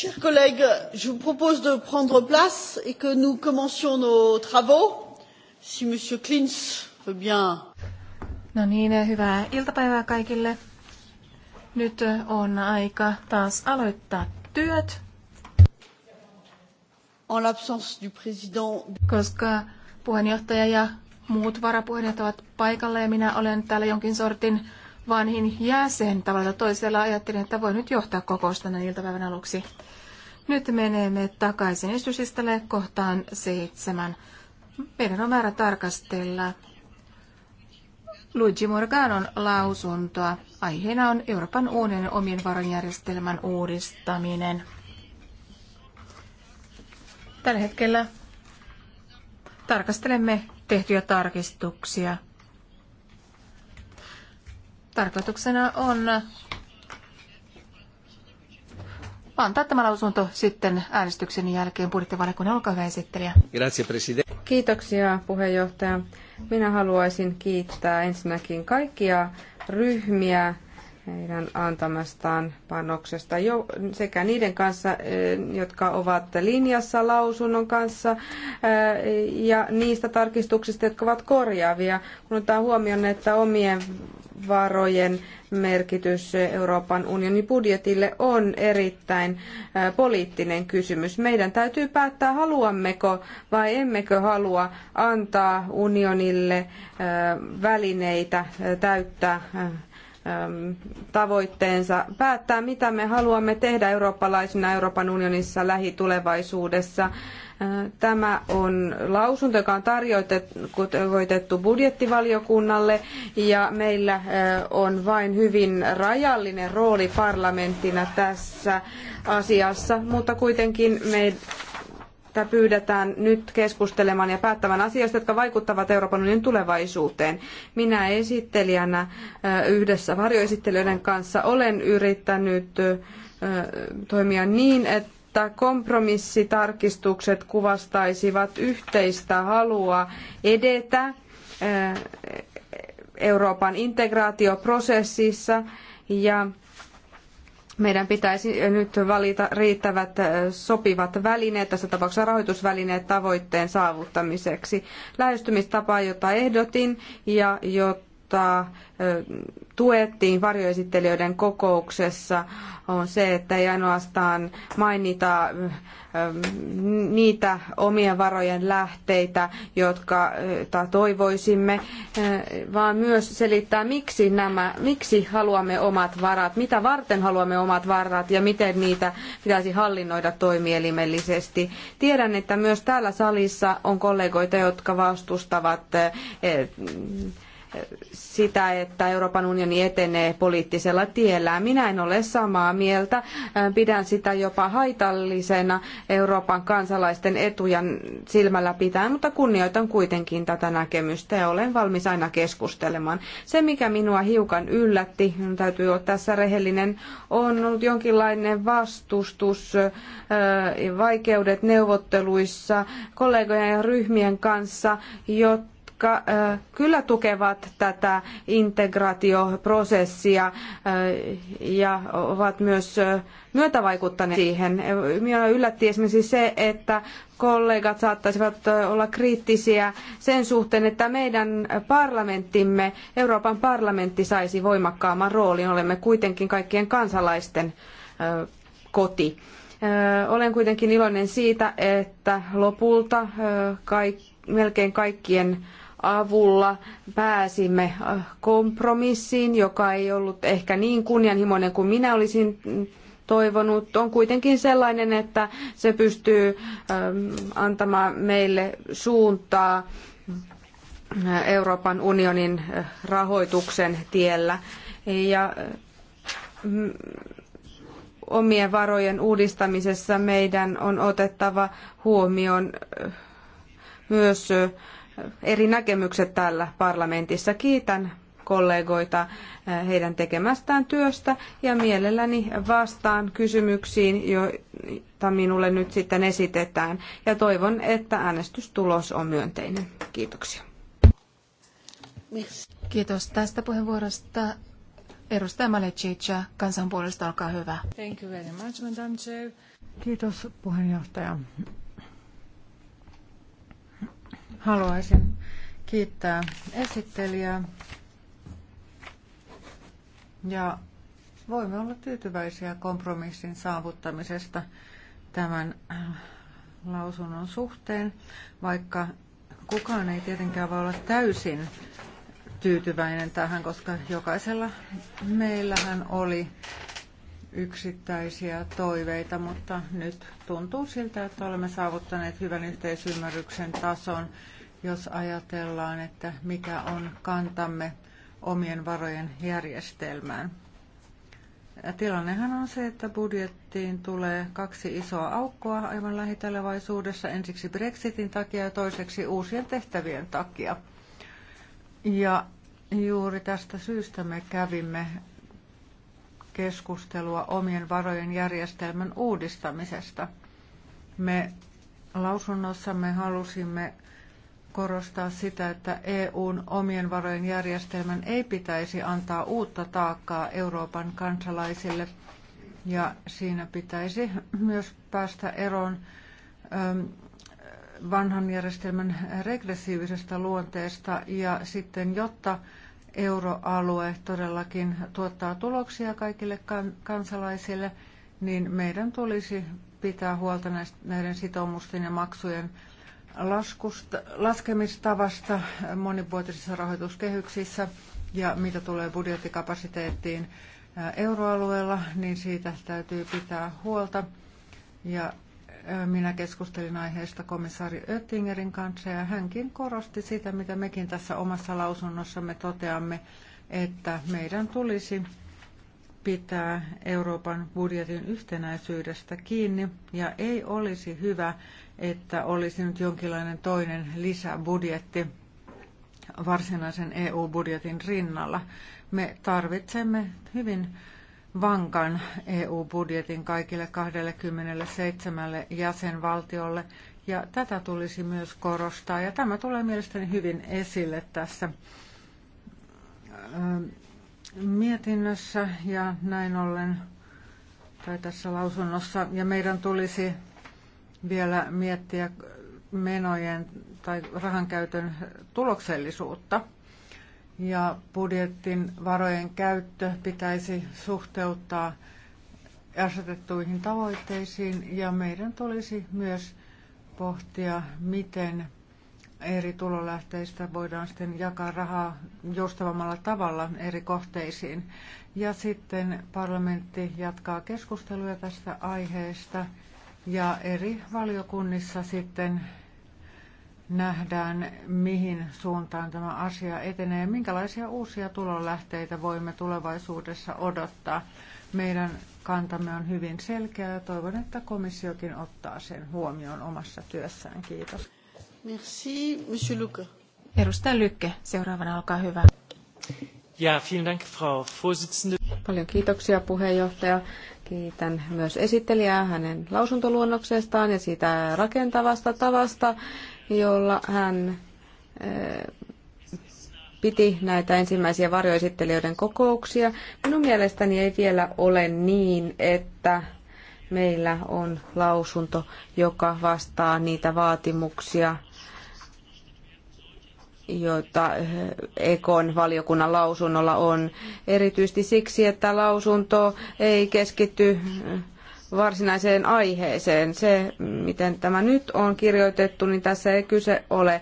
chers collègues je vous propose de prendre place et que nous commencions nos travaux si m. klinz veut bien. No niin, hyvää iltapäivää kaikille. Nyt on aika taas aloittaa työt. En l'absence du président. Koska puheenjohtaja ja muut varapuheenjohtajat ovat paikalla ja minä olen täällä jonkin sortin vanhin jäsen tavalla toisella. Ajattelin, että voi nyt johtaa kokousta näin iltapäivän aluksi. Nyt menemme takaisin istusistalle kohtaan seitsemän. Meidän on määrä tarkastella Luigi Morganon lausuntoa. Aiheena on Euroopan unionin omien varojärjestelmän uudistaminen. Tällä hetkellä tarkastelemme tehtyjä tarkistuksia – Tarkoituksena on antaa tämä lausunto sitten äänestyksen jälkeen budjettivaliokunnan. Olkaa hyvä esittelijä. Grazie, presidente. Kiitoksia puheenjohtaja. Minä haluaisin kiittää ensinnäkin kaikkia ryhmiä heidän antamastaan panoksesta jo, sekä niiden kanssa, eh, jotka ovat linjassa lausunnon kanssa eh, ja niistä tarkistuksista, jotka ovat korjaavia. Kun otetaan huomioon, että omien varojen merkitys Euroopan unionin budjetille on erittäin poliittinen kysymys. Meidän täytyy päättää, haluammeko vai emmekö halua antaa unionille välineitä täyttää tavoitteensa päättää, mitä me haluamme tehdä eurooppalaisina Euroopan unionissa lähitulevaisuudessa. Tämä on lausunto, joka on tarjoitettu budjettivaliokunnalle ja meillä on vain hyvin rajallinen rooli parlamenttina tässä asiassa, mutta kuitenkin me pyydetään nyt keskustelemaan ja päättämään asioista, jotka vaikuttavat Euroopan unionin tulevaisuuteen. Minä esittelijänä yhdessä varjoesittelijöiden kanssa olen yrittänyt toimia niin, että että kompromissitarkistukset kuvastaisivat yhteistä halua edetä eh, Euroopan integraatioprosessissa ja meidän pitäisi nyt valita riittävät eh, sopivat välineet, tässä tapauksessa rahoitusvälineet tavoitteen saavuttamiseksi. Lähestymistapa, jota ehdotin ja jota jota tuettiin varjoesittelijöiden kokouksessa, on se, että ei ainoastaan mainita niitä omien varojen lähteitä, jotka toivoisimme, vaan myös selittää, miksi, nämä, miksi haluamme omat varat, mitä varten haluamme omat varat ja miten niitä pitäisi hallinnoida toimielimellisesti. Tiedän, että myös täällä salissa on kollegoita, jotka vastustavat sitä, että Euroopan unioni etenee poliittisella tiellä. Minä en ole samaa mieltä. Äh, pidän sitä jopa haitallisena Euroopan kansalaisten etuja silmällä pitää, mutta kunnioitan kuitenkin tätä näkemystä ja olen valmis aina keskustelemaan. Se, mikä minua hiukan yllätti, täytyy olla tässä rehellinen, on ollut jonkinlainen vastustus, äh, vaikeudet neuvotteluissa kollegojen ja ryhmien kanssa, jotta jotka kyllä tukevat tätä integraatioprosessia ja ovat myös myötävaikuttaneet siihen. Minua yllätti esimerkiksi se, että kollegat saattaisivat olla kriittisiä sen suhteen, että meidän parlamenttimme, Euroopan parlamentti saisi voimakkaamman roolin. Olemme kuitenkin kaikkien kansalaisten koti. Olen kuitenkin iloinen siitä, että lopulta melkein kaikkien avulla pääsimme äh, kompromissiin, joka ei ollut ehkä niin kunnianhimoinen kuin minä olisin toivonut, on kuitenkin sellainen, että se pystyy ähm, antamaan meille suuntaa äh, Euroopan unionin äh, rahoituksen tiellä. Ja omien varojen uudistamisessa meidän on otettava huomioon myös eri näkemykset täällä parlamentissa. Kiitän kollegoita eh, heidän tekemästään työstä ja mielelläni vastaan kysymyksiin, joita minulle nyt sitten esitetään. Ja toivon, että äänestystulos on myönteinen. Kiitoksia. Kiitos tästä puheenvuorosta. Edustaja Malecica, kansanpuolesta, olkaa hyvä. Thank you very much, Madam Chair. Kiitos puheenjohtaja. Haluaisin kiittää esittelijää ja voimme olla tyytyväisiä kompromissin saavuttamisesta tämän äh, lausunnon suhteen, vaikka kukaan ei tietenkään voi olla täysin tyytyväinen tähän, koska jokaisella meillähän oli yksittäisiä toiveita, mutta nyt tuntuu siltä, että olemme saavuttaneet hyvän yhteisymmärryksen tason, jos ajatellaan, että mikä on kantamme omien varojen järjestelmään. Ja tilannehan on se, että budjettiin tulee kaksi isoa aukkoa aivan lähitelevaisuudessa, ensiksi Brexitin takia ja toiseksi uusien tehtävien takia. Ja juuri tästä syystä me kävimme keskustelua omien varojen järjestelmän uudistamisesta. Me lausunnossamme halusimme korostaa sitä, että EUn omien varojen järjestelmän ei pitäisi antaa uutta taakkaa Euroopan kansalaisille ja siinä pitäisi myös päästä eroon ähm, vanhan järjestelmän regressiivisestä luonteesta ja sitten, jotta euroalue todellakin tuottaa tuloksia kaikille kansalaisille, niin meidän tulisi pitää huolta näiden sitoumusten ja maksujen laskusta, laskemistavasta monivuotisissa rahoituskehyksissä ja mitä tulee budjettikapasiteettiin euroalueella, niin siitä täytyy pitää huolta. Ja minä keskustelin aiheesta komissaari Oettingerin kanssa ja hänkin korosti sitä, mitä mekin tässä omassa lausunnossamme toteamme, että meidän tulisi pitää Euroopan budjetin yhtenäisyydestä kiinni ja ei olisi hyvä, että olisi nyt jonkinlainen toinen lisäbudjetti varsinaisen EU-budjetin rinnalla. Me tarvitsemme hyvin vankan EU-budjetin kaikille 27 jäsenvaltiolle. Ja tätä tulisi myös korostaa. Ja tämä tulee mielestäni hyvin esille tässä ähm, mietinnössä ja näin ollen, tai tässä lausunnossa. Ja meidän tulisi vielä miettiä menojen tai rahankäytön tuloksellisuutta ja budjetin varojen käyttö pitäisi suhteuttaa asetettuihin tavoitteisiin ja meidän tulisi myös pohtia, miten eri tulolähteistä voidaan sitten jakaa rahaa joustavammalla tavalla eri kohteisiin. Ja sitten parlamentti jatkaa keskusteluja tästä aiheesta ja eri valiokunnissa sitten nähdään, mihin suuntaan tämä asia etenee ja minkälaisia uusia tulonlähteitä voimme tulevaisuudessa odottaa. Meidän kantamme on hyvin selkeä ja toivon, että komissiokin ottaa sen huomioon omassa työssään. Kiitos. Merci, Monsieur Luca. Edustaja Lykke, seuraavana olkaa hyvä. Ja, vielen Dank, Frau Vorsitzende. Paljon kiitoksia puheenjohtaja. Kiitän myös esittelijää hänen lausuntoluonnoksestaan ja siitä rakentavasta tavasta, jolla hän eh, piti näitä ensimmäisiä varjoesittelijöiden kokouksia. Minun mielestäni ei vielä ole niin, että meillä on lausunto, joka vastaa niitä vaatimuksia, joita eh, Ekon valiokunnan lausunnolla on. Erityisesti siksi, että lausunto ei keskity eh, varsinaiseen aiheeseen. Se, miten tämä nyt on kirjoitettu, niin tässä ei kyse ole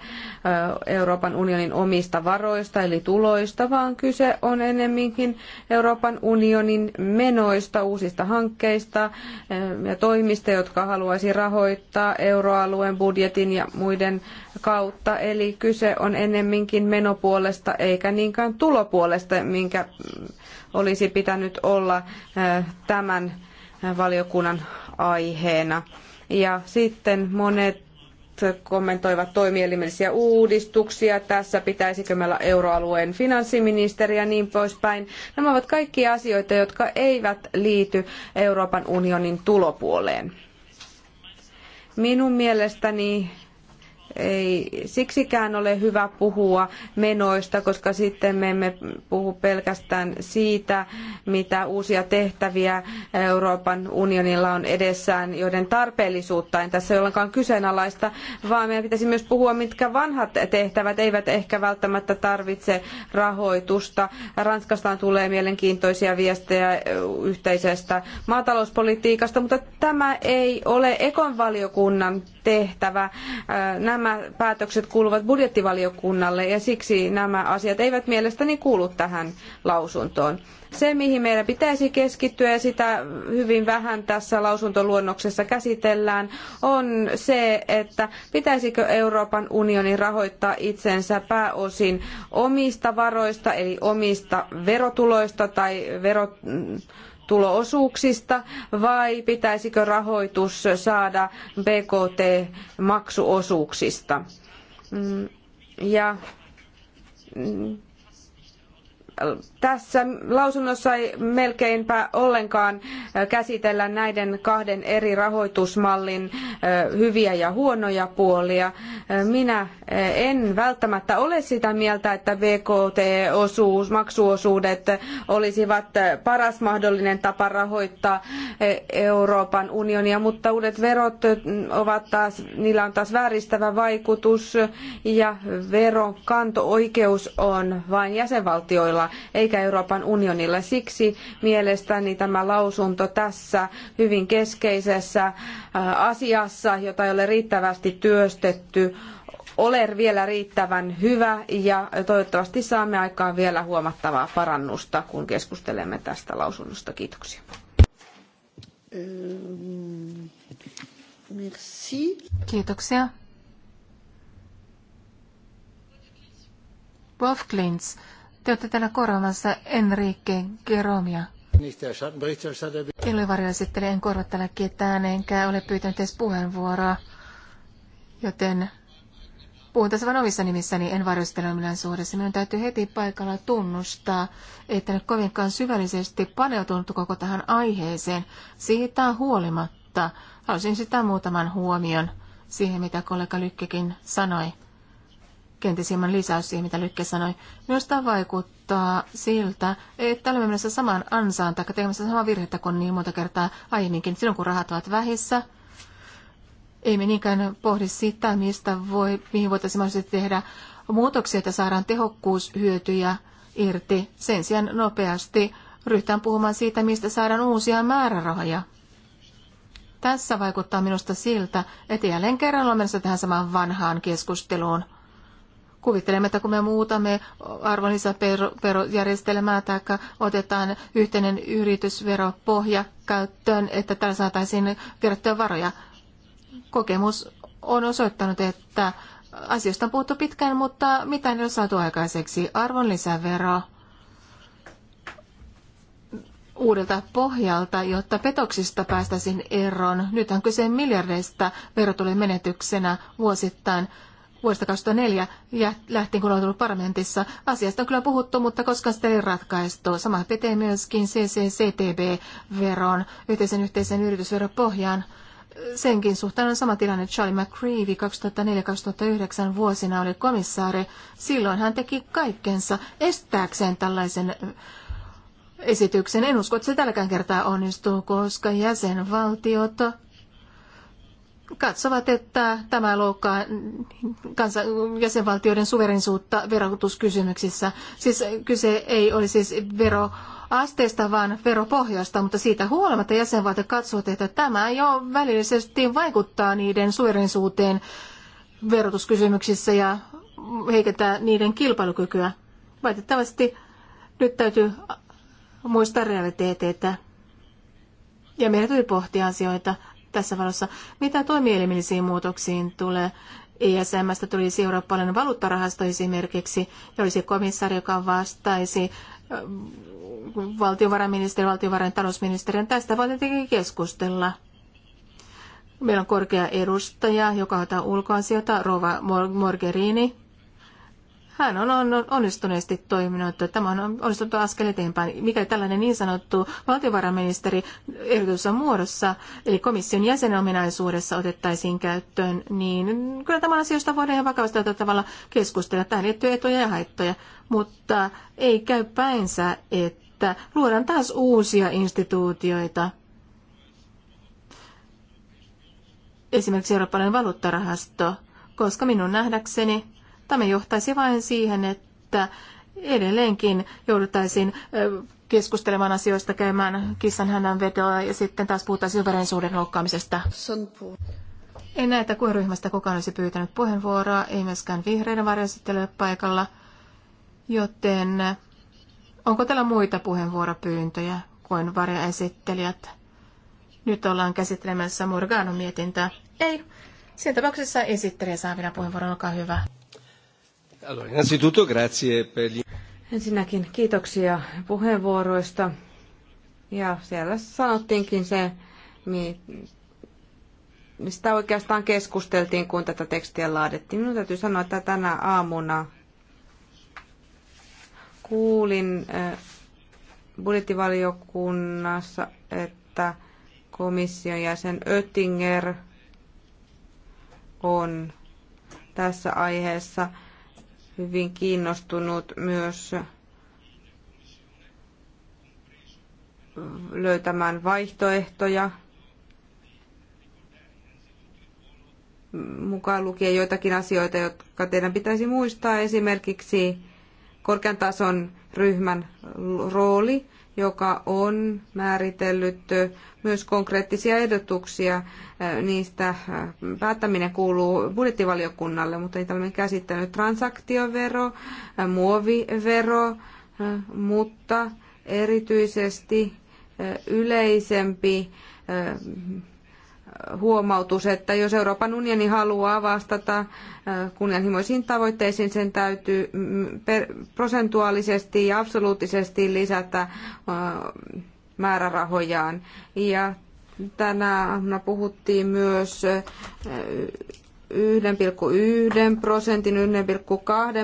Euroopan unionin omista varoista eli tuloista, vaan kyse on enemminkin Euroopan unionin menoista, uusista hankkeista ja toimista, jotka haluaisi rahoittaa euroalueen budjetin ja muiden kautta. Eli kyse on enemminkin menopuolesta eikä niinkään tulopuolesta, minkä olisi pitänyt olla tämän valiokunnan aiheena. Ja sitten monet kommentoivat toimielimellisiä uudistuksia, tässä pitäisikö meillä euroalueen finanssiministeri ja niin poispäin. Nämä ovat kaikki asioita, jotka eivät liity Euroopan unionin tulopuoleen. Minun mielestäni ei siksikään ole hyvä puhua menoista, koska sitten me emme puhu pelkästään siitä, mitä uusia tehtäviä Euroopan unionilla on edessään, joiden tarpeellisuutta en tässä ollenkaan kyseenalaista, vaan meidän pitäisi myös puhua, mitkä vanhat tehtävät eivät ehkä välttämättä tarvitse rahoitusta. Ranskastaan tulee mielenkiintoisia viestejä yhteisestä maatalouspolitiikasta, mutta tämä ei ole ekonvaliokunnan tehtävä. Nämä nämä päätökset kuuluvat budjettivaliokunnalle ja siksi nämä asiat eivät mielestäni kuulu tähän lausuntoon. Se, mihin meidän pitäisi keskittyä ja sitä hyvin vähän tässä lausuntoluonnoksessa käsitellään, on se, että pitäisikö Euroopan unioni rahoittaa itsensä pääosin omista varoista eli omista verotuloista tai verot tuloosuuksista vai pitäisikö rahoitus saada BKT-maksuosuuksista. Mm, ja mm, tässä lausunnossa ei melkeinpä ollenkaan äh, käsitellä näiden kahden eri rahoitusmallin äh, hyviä ja huonoja puolia. Äh, minä en välttämättä ole sitä mieltä, että BKT-osuus, maksuosuudet olisivat paras mahdollinen tapa rahoittaa Euroopan unionia, mutta uudet verot ovat taas, niillä on taas vääristävä vaikutus ja veronkanto-oikeus on vain jäsenvaltioilla eikä Euroopan unionilla. Siksi mielestäni tämä lausunto tässä hyvin keskeisessä äh, asiassa, jota ei ole riittävästi työstetty, ole vielä riittävän hyvä ja toivottavasti saamme aikaan vielä huomattavaa parannusta, kun keskustelemme tästä lausunnosta. Kiitoksia. Ähm, merci. Kiitoksia. Wolf Klintz, te olette täällä korvaamassa Enrique Geromia. En ole varjoesittelijä, en korva täällä ketään, enkä ole pyytänyt edes puheenvuoroa, joten puhun tässä vain omissa nimissäni, en varjostele millään suhdessa. Minun täytyy heti paikalla tunnustaa, että nyt kovinkaan syvällisesti paneutunut koko tähän aiheeseen. Siitä huolimatta halusin sitä muutaman huomion siihen, mitä kollega lykkekin sanoi kenties hieman lisäys siihen, mitä Lykke sanoi. tämä vaikuttaa siltä, että olemme menossa samaan ansaan tai tekemässä samaa virhettä kuin niin monta kertaa aiemminkin, silloin kun rahat ovat vähissä. Ei me niinkään pohdi sitä, mistä voi, mihin voitaisiin mahdollisesti tehdä muutoksia, että saadaan tehokkuushyötyjä irti. Sen sijaan nopeasti ryhtään puhumaan siitä, mistä saadaan uusia määrärahoja. Tässä vaikuttaa minusta siltä, että jälleen kerran olemme menossa tähän samaan vanhaan keskusteluun – Kuvittelemme, että kun me muutamme arvonlisäverojärjestelmää tai otetaan yhteinen yritysveropohja käyttöön, että täällä saataisiin kerättyä varoja. Kokemus on osoittanut, että asioista on puhuttu pitkään, mutta mitä ei ole saatu aikaiseksi? Arvonlisävero uudelta pohjalta, jotta petoksista päästäisiin eroon. Nyt on kyse miljardeista verotulen menetyksenä vuosittain vuodesta 2004 ja lähtien, kun olen ollut parlamentissa. Asiasta on kyllä puhuttu, mutta koska sitä ei ratkaistu. Sama pätee myöskin CCCTB-veron, yhteisen yhteisen yritysveropohjaan. Senkin suhteen on sama tilanne. Charlie McCreevy 2004-2009 vuosina oli komissaari. Silloin hän teki kaikkensa estääkseen tällaisen esityksen. En usko, että se tälläkään kertaa onnistuu, koska jäsenvaltiot katsovat, että tämä loukkaa kansa- jäsenvaltioiden suverensuutta verotuskysymyksissä. Siis kyse ei ole siis veroasteesta, vaan veropohjasta, mutta siitä huolimatta jäsenvaltiot katsovat, että tämä jo välillisesti vaikuttaa niiden suverensuuteen verotuskysymyksissä ja heikentää niiden kilpailukykyä. Valitettavasti nyt täytyy muistaa realiteeteita ja meidän täytyy pohtia asioita – tässä valossa. Mitä toimielimellisiin muutoksiin tulee? ESMstä tulisi eurooppalainen valuuttarahasto esimerkiksi, ja olisi komissaari, joka vastaisi äh, valtiovarainministeri, valtiovarain talousministeriön. Tästä voi tietenkin keskustella. Meillä on korkea edustaja, joka ottaa ulkoasioita, Rova Morgerini hän on onnistuneesti toiminut. että Tämä on onnistunut askel eteenpäin. Mikäli tällainen niin sanottu valtiovarainministeri ehdotussa muodossa, eli komission jäsenominaisuudessa otettaisiin käyttöön, niin kyllä tämä asioista voidaan vakavasti vakavasti tavalla keskustella. Tähän liittyy etuja ja haittoja, mutta ei käy päinsä, että luodaan taas uusia instituutioita. Esimerkiksi Eurooppalainen valuuttarahasto, koska minun nähdäkseni Tämä johtaisi vain siihen, että edelleenkin jouduttaisiin keskustelemaan asioista, käymään kissan hännän vedoa ja sitten taas puhutaan suverensuuden loukkaamisesta. En näe, että kuin ryhmästä kukaan olisi pyytänyt puheenvuoroa, ei myöskään vihreiden varjoesittelyä paikalla, joten onko täällä muita puheenvuoropyyntöjä kuin varjoesittelijät? Nyt ollaan käsittelemässä Morganon mietintää. Ei, siinä tapauksessa esittelijä saa vielä puheenvuoron, olkaa hyvä. Ensinnäkin kiitoksia puheenvuoroista. Ja siellä sanottiinkin se, mistä oikeastaan keskusteltiin, kun tätä tekstiä laadittiin. Minun täytyy sanoa, että tänä aamuna kuulin budjettivaliokunnassa, että komission jäsen Oettinger on tässä aiheessa – hyvin kiinnostunut myös löytämään vaihtoehtoja, mukaan lukien joitakin asioita, jotka teidän pitäisi muistaa, esimerkiksi korkean tason ryhmän rooli, joka on määritellyt myös konkreettisia ehdotuksia. Äh, niistä äh, päättäminen kuuluu budjettivaliokunnalle, mutta niitä olemme käsittäneet transaktiovero, äh, muovivero, mutta erityisesti yleisempi huomautus, että jos Euroopan unioni haluaa vastata äh, kunnianhimoisiin tavoitteisiin, sen täytyy mm, prosentuaalisesti ja absoluuttisesti lisätä äh, määrärahojaan. Ja tänä aamuna puhuttiin myös 1,1 äh, prosentin, 1,2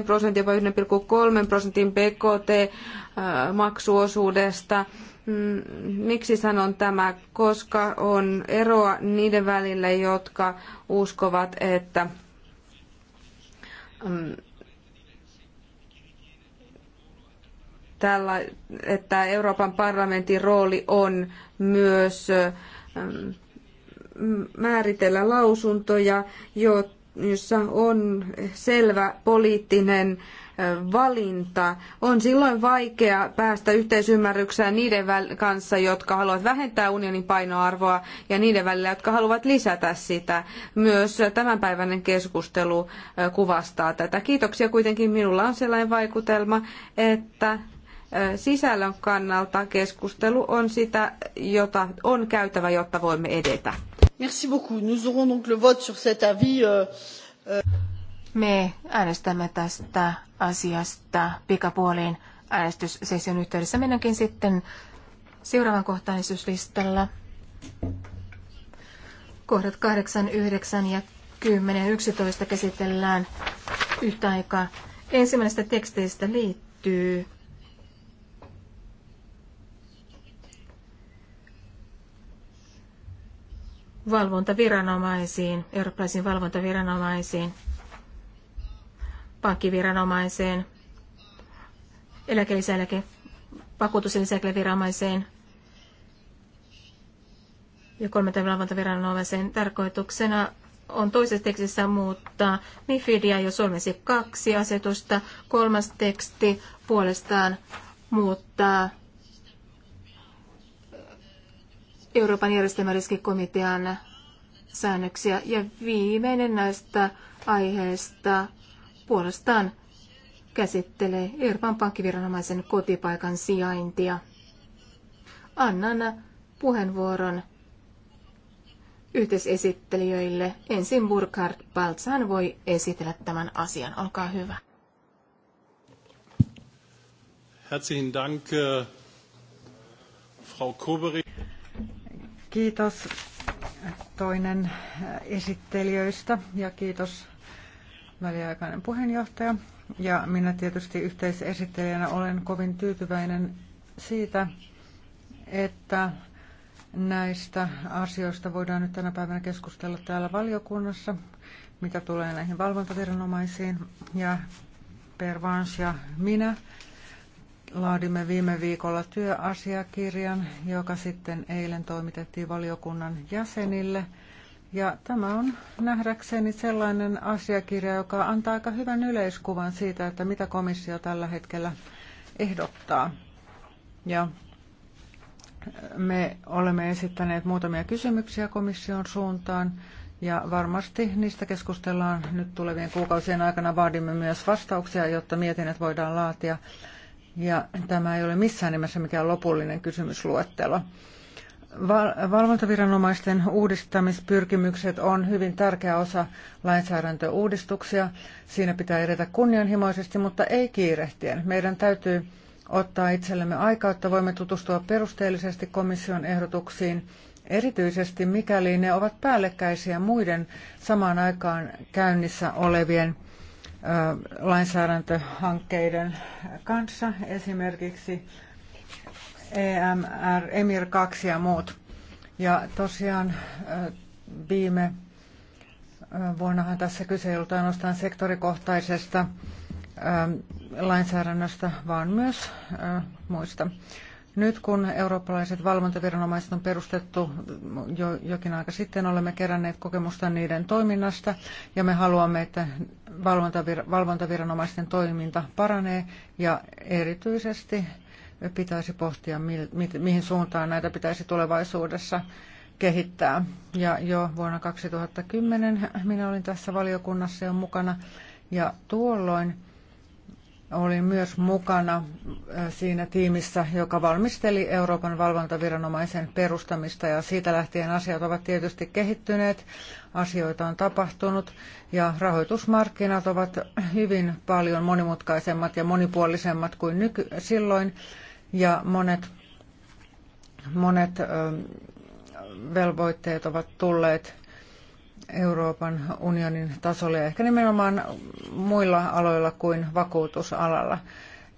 prosentin, jopa 1,3 prosentin BKT-maksuosuudesta Mm, miksi sanon tämä? Koska on eroa niiden välillä, jotka uskovat, että mm, tällä, että Euroopan parlamentin rooli on myös mm, määritellä lausuntoja, joissa on selvä poliittinen valinta. On silloin vaikea päästä yhteisymmärrykseen niiden kanssa, jotka haluavat vähentää unionin painoarvoa ja niiden välillä, jotka haluavat lisätä sitä. Myös tämänpäiväinen keskustelu kuvastaa tätä. Kiitoksia kuitenkin. Minulla on sellainen vaikutelma, että sisällön kannalta keskustelu on sitä, jota on käytävä, jotta voimme edetä. Merci beaucoup. Nous aurons donc le vote sur cet avis. Euh, euh... Me äänestämme tästä asiasta pikapuoliin äänestyssession yhteydessä. Mennäänkin sitten seuraavan kohtaisuuslistalla. Kohdat 8, 9 ja 10 11 käsitellään yhtä aikaa. Ensimmäisestä teksteistä liittyy valvontaviranomaisiin, eurooppalaisiin valvontaviranomaisiin pankkiviranomaiseen, eläkelisäeläke, vakuutuselisäeläkeviranomaiseen ja kolmenten valvontaviranomaiseen tarkoituksena on toisessa tekstissä muuttaa MIFIDia jo solmesi kaksi asetusta. Kolmas teksti puolestaan muuttaa Euroopan järjestelmäriskikomitean säännöksiä. Ja viimeinen näistä aiheista puolestaan käsittelee Euroopan pankkiviranomaisen kotipaikan sijaintia. Annan puheenvuoron yhteisesittelijöille. Ensin Burkhard Baltsan voi esitellä tämän asian. Olkaa hyvä. Herzlichen Dank, äh, Frau Koberi. Kiitos toinen esittelijöistä ja kiitos väliaikainen puheenjohtaja. Ja minä tietysti yhteisesittelijänä olen kovin tyytyväinen siitä, että näistä asioista voidaan nyt tänä päivänä keskustella täällä valiokunnassa, mitä tulee näihin valvontaviranomaisiin. Ja Pervans ja minä laadimme viime viikolla työasiakirjan, joka sitten eilen toimitettiin valiokunnan jäsenille – ja tämä on nähdäkseni sellainen asiakirja, joka antaa aika hyvän yleiskuvan siitä, että mitä komissio tällä hetkellä ehdottaa. Ja me olemme esittäneet muutamia kysymyksiä komission suuntaan ja varmasti niistä keskustellaan nyt tulevien kuukausien aikana. Vaadimme myös vastauksia, jotta mietinnät voidaan laatia. Ja tämä ei ole missään nimessä mikään lopullinen kysymysluettelo. Valvontaviranomaisten uudistamispyrkimykset on hyvin tärkeä osa lainsäädäntöuudistuksia. Siinä pitää edetä kunnianhimoisesti, mutta ei kiirehtien. Meidän täytyy ottaa itsellemme aikaa, että voimme tutustua perusteellisesti komission ehdotuksiin, erityisesti mikäli ne ovat päällekkäisiä muiden samaan aikaan käynnissä olevien lainsäädäntöhankkeiden kanssa, esimerkiksi EMR, EMIR 2 ja muut. Ja tosiaan viime vuonnahan tässä kyse ei ollut ainoastaan sektorikohtaisesta lainsäädännöstä, vaan myös muista. Nyt kun eurooppalaiset valvontaviranomaiset on perustettu jo, jokin aika sitten, olemme keränneet kokemusta niiden toiminnasta ja me haluamme, että valvontavir, valvontaviranomaisten toiminta paranee ja erityisesti pitäisi pohtia, mihin suuntaan näitä pitäisi tulevaisuudessa kehittää. Ja jo vuonna 2010 minä olin tässä valiokunnassa jo mukana ja tuolloin olin myös mukana siinä tiimissä, joka valmisteli Euroopan valvontaviranomaisen perustamista ja siitä lähtien asiat ovat tietysti kehittyneet, asioita on tapahtunut ja rahoitusmarkkinat ovat hyvin paljon monimutkaisemmat ja monipuolisemmat kuin nyky- silloin ja monet, monet velvoitteet ovat tulleet Euroopan unionin tasolle ja ehkä nimenomaan muilla aloilla kuin vakuutusalalla.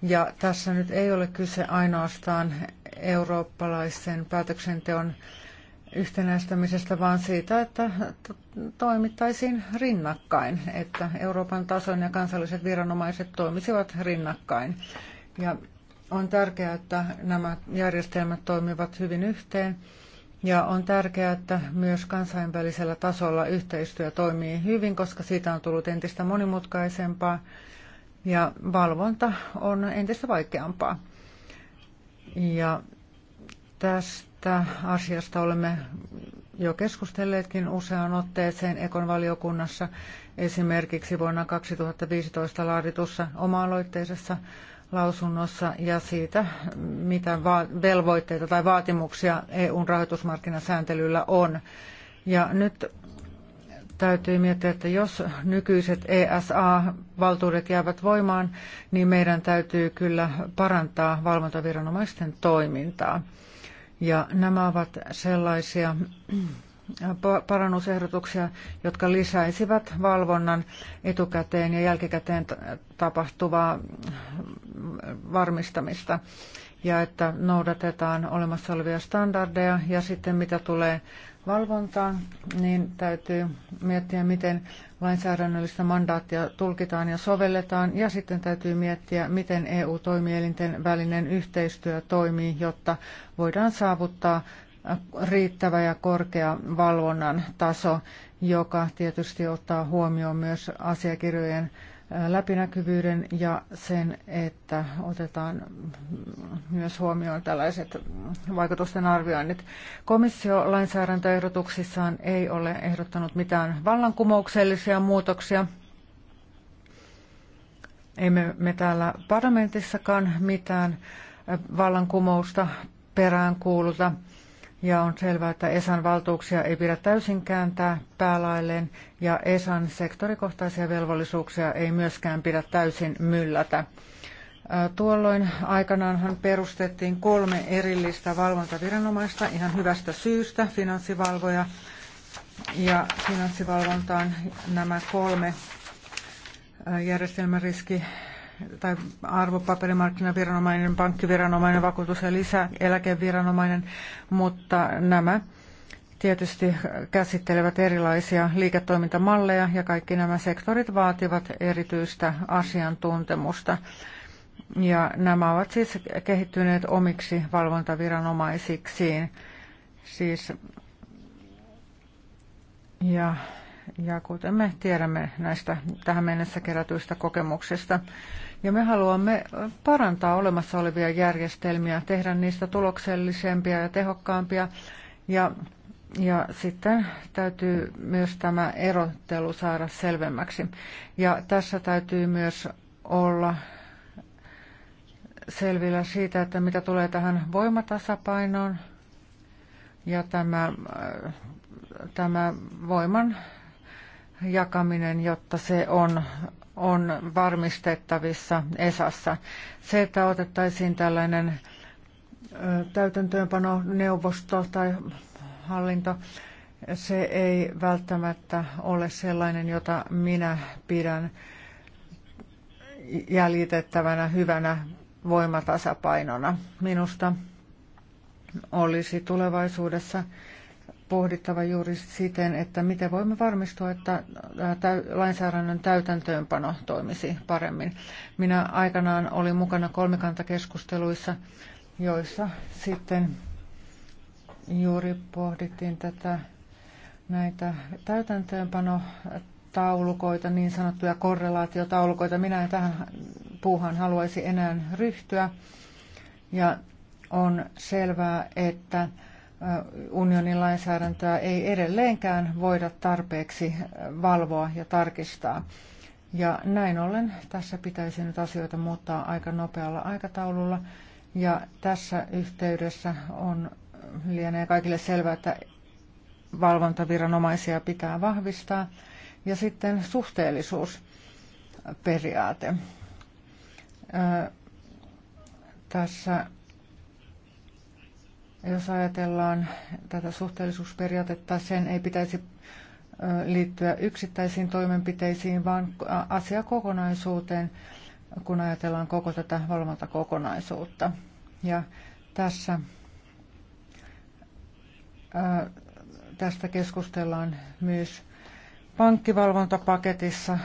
Ja tässä nyt ei ole kyse ainoastaan eurooppalaisen päätöksenteon yhtenäistämisestä, vaan siitä, että toimittaisiin rinnakkain, että Euroopan tason ja kansalliset viranomaiset toimisivat rinnakkain. Ja on tärkeää, että nämä järjestelmät toimivat hyvin yhteen ja on tärkeää, että myös kansainvälisellä tasolla yhteistyö toimii hyvin, koska siitä on tullut entistä monimutkaisempaa ja valvonta on entistä vaikeampaa. Ja tästä asiasta olemme jo keskustelleetkin useaan otteeseen Ekon valiokunnassa, esimerkiksi vuonna 2015 laaditussa oma-aloitteisessa lausunnossa ja siitä, mitä velvoitteita tai vaatimuksia EUn rahoitusmarkkinasääntelyllä on. Ja nyt täytyy miettiä, että jos nykyiset ESA-valtuudet jäävät voimaan, niin meidän täytyy kyllä parantaa valvontaviranomaisten toimintaa. Ja nämä ovat sellaisia parannusehdotuksia, jotka lisäisivät valvonnan etukäteen ja jälkikäteen tapahtuvaa varmistamista ja että noudatetaan olemassa olevia standardeja. Ja sitten mitä tulee valvontaan, niin täytyy miettiä, miten lainsäädännöllistä mandaattia tulkitaan ja sovelletaan. Ja sitten täytyy miettiä, miten EU-toimielinten välinen yhteistyö toimii, jotta voidaan saavuttaa riittävä ja korkea valvonnan taso, joka tietysti ottaa huomioon myös asiakirjojen läpinäkyvyyden ja sen, että otetaan myös huomioon tällaiset vaikutusten arvioinnit. Komissio lainsäädäntöehdotuksissaan ei ole ehdottanut mitään vallankumouksellisia muutoksia. Emme me täällä parlamentissakaan mitään vallankumousta peräänkuuluta. kuuluta ja on selvää, että ESAn valtuuksia ei pidä täysin kääntää päälailleen ja ESAn sektorikohtaisia velvollisuuksia ei myöskään pidä täysin myllätä. Tuolloin aikanaanhan perustettiin kolme erillistä valvontaviranomaista ihan hyvästä syystä, finanssivalvoja ja finanssivalvontaan nämä kolme järjestelmäriski tai arvopaperimarkkinaviranomainen, pankkiviranomainen, vakuutus- ja lisäeläkeviranomainen, mutta nämä tietysti käsittelevät erilaisia liiketoimintamalleja ja kaikki nämä sektorit vaativat erityistä asiantuntemusta. Ja nämä ovat siis kehittyneet omiksi valvontaviranomaisiksiin. Siis, ja, ja kuten me tiedämme näistä tähän mennessä kerätyistä kokemuksista, ja me haluamme parantaa olemassa olevia järjestelmiä, tehdä niistä tuloksellisempia ja tehokkaampia. Ja, ja sitten täytyy myös tämä erottelu saada selvemmäksi. Ja tässä täytyy myös olla selvillä siitä, että mitä tulee tähän voimatasapainoon ja tämä, tämä voiman jakaminen, jotta se on on varmistettavissa ESAssa. Se, että otettaisiin tällainen täytäntöönpano neuvosto tai hallinto, se ei välttämättä ole sellainen, jota minä pidän jäljitettävänä hyvänä voimatasapainona. Minusta olisi tulevaisuudessa pohdittava juuri siten, että miten voimme varmistua, että lainsäädännön täytäntöönpano toimisi paremmin. Minä aikanaan olin mukana kolmikantakeskusteluissa, joissa sitten juuri pohdittiin tätä näitä täytäntöönpano taulukoita, niin sanottuja korrelaatiotaulukoita. Minä en tähän puuhan haluaisi enää ryhtyä. Ja on selvää, että unionin lainsäädäntöä ei edelleenkään voida tarpeeksi valvoa ja tarkistaa. Ja näin ollen tässä pitäisi nyt asioita muuttaa aika nopealla aikataululla. Ja tässä yhteydessä on lienee kaikille selvää, että valvontaviranomaisia pitää vahvistaa. Ja sitten suhteellisuusperiaate. Tässä jos ajatellaan tätä suhteellisuusperiaatetta, sen ei pitäisi liittyä yksittäisiin toimenpiteisiin, vaan asiakokonaisuuteen, kun ajatellaan koko tätä valvontakokonaisuutta. Ja tässä tästä keskustellaan myös pankkivalvontapaketissa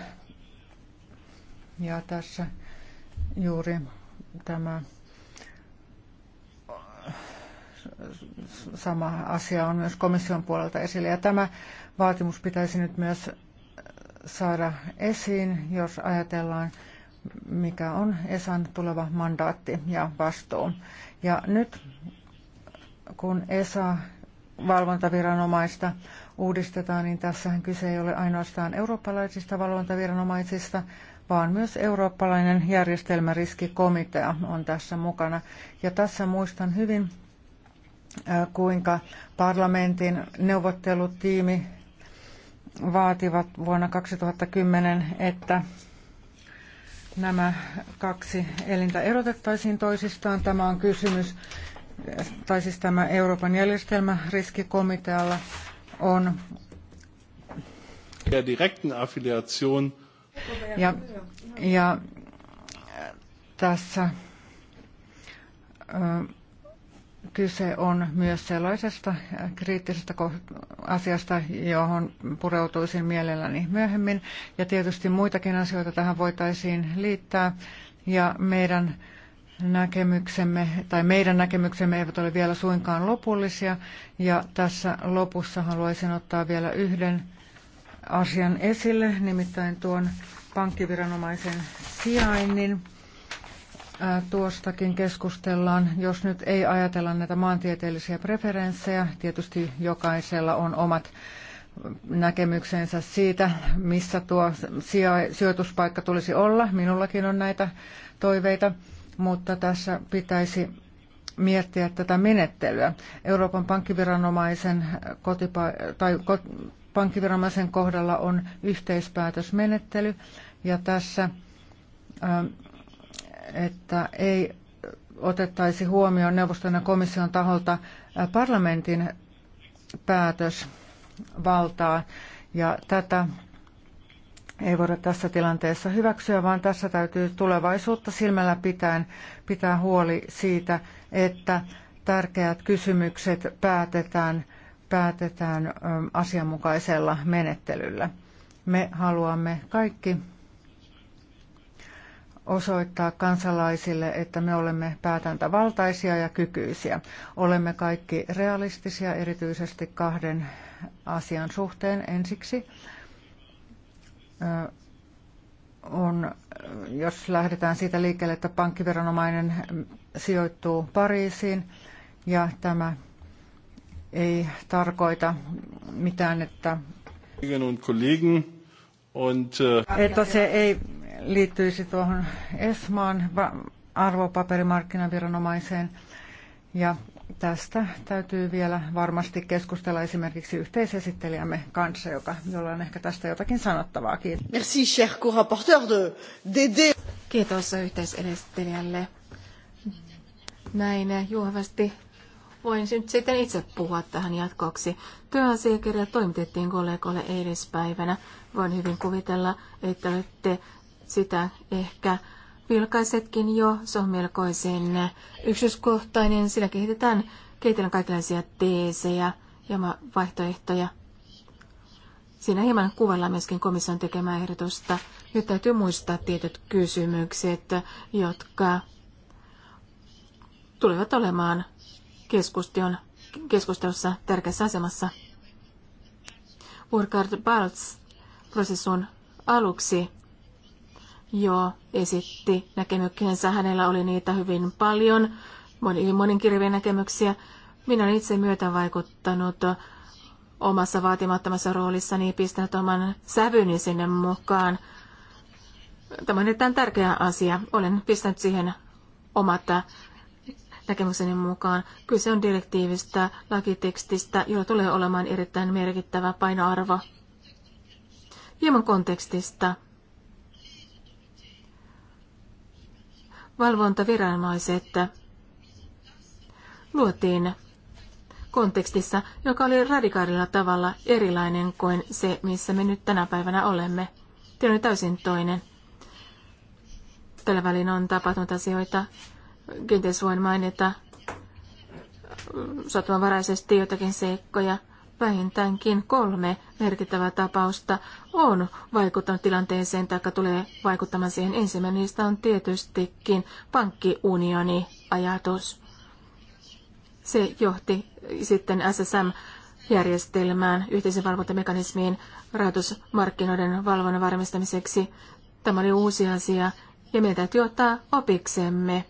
ja tässä juuri tämä sama asia on myös komission puolelta esillä. Ja tämä vaatimus pitäisi nyt myös saada esiin, jos ajatellaan, mikä on ESAn tuleva mandaatti ja vastuu. Ja nyt kun ESA valvontaviranomaista uudistetaan, niin tässähän kyse ei ole ainoastaan eurooppalaisista valvontaviranomaisista, vaan myös eurooppalainen järjestelmäriskikomitea on tässä mukana. Ja tässä muistan hyvin kuinka parlamentin neuvottelutiimi vaativat vuonna 2010, että nämä kaksi elintä erotettaisiin toisistaan. Tämä on kysymys, tai siis tämä Euroopan järjestelmäriskikomitealla on der direkten Affiliation. Ja, ja äh, tässä äh, kyse on myös sellaisesta kriittisestä asiasta, johon pureutuisin mielelläni myöhemmin. Ja tietysti muitakin asioita tähän voitaisiin liittää. Ja meidän näkemyksemme, tai meidän näkemyksemme eivät ole vielä suinkaan lopullisia. Ja tässä lopussa haluaisin ottaa vielä yhden asian esille, nimittäin tuon pankkiviranomaisen sijainnin. Äh, tuostakin keskustellaan, jos nyt ei ajatella näitä maantieteellisiä preferenssejä. Tietysti jokaisella on omat näkemyksensä siitä, missä tuo sijoituspaikka tulisi olla. Minullakin on näitä toiveita, mutta tässä pitäisi miettiä tätä menettelyä. Euroopan pankkiviranomaisen, kotipa- tai ko- pankkiviranomaisen kohdalla on yhteispäätösmenettely ja tässä ähm, että ei otettaisi huomioon neuvoston ja komission taholta parlamentin päätösvaltaa. Ja tätä ei voida tässä tilanteessa hyväksyä, vaan tässä täytyy tulevaisuutta silmällä pitäen pitää huoli siitä, että tärkeät kysymykset päätetään, päätetään asianmukaisella menettelyllä. Me haluamme kaikki osoittaa kansalaisille, että me olemme päätäntävaltaisia ja kykyisiä. Olemme kaikki realistisia erityisesti kahden asian suhteen. Ensiksi on, jos lähdetään siitä liikkeelle, että pankkiveronomainen sijoittuu Pariisiin ja tämä ei tarkoita mitään, että... Äh, että se ei liittyisi tuohon ESMAan arvopaperimarkkinaviranomaiseen ja tästä täytyy vielä varmasti keskustella esimerkiksi yhteisesittelijämme kanssa, joka, jolla on ehkä tästä jotakin sanottavaa. Kiitos. Merci, cher de, Kiitos yhteisesittelijälle. Näin juovasti voin nyt sitten itse puhua tähän jatkoksi. Työasiakirja toimitettiin kollegoille eilispäivänä. Voin hyvin kuvitella, että olette sitä ehkä vilkaisetkin jo. Se on melkoisen yksityiskohtainen. Sillä kehitetään, kehitellään kaikenlaisia teesejä ja vaihtoehtoja. Siinä hieman kuvaillaan myöskin komission tekemää ehdotusta. Nyt täytyy muistaa tietyt kysymykset, jotka tulevat olemaan keskustion, keskustelussa tärkeässä asemassa. Burkhard Balz prosessun aluksi jo esitti näkemyksensä. Hänellä oli niitä hyvin paljon, hyvin monenkirjavia näkemyksiä. Minä olen itse myötä vaikuttanut omassa vaatimattomassa roolissani, pistänyt oman sävyni sinne mukaan. Tämä on erittäin tärkeä asia. Olen pistänyt siihen omat näkemykseni mukaan. Kyse on direktiivistä, lakitekstistä, jolla tulee olemaan erittäin merkittävä painoarvo. Hieman kontekstista valvontaviranomaiset luotiin kontekstissa, joka oli radikaalilla tavalla erilainen kuin se, missä me nyt tänä päivänä olemme. Tilanne oli täysin toinen. Tällä välin on tapahtunut asioita. Kenties voin mainita sattumanvaraisesti jotakin seikkoja – vähintäänkin kolme merkittävää tapausta on vaikuttanut tilanteeseen tai tulee vaikuttamaan siihen. Ensimmäinen niistä on tietystikin pankkiunioni-ajatus. Se johti sitten SSM järjestelmään, yhteisen valvontamekanismiin rahoitusmarkkinoiden valvonnan varmistamiseksi. Tämä oli uusi asia ja meidän täytyy ottaa opiksemme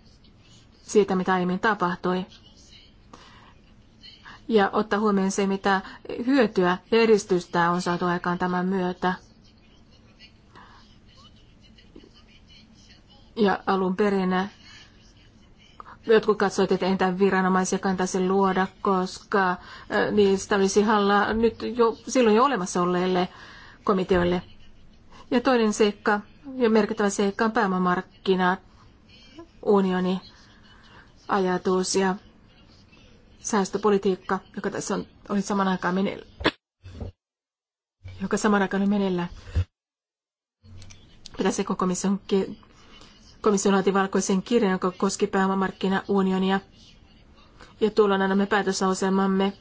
siitä, mitä aiemmin tapahtui ja ottaa huomioon se, mitä hyötyä ja edistystä on saatu aikaan tämän myötä. Ja alun perin jotkut katsoivat, että entä viranomaisia kantaisi luoda, koska niistä olisi halla nyt jo, silloin jo olemassa olleille komiteoille. Ja toinen seikka, ja merkittävä seikka on pääomamarkkina, unioni, ajatus ja säästöpolitiikka, joka tässä on, oli saman aikaan menellä. joka saman aikaan oli meneillään. Pitäisikö komission, komission laati valkoisen kirjan, joka koski pääomamarkkinaunionia. Ja tuolloin annamme päätösasemamme.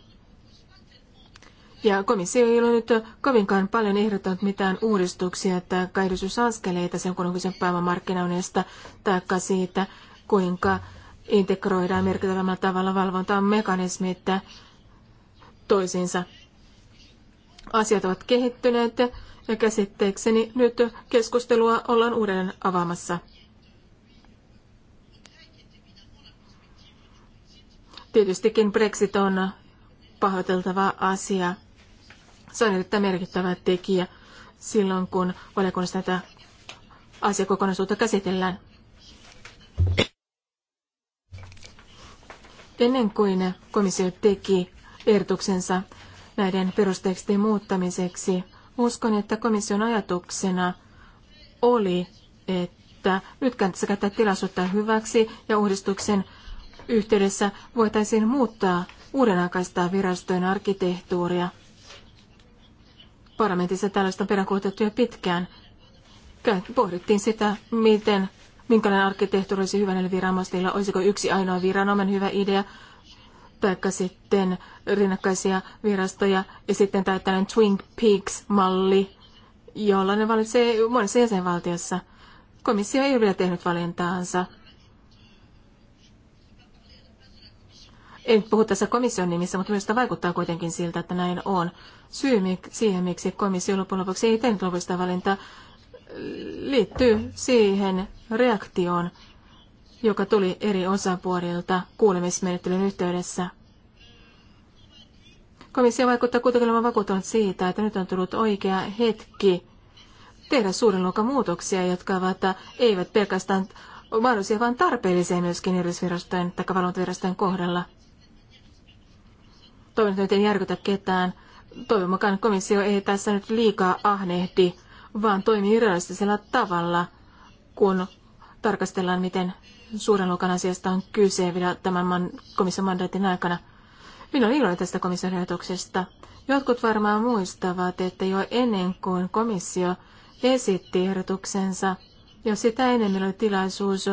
Ja komissio ei ole nyt kovinkaan paljon ehdottanut mitään uudistuksia että kaidususaskeleita sen kun on kyse pääomamarkkinaunionista taikka siitä, kuinka integroidaan merkittävällä tavalla valvontaan että toisiinsa. Asiat ovat kehittyneet ja käsitteekseni nyt keskustelua ollaan uudelleen avaamassa. Tietystikin Brexit on pahoiteltava asia. Se on erittäin merkittävä tekijä silloin, kun valiokunnassa tätä asiakokonaisuutta käsitellään. Ennen kuin komissio teki ehdotuksensa näiden perustekstien muuttamiseksi, uskon, että komission ajatuksena oli, että nyt kannattaisi käyttää tilaisuutta hyväksi ja uudistuksen yhteydessä voitaisiin muuttaa uudenaikaista virastojen arkkitehtuuria. Parlamentissa tällaista on peräänkuulutettu jo pitkään. Pohdittiin sitä, miten minkälainen arkkitehtuuri olisi hyvä näille viranomaisille, olisiko yksi ainoa viranomainen hyvä idea, tai sitten rinnakkaisia virastoja, ja sitten tämä tällainen Twin Peaks-malli, jolla ne valitsee monessa jäsenvaltiossa. Komissio ei ole vielä tehnyt valintaansa. En puhu tässä komission nimissä, mutta minusta vaikuttaa kuitenkin siltä, että näin on. Syy siihen, miksi komissio lopuksi ei tehnyt lopullista valintaa, liittyy siihen reaktioon, joka tuli eri osapuolilta kuulemismenettelyn yhteydessä. Komissio vaikuttaa kuitenkin olevan vakuuttunut siitä, että nyt on tullut oikea hetki tehdä suurin luokan muutoksia, jotka ovat, eivät pelkästään mahdollisia, vaan tarpeellisia myöskin erillisvirastojen tai valvontavirastojen kohdalla. Toivon, että nyt ei järkytä ketään. Toivon mukaan komissio ei tässä nyt liikaa ahnehdi vaan toimii realistisella tavalla, kun tarkastellaan, miten suuren luokan asiasta on kyse vielä tämän man, komission mandaatin aikana. Minä olen iloinen tästä komission ehdotuksesta. Jotkut varmaan muistavat, että jo ennen kuin komissio esitti ehdotuksensa, jo sitä enemmän oli tilaisuus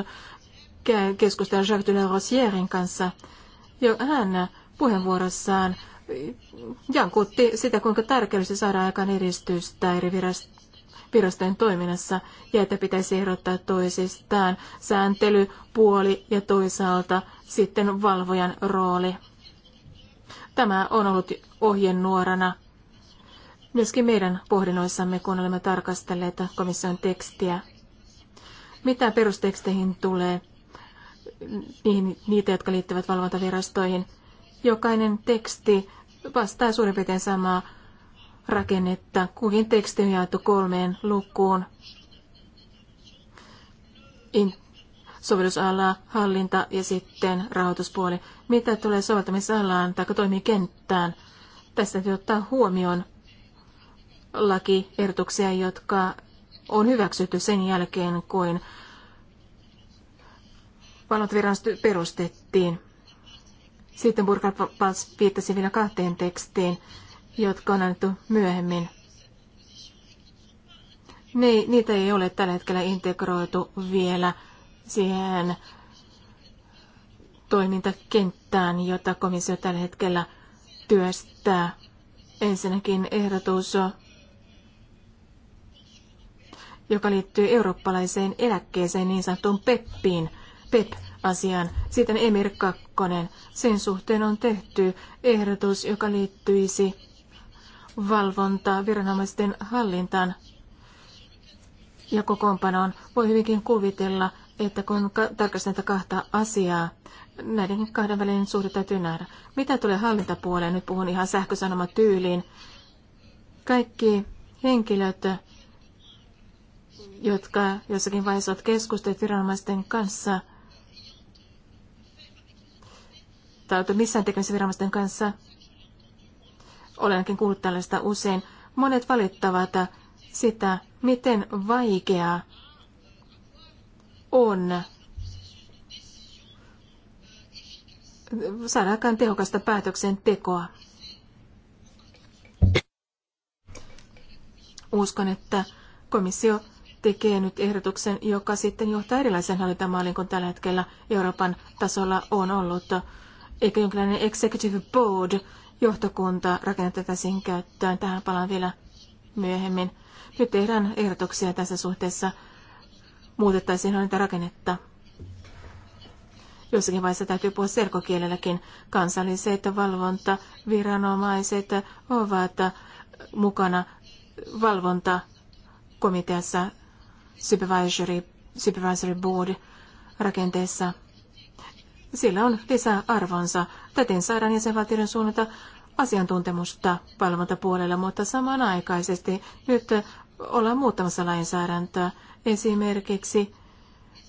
keskustella Jacques de Rosierin kanssa. Jo hän puheenvuorossaan jankutti sitä, kuinka tärkeää saada aikaan edistystä eri virast- virastojen toiminnassa ja että pitäisi erottaa toisistaan sääntelypuoli ja toisaalta sitten valvojan rooli. Tämä on ollut ohjenuorana myöskin meidän pohdinnoissamme, kun olemme tarkastelleet komission tekstiä. Mitä perusteksteihin tulee, niihin, niitä, jotka liittyvät valvontavirastoihin, jokainen teksti vastaa suurin piirtein samaa rakennetta. Kukin teksti on jaettu kolmeen lukuun. In- sovellusala, hallinta ja sitten rahoituspuoli. Mitä tulee soveltamisalaan tai toimikenttään? Tässä täytyy ottaa huomioon lakiehdotuksia, jotka on hyväksytty sen jälkeen, kuin valvontavirasto perustettiin. Sitten Burkhard viittasi vielä kahteen tekstiin, jotka on annettu myöhemmin. Ne, niitä ei ole tällä hetkellä integroitu vielä siihen toimintakenttään, jota komissio tällä hetkellä työstää. Ensinnäkin ehdotus, joka liittyy eurooppalaiseen eläkkeeseen, niin sanottuun PEPPiin, PEP-asiaan. Sitten Emir Kakkonen. Sen suhteen on tehty ehdotus, joka liittyisi valvontaa viranomaisten hallintaan ja kokoonpanoon. Voi hyvinkin kuvitella, että kun tarkastetaan kahta asiaa, näiden kahden välinen suhde täytyy nähdä. Mitä tulee hallintapuoleen, nyt puhun ihan sähkösanomatyyliin. Kaikki henkilöt, jotka jossakin vaiheessa ovat keskustelleet viranomaisten kanssa, tai missään tekemisissä viranomaisten kanssa, olenkin kuullut tällaista usein, monet valittavat sitä, miten vaikeaa on saada tehokasta päätöksentekoa. Uskon, että komissio tekee nyt ehdotuksen, joka sitten johtaa erilaisen hallintamalliin kuin tällä hetkellä Euroopan tasolla on ollut, eikä jonkinlainen executive board, johtokunta rakennettaisiin käyttöön. Tähän palaan vielä myöhemmin. Nyt tehdään ehdotuksia tässä suhteessa. Muutettaisiin niitä rakennetta. Jossakin vaiheessa täytyy puhua selkokielelläkin. Kansalliset valvontaviranomaiset ovat mukana valvontakomiteassa supervisory, supervisory board rakenteessa – sillä on lisää arvonsa. Täten saadaan jäsenvaltioiden suunnata asiantuntemusta valvontapuolella, mutta samanaikaisesti nyt ollaan muuttamassa lainsäädäntöä. Esimerkiksi,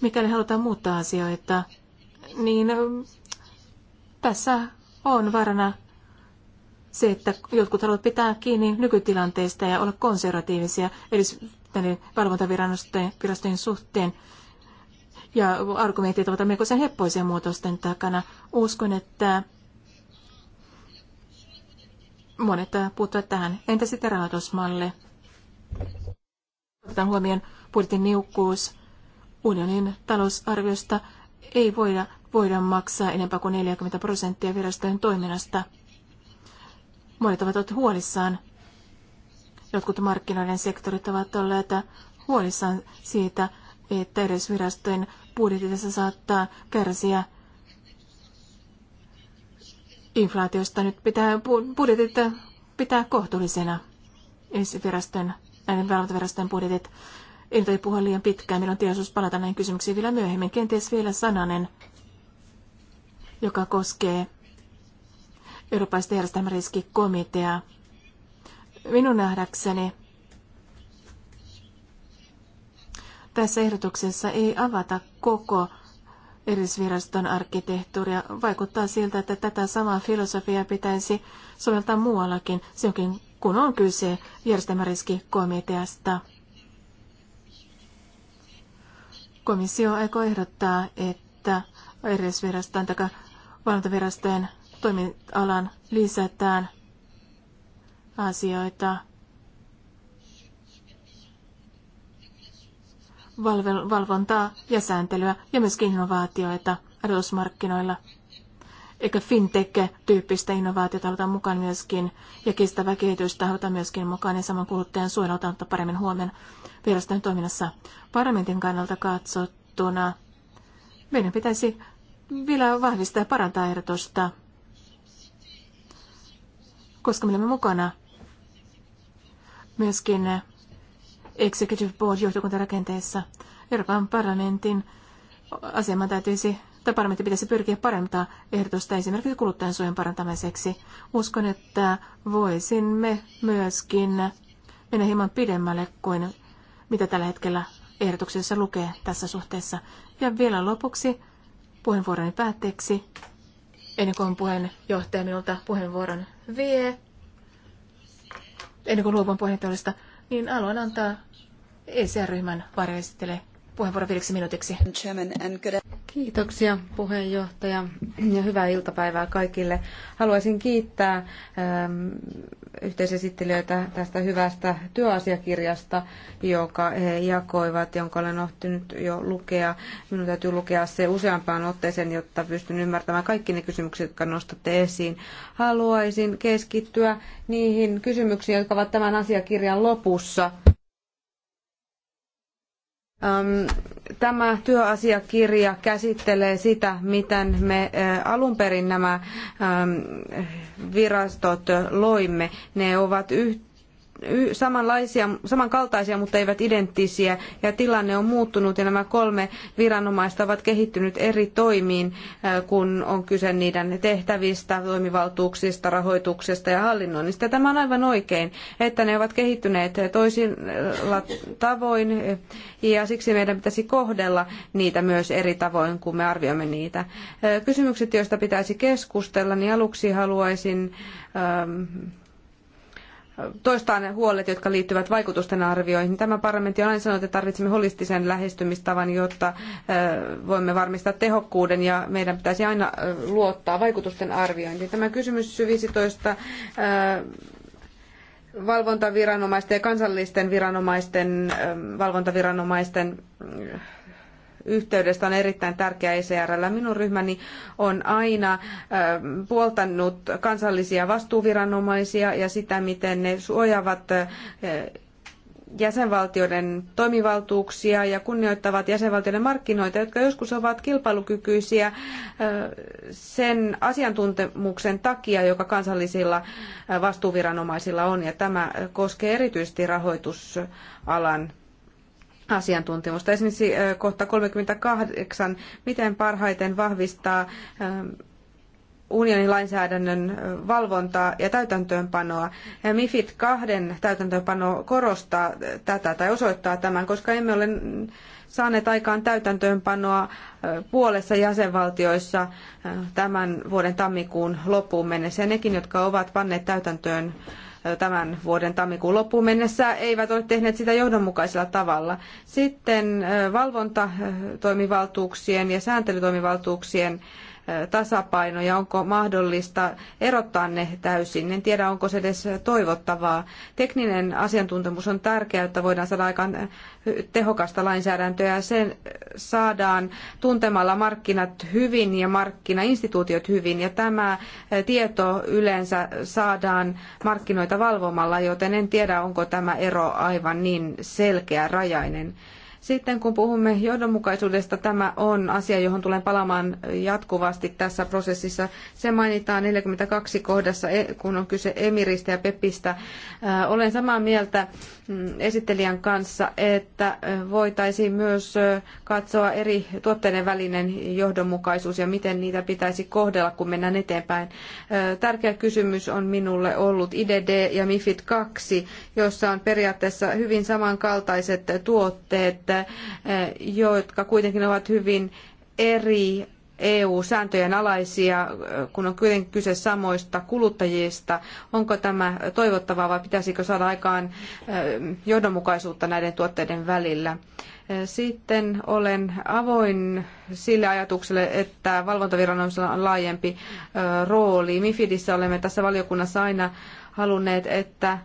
mikäli halutaan muuttaa asioita, niin mm, tässä on varana se, että jotkut haluavat pitää kiinni nykytilanteesta ja olla konservatiivisia, eli valvontavirastojen suhteen ja argumentit ovat melkoisen heppoisia muutosten takana. Uskon, että monet puuttuvat tähän. Entä sitten rahoitusmalli? Otetaan huomioon budjetin niukkuus. Unionin talousarviosta ei voida, voida maksaa enempää kuin 40 prosenttia virastojen toiminnasta. Monet ovat olleet huolissaan. Jotkut markkinoiden sektorit ovat olleet huolissaan siitä, terveysvirastojen edesvirastojen budjetissa saattaa kärsiä inflaatiosta. Nyt pitää budjetit pitää kohtuullisena edesvirastojen, näiden valvontavirastojen budjetit. En voi puhua liian pitkään, meillä on tilaisuus palata näihin kysymyksiin vielä myöhemmin. Kenties vielä sananen, joka koskee Euroopan järjestelmäriskikomiteaa. Minun nähdäkseni Tässä ehdotuksessa ei avata koko erillisviraston arkkitehtuuria. Vaikuttaa siltä, että tätä samaa filosofiaa pitäisi soveltaa muuallakin, silloinkin kun on kyse järjestelmäriskikomiteasta. Komissio aikoo ehdottaa, että erillisviraston tai valvontavirastojen toimialan lisätään asioita, valvontaa ja sääntelyä ja myöskin innovaatioita rahoitusmarkkinoilla. Eikä fintech-tyyppistä innovaatiota haluta mukaan myöskin ja kestävää kehitystä haluta myöskin mukaan ja saman kuluttajan suojelua ottaa paremmin huomioon virastojen toiminnassa. Parlamentin kannalta katsottuna meidän pitäisi vielä vahvistaa ja parantaa ehdotusta, koska me olemme mukana myöskin Executive Board johtokuntarakenteessa. Euroopan parlamentin asema täytyisi, tai parlamentti pitäisi pyrkiä parantaa ehdotusta esimerkiksi kuluttajansuojan parantamiseksi. Uskon, että voisimme myöskin mennä hieman pidemmälle kuin mitä tällä hetkellä ehdotuksessa lukee tässä suhteessa. Ja vielä lopuksi puheenvuoroni päätteeksi, ennen kuin puheenjohtaja minulta puheenvuoron vie, ennen kuin luopun puheenjohtajasta, niin haluan antaa ECR-ryhmän varjoesittele puheenvuoro viideksi minuutiksi. Kiitoksia puheenjohtaja ja hyvää iltapäivää kaikille. Haluaisin kiittää ähm, yhteisesittelijöitä tästä hyvästä työasiakirjasta, joka he jakoivat, jonka olen ohtinut jo lukea. Minun täytyy lukea se useampaan otteeseen, jotta pystyn ymmärtämään kaikki ne kysymykset, jotka nostatte esiin. Haluaisin keskittyä niihin kysymyksiin, jotka ovat tämän asiakirjan lopussa Tämä työasiakirja käsittelee sitä, miten me alun perin nämä virastot loimme. Ne ovat yhteydessä samanlaisia, samankaltaisia, mutta eivät identtisiä, ja tilanne on muuttunut, ja nämä kolme viranomaista ovat kehittyneet eri toimiin, äh, kun on kyse niiden tehtävistä, toimivaltuuksista, rahoituksesta ja hallinnoinnista. tämä on aivan oikein, että ne ovat kehittyneet toisilla äh, tavoin, äh, ja siksi meidän pitäisi kohdella niitä myös eri tavoin, kun me arvioimme niitä. Kysymykset, joista pitäisi keskustella, niin aluksi haluaisin ähm, toistaa ne huolet, jotka liittyvät vaikutusten arvioihin. Tämä parlamentti on aina sanonut, että tarvitsemme holistisen lähestymistavan, jotta voimme varmistaa tehokkuuden ja meidän pitäisi aina luottaa vaikutusten arviointiin. Tämä kysymys 15 valvontaviranomaisten ja kansallisten viranomaisten, valvontaviranomaisten yhteydestä on erittäin tärkeä ECRllä. Minun ryhmäni on aina puoltanut kansallisia vastuuviranomaisia ja sitä, miten ne suojaavat jäsenvaltioiden toimivaltuuksia ja kunnioittavat jäsenvaltioiden markkinoita, jotka joskus ovat kilpailukykyisiä sen asiantuntemuksen takia, joka kansallisilla vastuuviranomaisilla on. Ja tämä koskee erityisesti rahoitusalan asiantuntemusta. Esimerkiksi kohta 38, miten parhaiten vahvistaa unionin lainsäädännön valvontaa ja täytäntöönpanoa. MIFID kahden täytäntöönpano korostaa tätä tai osoittaa tämän, koska emme ole saaneet aikaan täytäntöönpanoa puolessa jäsenvaltioissa tämän vuoden tammikuun loppuun mennessä. Ja nekin, jotka ovat panneet täytäntöön tämän vuoden tammikuun loppuun mennessä eivät ole tehneet sitä johdonmukaisella tavalla. Sitten valvontatoimivaltuuksien ja sääntelytoimivaltuuksien tasapaino ja onko mahdollista erottaa ne täysin. En tiedä, onko se edes toivottavaa. Tekninen asiantuntemus on tärkeää, että voidaan saada aikaan tehokasta lainsäädäntöä ja sen saadaan tuntemalla markkinat hyvin ja markkinainstituutiot hyvin ja tämä tieto yleensä saadaan markkinoita valvomalla, joten en tiedä, onko tämä ero aivan niin selkeä rajainen. Sitten kun puhumme johdonmukaisuudesta, tämä on asia, johon tulen palaamaan jatkuvasti tässä prosessissa. Se mainitaan 42 kohdassa, e, kun on kyse Emiristä ja Pepistä. Olen samaa mieltä mm, esittelijän kanssa, että voitaisiin myös katsoa eri tuotteiden välinen johdonmukaisuus ja miten niitä pitäisi kohdella, kun mennään eteenpäin. Tärkeä kysymys on minulle ollut IDD ja MIFID 2, jossa on periaatteessa hyvin samankaltaiset tuotteet Eh, jotka kuitenkin ovat hyvin eri EU-sääntöjen alaisia, eh, kun on kuitenkin kyse samoista kuluttajista. Onko tämä toivottavaa vai pitäisikö saada aikaan eh, johdonmukaisuutta näiden tuotteiden välillä? Sitten olen avoin sille ajatukselle, että valvontaviranomaisella on laajempi rooli. Mifidissä olemme tässä valiokunnassa aina halunneet, että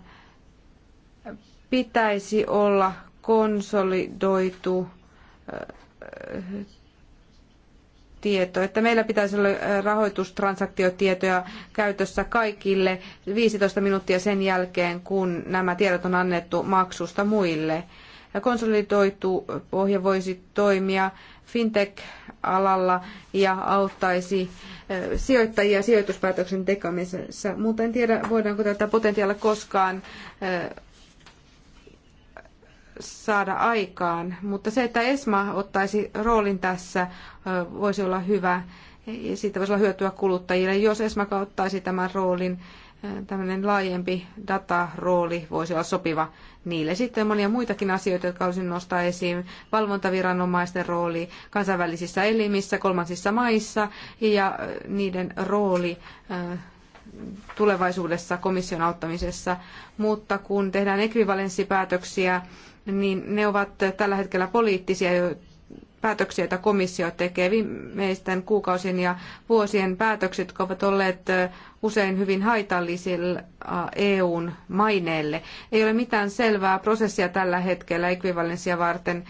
pitäisi olla konsolidoitu tieto, että meillä pitäisi olla rahoitustransaktiotietoja käytössä kaikille 15 minuuttia sen jälkeen, kun nämä tiedot on annettu maksusta muille. Ja konsolidoitu pohja voisi toimia fintech-alalla ja auttaisi sijoittajia sijoituspäätöksen tekemisessä, mutta en tiedä voidaanko tätä potentiaalia koskaan saada aikaan, mutta se, että ESMA ottaisi roolin tässä, voisi olla hyvä. Siitä voisi olla hyötyä kuluttajille. Jos ESMA ottaisi tämän roolin, tämmöinen laajempi datarooli voisi olla sopiva niille. Sitten monia muitakin asioita, jotka haluaisin nostaa esiin. Valvontaviranomaisten rooli kansainvälisissä elimissä, kolmansissa maissa ja niiden rooli tulevaisuudessa komission auttamisessa, mutta kun tehdään ekvivalenssipäätöksiä niin ne ovat tällä hetkellä poliittisia päätöksiä, joita komissio tekee. Viimeisten kuukausien ja vuosien päätökset, jotka ovat olleet usein hyvin haitallisilla EUn maineelle. Ei ole mitään selvää prosessia tällä hetkellä ekvivalenssia varten,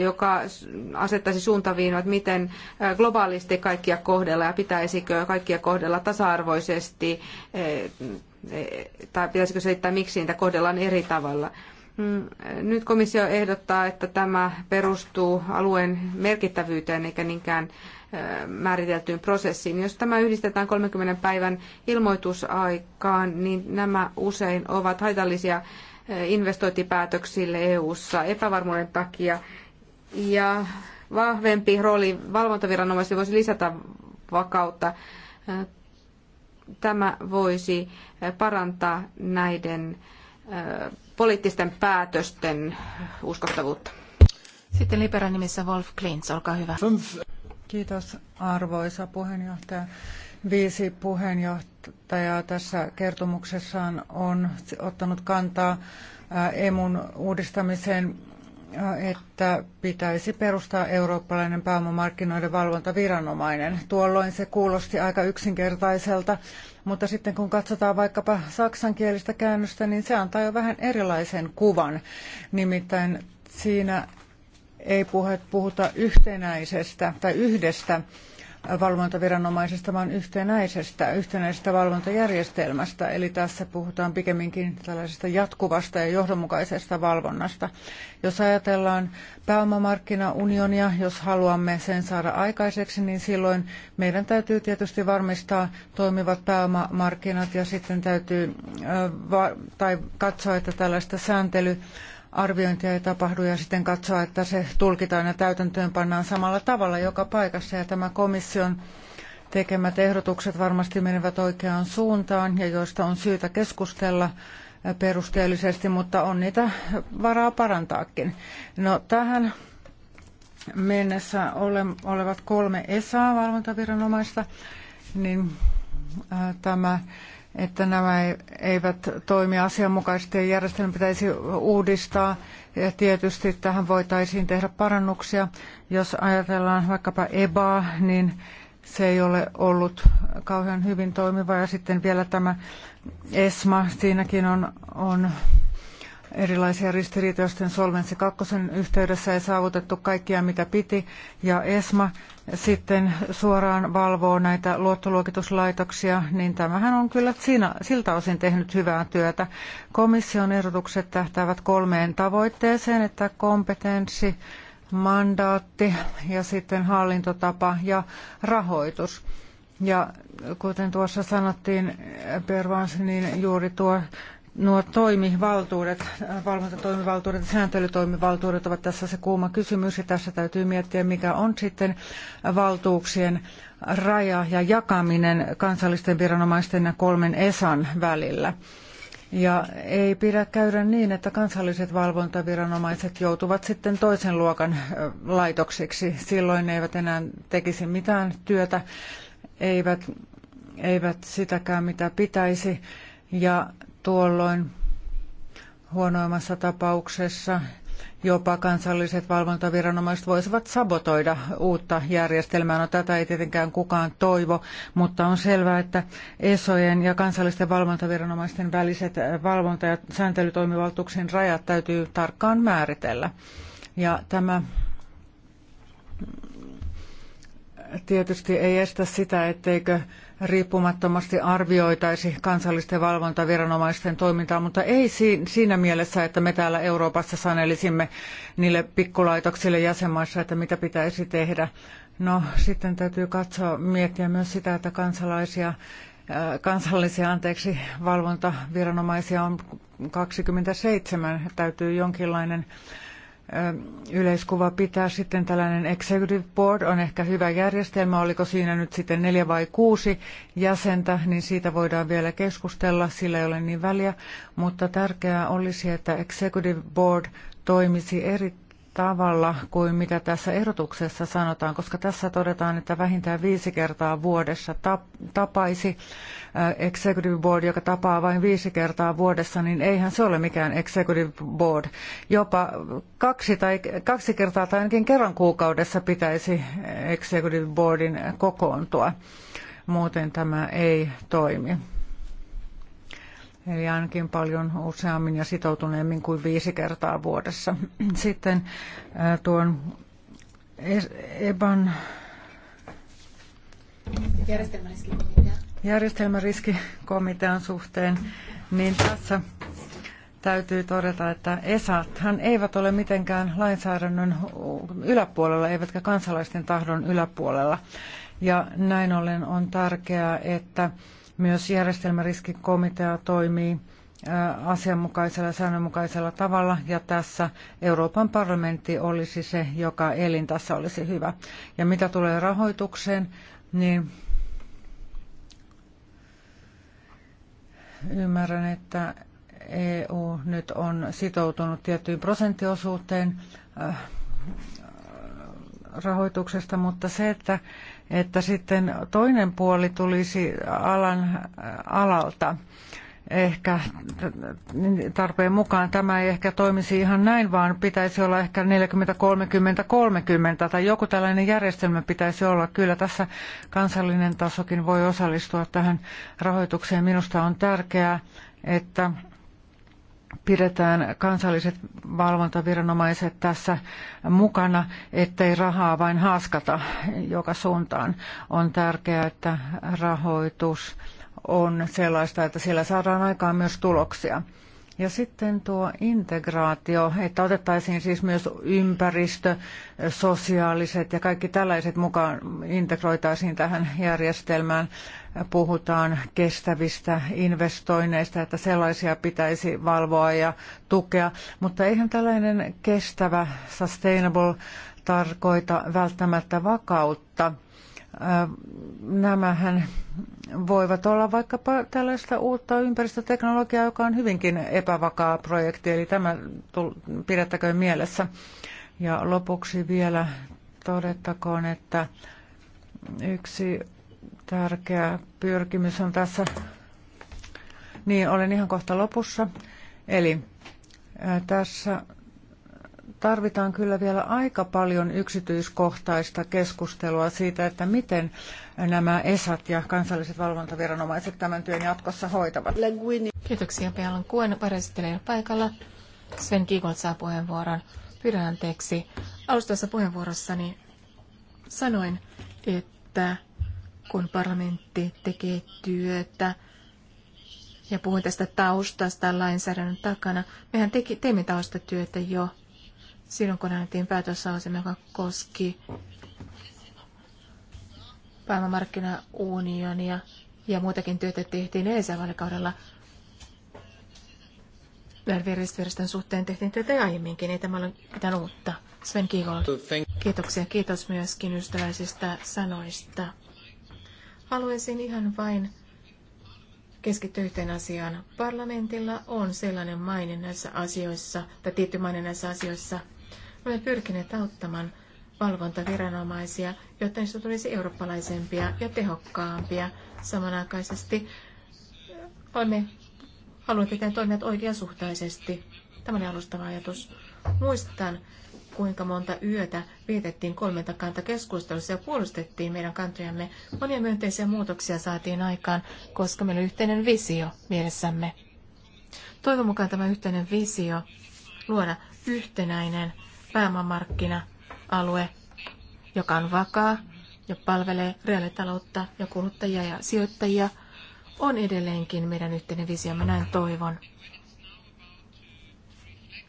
joka asettaisi suuntaviivat, miten globaalisti kaikkia kohdella ja pitäisikö kaikkia kohdella tasa-arvoisesti tai pitäisikö selittää, miksi niitä kohdellaan eri tavalla. Mm, nyt komissio ehdottaa, että tämä perustuu alueen merkittävyyteen eikä niinkään määriteltyyn prosessiin. Jos tämä yhdistetään 30 päivän ilmoitusaikaan, niin nämä usein ovat haitallisia investointipäätöksille EU-ssa epävarmuuden takia. Ja vahvempi rooli valvontaviranomaisille voisi lisätä vakautta. Tämä voisi parantaa näiden poliittisten päätösten uskottavuutta. Sitten Liberan nimissä Wolf Klintz, olkaa hyvä. Kiitos arvoisa puheenjohtaja. Viisi puheenjohtajaa tässä kertomuksessaan on ottanut kantaa äh, emun uudistamiseen äh, että pitäisi perustaa eurooppalainen pääomamarkkinoiden valvontaviranomainen. Tuolloin se kuulosti aika yksinkertaiselta mutta sitten kun katsotaan vaikkapa saksankielistä käännöstä, niin se antaa jo vähän erilaisen kuvan. Nimittäin siinä ei puhuta yhtenäisestä tai yhdestä valvontaviranomaisesta, vaan yhtenäisestä, yhtenäisestä valvontajärjestelmästä. Eli tässä puhutaan pikemminkin tällaisesta jatkuvasta ja johdonmukaisesta valvonnasta. Jos ajatellaan pääomamarkkinaunionia, jos haluamme sen saada aikaiseksi, niin silloin meidän täytyy tietysti varmistaa toimivat pääomamarkkinat ja sitten täytyy äh, tai katsoa, että tällaista sääntely arviointia ei tapahdu ja sitten katsoa, että se tulkitaan ja täytäntöön pannaan samalla tavalla joka paikassa. Ja tämä komission tekemät ehdotukset varmasti menevät oikeaan suuntaan ja joista on syytä keskustella perusteellisesti, mutta on niitä varaa parantaakin. No tähän mennessä olevat kolme ESA-valvontaviranomaista, niin tämä että nämä eivät toimi asianmukaisesti ja järjestelmä pitäisi uudistaa. Ja tietysti tähän voitaisiin tehdä parannuksia. Jos ajatellaan vaikkapa EBAa, niin se ei ole ollut kauhean hyvin toimiva. Ja sitten vielä tämä ESMA, siinäkin on, on erilaisia ristiriitoisten Solvenssi kakkosen yhteydessä ei saavutettu kaikkia mitä piti ja ESMA sitten suoraan valvoo näitä luottoluokituslaitoksia, niin tämähän on kyllä siinä, siltä osin tehnyt hyvää työtä. Komission ehdotukset tähtäävät kolmeen tavoitteeseen, että kompetenssi, mandaatti ja sitten hallintotapa ja rahoitus. Ja kuten tuossa sanottiin, Pervans, niin juuri tuo nuo toimivaltuudet, valvontatoimivaltuudet ja sääntelytoimivaltuudet ovat tässä se kuuma kysymys ja tässä täytyy miettiä, mikä on sitten valtuuksien raja ja jakaminen kansallisten viranomaisten ja kolmen ESAn välillä. Ja ei pidä käydä niin, että kansalliset valvontaviranomaiset joutuvat sitten toisen luokan laitoksiksi. Silloin ne eivät enää tekisi mitään työtä, eivät, eivät sitäkään mitä pitäisi. Ja Tuolloin huonoimmassa tapauksessa jopa kansalliset valvontaviranomaiset voisivat sabotoida uutta järjestelmää. No tätä ei tietenkään kukaan toivo, mutta on selvää, että ESOjen ja kansallisten valvontaviranomaisten väliset valvonta- ja sääntelytoimivaltuuksien rajat täytyy tarkkaan määritellä. Ja tämä tietysti ei estä sitä, etteikö riippumattomasti arvioitaisi kansallisten valvontaviranomaisten toimintaa, mutta ei siinä mielessä, että me täällä Euroopassa sanelisimme niille pikkulaitoksille jäsenmaissa, että mitä pitäisi tehdä. No sitten täytyy katsoa, miettiä myös sitä, että kansalaisia äh, kansallisia anteeksi, valvontaviranomaisia on 27. Täytyy jonkinlainen yleiskuva pitää. Sitten tällainen executive board on ehkä hyvä järjestelmä. Oliko siinä nyt sitten neljä vai kuusi jäsentä, niin siitä voidaan vielä keskustella. Sillä ei ole niin väliä. Mutta tärkeää olisi, että executive board toimisi erittäin tavalla kuin mitä tässä ehdotuksessa sanotaan, koska tässä todetaan, että vähintään viisi kertaa vuodessa tapaisi äh, executive board, joka tapaa vain viisi kertaa vuodessa, niin eihän se ole mikään executive board. Jopa kaksi, tai, kaksi kertaa tai ainakin kerran kuukaudessa pitäisi executive boardin kokoontua. Muuten tämä ei toimi. Eli ainakin paljon useammin ja sitoutuneemmin kuin viisi kertaa vuodessa. Sitten äh, tuon EBAN järjestelmäriskikomitean suhteen, niin tässä täytyy todeta, että ESAthan eivät ole mitenkään lainsäädännön yläpuolella, eivätkä kansalaisten tahdon yläpuolella. Ja näin ollen on tärkeää, että myös järjestelmäriskikomitea toimii asianmukaisella ja säännönmukaisella tavalla ja tässä Euroopan parlamentti olisi se, joka elin tässä olisi hyvä. Ja mitä tulee rahoitukseen, niin ymmärrän, että EU nyt on sitoutunut tiettyyn prosenttiosuuteen rahoituksesta, mutta se, että että sitten toinen puoli tulisi alan, alalta. Ehkä tarpeen mukaan tämä ei ehkä toimisi ihan näin, vaan pitäisi olla ehkä 40-30-30 tai joku tällainen järjestelmä pitäisi olla. Kyllä tässä kansallinen tasokin voi osallistua tähän rahoitukseen. Minusta on tärkeää, että pidetään kansalliset valvontaviranomaiset tässä mukana, ettei rahaa vain haaskata joka suuntaan. On tärkeää, että rahoitus on sellaista, että sillä saadaan aikaan myös tuloksia. Ja sitten tuo integraatio, että otettaisiin siis myös ympäristö, sosiaaliset ja kaikki tällaiset mukaan integroitaisiin tähän järjestelmään. Puhutaan kestävistä investoinneista, että sellaisia pitäisi valvoa ja tukea. Mutta eihän tällainen kestävä, sustainable, tarkoita välttämättä vakautta Äh, nämähän voivat olla vaikkapa tällaista uutta ympäristöteknologiaa, joka on hyvinkin epävakaa projekti, eli tämä pidettäköön mielessä. Ja lopuksi vielä todettakoon, että yksi tärkeä pyrkimys on tässä, niin olen ihan kohta lopussa, eli äh, tässä tarvitaan kyllä vielä aika paljon yksityiskohtaista keskustelua siitä, että miten nämä ESAT ja kansalliset valvontaviranomaiset tämän työn jatkossa hoitavat. Kiitoksia. Meillä Kuen kuen paikalla. Sven Kiikolt saa puheenvuoron. Pyydän anteeksi. Alustavassa puheenvuorossani sanoin, että kun parlamentti tekee työtä, ja puhuin tästä taustasta lainsäädännön takana. Mehän teki, teimme taustatyötä jo silloin, kun annettiin päätösasema, joka koski pääomamarkkinaunionia ja muutakin työtä tehtiin edellisellä vaalikaudella. Järjestelmän suhteen tehtiin työtä aiemminkin, ei tämä ole mitään uutta. Sven Kiikola. Kiitoksia, kiitos myöskin ystäväisistä sanoista. Haluaisin ihan vain keskittyä yhteen asiaan. Parlamentilla on sellainen maine näissä asioissa, tai tietty maine näissä asioissa, Olemme pyrkineet auttamaan valvontaviranomaisia, jotta niistä tulisi eurooppalaisempia ja tehokkaampia. Samanaikaisesti olemme halunneet pitää toimijat oikeasuhtaisesti. Tämä oli alustava ajatus. Muistan, kuinka monta yötä vietettiin kolmenta kanta keskustelussa ja puolustettiin meidän kantojamme. Monia myönteisiä muutoksia saatiin aikaan, koska meillä on yhteinen visio mielessämme. Toivon mukaan tämä yhteinen visio luoda yhtenäinen pääomamarkkina-alue, joka on vakaa ja palvelee reaalitaloutta ja kuluttajia ja sijoittajia, on edelleenkin meidän yhteinen visio Mä näin toivon.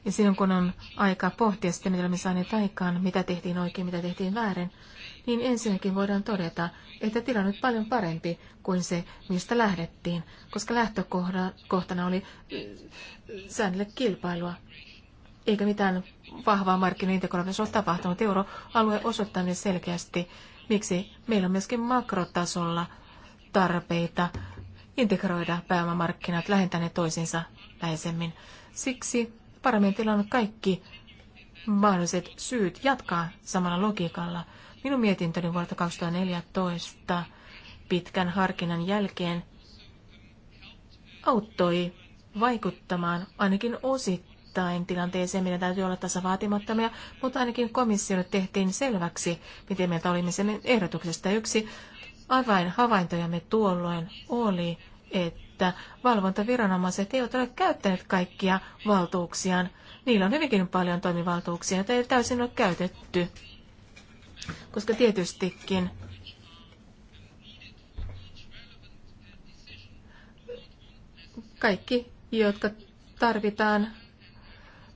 Ja silloin kun on aika pohtia sitten, mitä olemme saaneet aikaan, mitä tehtiin oikein, mitä tehtiin väärin, niin ensinnäkin voidaan todeta, että tilanne on nyt paljon parempi kuin se, mistä lähdettiin, koska lähtökohtana oli säännölle kilpailua eikä mitään vahvaa markkinointegraatiota ole tapahtunut. Euroalue osoittaa selkeästi, miksi meillä on myöskin makrotasolla tarpeita integroida pääomamarkkinat, lähentää ne toisiinsa läheisemmin. Siksi parlamentilla on kaikki mahdolliset syyt jatkaa samalla logiikalla. Minun mietintöni vuodelta 2014 pitkän harkinnan jälkeen auttoi vaikuttamaan ainakin osittain osittain tilanteeseen. Meidän täytyy olla tässä vaatimattomia, mutta ainakin komissiolle tehtiin selväksi, miten meiltä olimme sen ehdotuksesta. Yksi avain havaintojamme tuolloin oli, että valvontaviranomaiset eivät ole käyttäneet kaikkia valtuuksiaan. Niillä on hyvinkin paljon toimivaltuuksia, joita ei täysin ole käytetty. Koska tietystikin kaikki, jotka tarvitaan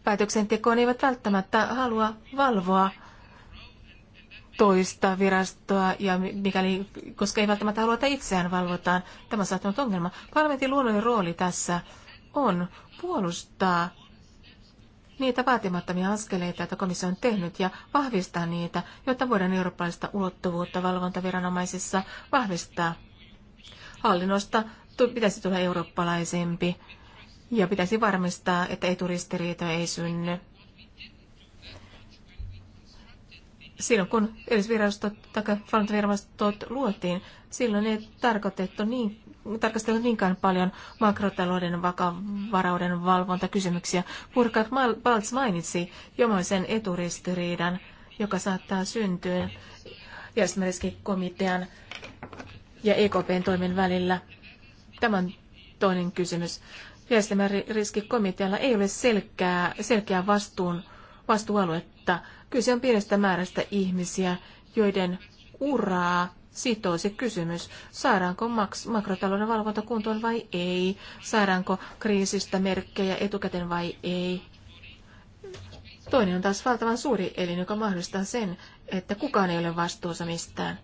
päätöksentekoon eivät välttämättä halua valvoa toista virastoa, ja mikäli, koska ei välttämättä halua, että itseään valvotaan. Tämä on saattanut ongelma. Parlamentin luonnollinen rooli tässä on puolustaa niitä vaatimattomia askeleita, joita komissio on tehnyt, ja vahvistaa niitä, jotta voidaan eurooppalaista ulottuvuutta valvontaviranomaisissa vahvistaa. Hallinnosta pitäisi tulla eurooppalaisempi ja pitäisi varmistaa, että eturistiriitoja ei synny. Silloin kun edellisvirastot tai valintavirastot luotiin, silloin ei tarkoitettu niin, tarkastellut niinkään paljon makrotalouden vakavarauden valvontakysymyksiä. Burkhard Balz mainitsi jomaisen eturistiriidan, joka saattaa syntyä komitean ja EKPn toimen välillä. Tämä on toinen kysymys. Järjestelmäriskikomitealla ei ole selkeää, selkeää vastuun, vastuualuetta. Kyse on pienestä määrästä ihmisiä, joiden uraa sitoo se kysymys, saadaanko maks- makrotalouden valvonta kuntoon vai ei, saadaanko kriisistä merkkejä etukäteen vai ei. Toinen on taas valtavan suuri elin, joka mahdollistaa sen, että kukaan ei ole vastuussa mistään.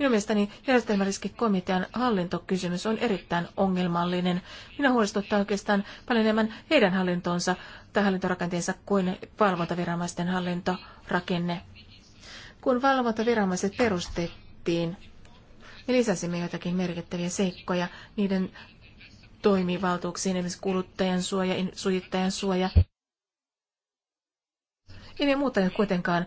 Minun mielestäni järjestelmäriskikomitean hallintokysymys on erittäin ongelmallinen. Minä huolestuttaa oikeastaan paljon enemmän heidän hallintonsa tai hallintorakenteensa kuin valvontaviranomaisten hallintorakenne. Kun valvontaviranomaiset perustettiin, me lisäsimme joitakin merkittäviä seikkoja niiden toimivaltuuksiin, esimerkiksi kuluttajan suoja, sujittajan suoja. Ei ne muuta kuitenkaan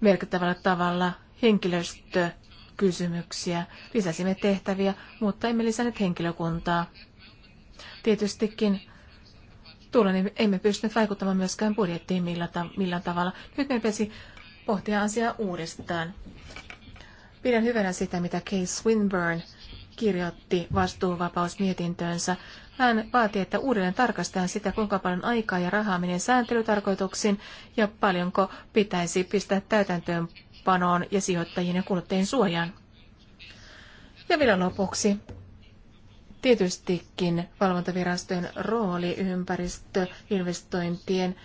merkittävällä tavalla henkilöstö kysymyksiä. Lisäsimme tehtäviä, mutta emme lisänneet henkilökuntaa. Tietystikin tuolla emme pystyneet vaikuttamaan myöskään budjettiin millään tavalla. Nyt me pesi pohtia asiaa uudestaan. Pidän hyvänä sitä, mitä Kay Swinburne kirjoitti vastuuvapausmietintöönsä. Hän vaati, että uudelleen tarkastetaan sitä, kuinka paljon aikaa ja rahaa menee sääntelytarkoituksiin ja paljonko pitäisi pistää täytäntöön toimeenpanoon ja sijoittajien ja kuluttajien suojaan. Ja vielä lopuksi. Tietystikin valvontavirastojen rooli ympäristöinvestointien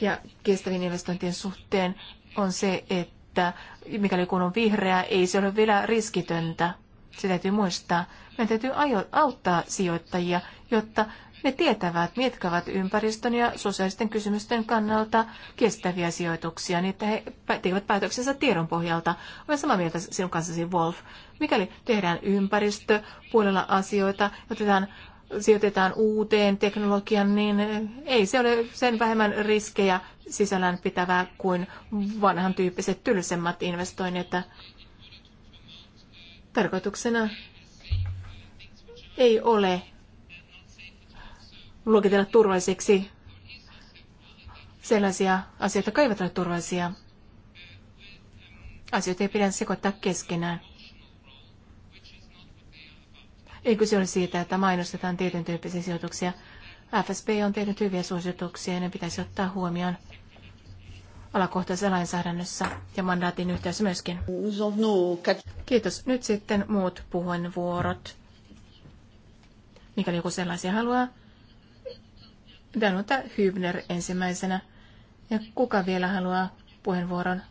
ja kestävien investointien suhteen on se, että mikäli kun on vihreää, ei se ole vielä riskitöntä. Se täytyy muistaa. Meidän täytyy ajo- auttaa sijoittajia, jotta ne tietävät, mitkä ovat ympäristön ja sosiaalisten kysymysten kannalta kestäviä sijoituksia, niin että he tekevät päätöksensä tiedon pohjalta. Olen samaa mieltä sinun kanssasi, Wolf. Mikäli tehdään ympäristöpuolella asioita, otetaan sijoitetaan uuteen teknologian, niin eh, ei se ole sen vähemmän riskejä sisällään pitävää kuin vanhan tyyppiset tylsemmät investoinnit. Tarkoituksena ei ole luokitella turvalliseksi sellaisia asioita, jotka eivät ole turvallisia. Asioita ei pidä sekoittaa keskenään. Ei kyse ole siitä, että mainostetaan tietyn tyyppisiä sijoituksia. FSB on tehnyt hyviä suosituksia ja ne pitäisi ottaa huomioon alakohtaisessa lainsäädännössä ja mandaatin yhteydessä myöskin. Kiitos. Nyt sitten muut puheenvuorot. Mikäli joku sellaisia haluaa, Danuta Hübner ensimmäisenä. Ja kuka vielä haluaa puheenvuoron?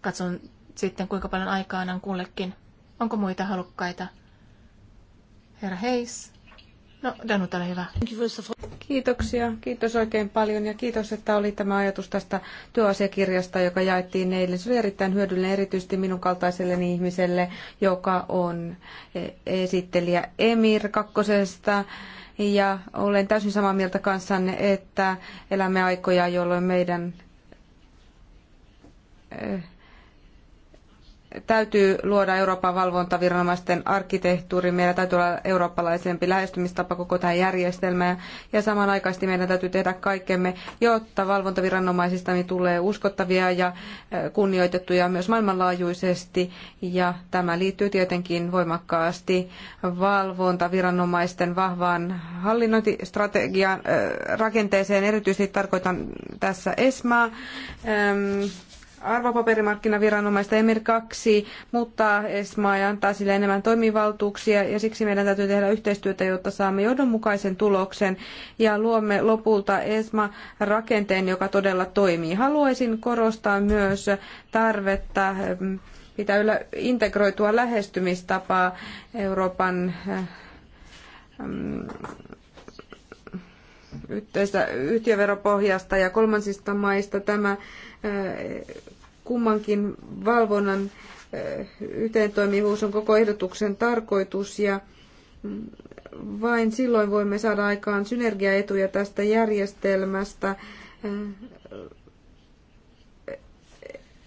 Katson sitten, kuinka paljon aikaa annan kullekin. Onko muita halukkaita? Herra Heis. No, Danuta, ole hyvä. Kiitoksia. Kiitos oikein paljon ja kiitos, että oli tämä ajatus tästä työasiakirjasta, joka jaettiin eilen. Se oli erittäin hyödyllinen erityisesti minun kaltaiselle ihmiselle, joka on eh, esittelijä Emir kakkosesta ja olen täysin samaa mieltä kanssanne, että elämme aikoja, jolloin meidän eh, täytyy luoda Euroopan valvontaviranomaisten arkkitehtuuri, meillä täytyy olla eurooppalaisempi lähestymistapa koko tähän järjestelmään ja samanaikaisesti meidän täytyy tehdä kaikkemme, jotta valvontaviranomaisista niin tulee uskottavia ja eh, kunnioitettuja myös maailmanlaajuisesti ja tämä liittyy tietenkin voimakkaasti valvontaviranomaisten vahvaan hallinnointistrategian eh, rakenteeseen, erityisesti tarkoitan tässä ESMAa. Ähm, arvopaperimarkkinaviranomaista EMIR 2 mutta ESMA ja antaa sille enemmän toimivaltuuksia ja siksi meidän täytyy tehdä yhteistyötä, jotta saamme johdonmukaisen tuloksen ja luomme lopulta ESMA-rakenteen, joka todella toimii. Haluaisin korostaa myös tarvetta mm, pitää yllä integroitua lähestymistapaa Euroopan mm, yhteistä yhtiöveropohjasta ja kolmansista maista. Tämä mm, kummankin valvonnan eh, yhteentoimivuus on koko ehdotuksen tarkoitus ja mm, vain silloin voimme saada aikaan synergiaetuja tästä järjestelmästä. Eh,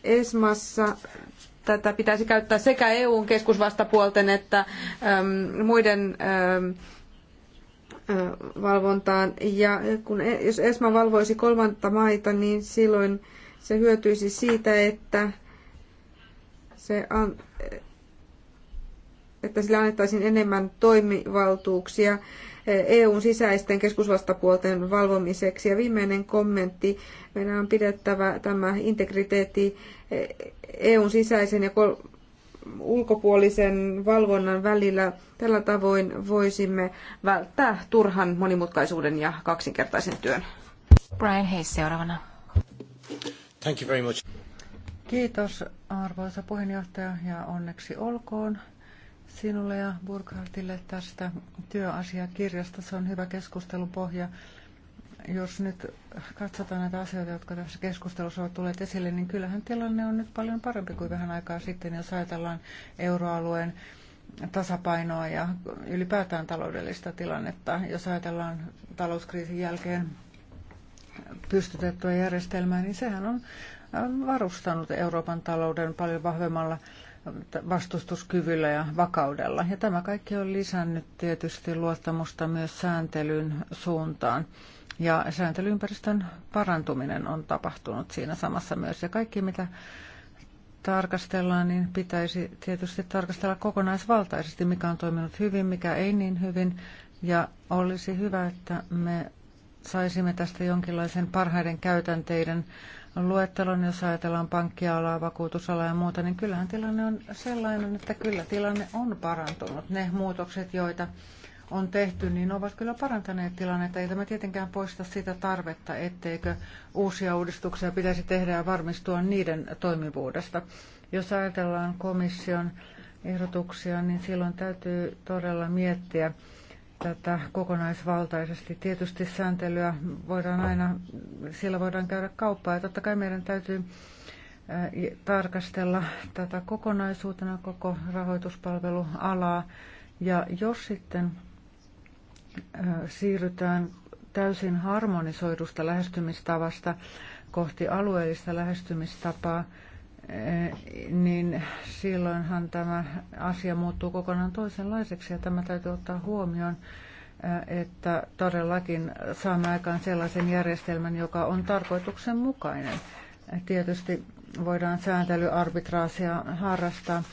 Esmassa tätä pitäisi käyttää sekä EUn keskusvastapuolten että ehm, muiden ehm, eh, valvontaan. Ja kun, e- jos ESMA valvoisi kolmanta maita, niin silloin se hyötyisi siitä, että, se an, että sille annettaisiin enemmän toimivaltuuksia eh, EUn sisäisten keskusvastapuolten valvomiseksi. Ja viimeinen kommentti, meidän on pidettävä tämä integriteetti eh, EUn sisäisen ja kol- ulkopuolisen valvonnan välillä. Tällä tavoin voisimme välttää turhan monimutkaisuuden ja kaksinkertaisen työn. Brian Hayes seuraavana. Thank you very much. Kiitos arvoisa puheenjohtaja ja onneksi olkoon sinulle ja Burkhardille tästä työasiakirjasta. Se on hyvä keskustelun pohja. Jos nyt katsotaan näitä asioita, jotka tässä keskustelussa ovat tulleet esille, niin kyllähän tilanne on nyt paljon parempi kuin vähän aikaa sitten, jos ajatellaan euroalueen tasapainoa ja ylipäätään taloudellista tilannetta. Jos ajatellaan talouskriisin jälkeen pystytettyä järjestelmää, niin sehän on äh, varustanut Euroopan talouden paljon vahvemmalla äh, vastustuskyvyllä ja vakaudella. Ja tämä kaikki on lisännyt tietysti luottamusta myös sääntelyn suuntaan. Ja sääntelyympäristön parantuminen on tapahtunut siinä samassa myös. Ja kaikki mitä tarkastellaan, niin pitäisi tietysti tarkastella kokonaisvaltaisesti, mikä on toiminut hyvin, mikä ei niin hyvin. Ja olisi hyvä, että me saisimme tästä jonkinlaisen parhaiden käytänteiden luettelon, jos ajatellaan pankkialaa, vakuutusalaa ja muuta, niin kyllähän tilanne on sellainen, että kyllä tilanne on parantunut. Ne muutokset, joita on tehty, niin ovat kyllä parantaneet tilannetta. Ei tämä tietenkään poista sitä tarvetta, etteikö uusia uudistuksia pitäisi tehdä ja varmistua niiden toimivuudesta. Jos ajatellaan komission ehdotuksia, niin silloin täytyy todella miettiä, tätä kokonaisvaltaisesti. Tietysti sääntelyä voidaan aina, siellä voidaan käydä kauppaa ja totta kai meidän täytyy eh, tarkastella tätä kokonaisuutena koko rahoituspalvelualaa. Ja jos sitten eh, siirrytään täysin harmonisoidusta lähestymistavasta kohti alueellista lähestymistapaa, niin silloinhan tämä asia muuttuu kokonaan toisenlaiseksi ja tämä täytyy ottaa huomioon, eh, että todellakin saamme aikaan sellaisen järjestelmän, joka on tarkoituksenmukainen. Eh, tietysti voidaan sääntelyarbitraasia harrastaa,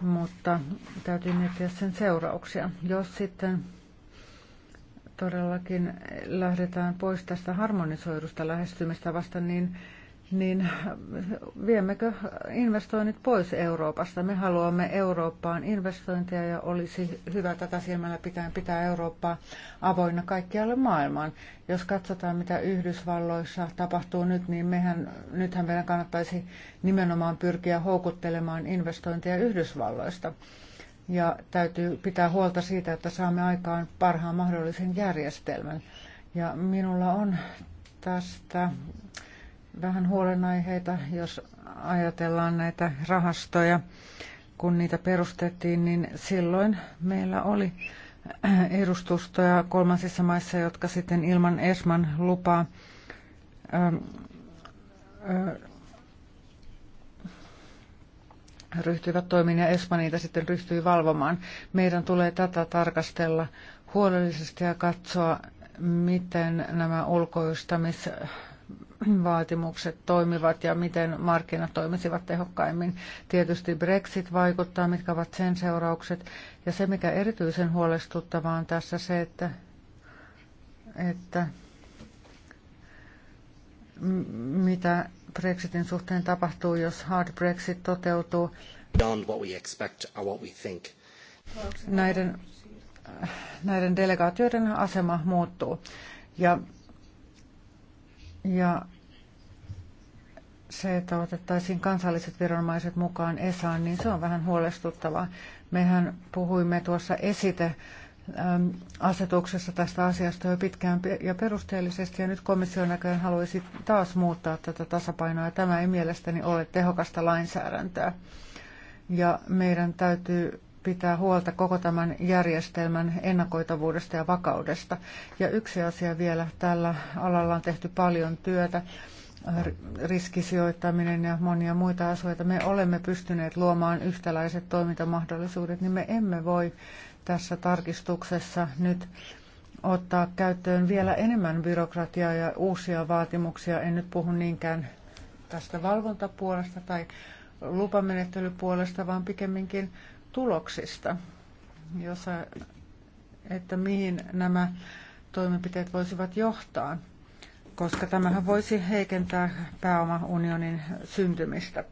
mutta täytyy miettiä sen seurauksia. Jos sitten todellakin lähdetään pois tästä harmonisoidusta lähestymistavasta, niin niin viemmekö investoinnit pois Euroopasta? Me haluamme Eurooppaan investointeja ja olisi hyvä tätä silmällä pitää, pitää Eurooppaa avoinna kaikkialle maailmaan. Jos katsotaan, mitä Yhdysvalloissa tapahtuu nyt, niin mehän, nythän meidän kannattaisi nimenomaan pyrkiä houkuttelemaan investointeja Yhdysvalloista. Ja täytyy pitää huolta siitä, että saamme aikaan parhaan mahdollisen järjestelmän. Ja minulla on tästä vähän huolenaiheita, jos ajatellaan näitä rahastoja. Kun niitä perustettiin, niin silloin meillä oli edustustoja kolmansissa maissa, jotka sitten ilman ESMAN lupaa ähm, äh, ryhtyivät toimiin ja ESMA niitä sitten ryhtyi valvomaan. Meidän tulee tätä tarkastella huolellisesti ja katsoa, miten nämä ulkoistamis vaatimukset toimivat ja miten markkinat toimisivat tehokkaimmin. Tietysti Brexit vaikuttaa, mitkä ovat sen seuraukset. Ja se, mikä erityisen huolestuttavaa on tässä se, että, että mitä Brexitin suhteen tapahtuu, jos hard Brexit toteutuu. Näiden, näiden delegaatioiden asema muuttuu. Ja ja se, että otettaisiin kansalliset viranomaiset mukaan ESAan, niin se on vähän huolestuttavaa. Mehän puhuimme tuossa esite asetuksessa tästä asiasta jo pitkään ja perusteellisesti, ja nyt komission näköjään haluaisi taas muuttaa tätä tasapainoa, ja tämä ei mielestäni ole tehokasta lainsäädäntöä. Ja meidän täytyy pitää huolta koko tämän järjestelmän ennakoitavuudesta ja vakaudesta. Ja yksi asia vielä, tällä alalla on tehty paljon työtä, riskisijoittaminen ja monia muita asioita. Me olemme pystyneet luomaan yhtäläiset toimintamahdollisuudet, niin me emme voi tässä tarkistuksessa nyt ottaa käyttöön vielä enemmän byrokratiaa ja uusia vaatimuksia. En nyt puhu niinkään tästä valvontapuolesta tai lupamenettelypuolesta, vaan pikemminkin tuloksista, jos, että mihin nämä toimenpiteet voisivat johtaa, koska tämähän voisi heikentää pääomaunionin syntymistä.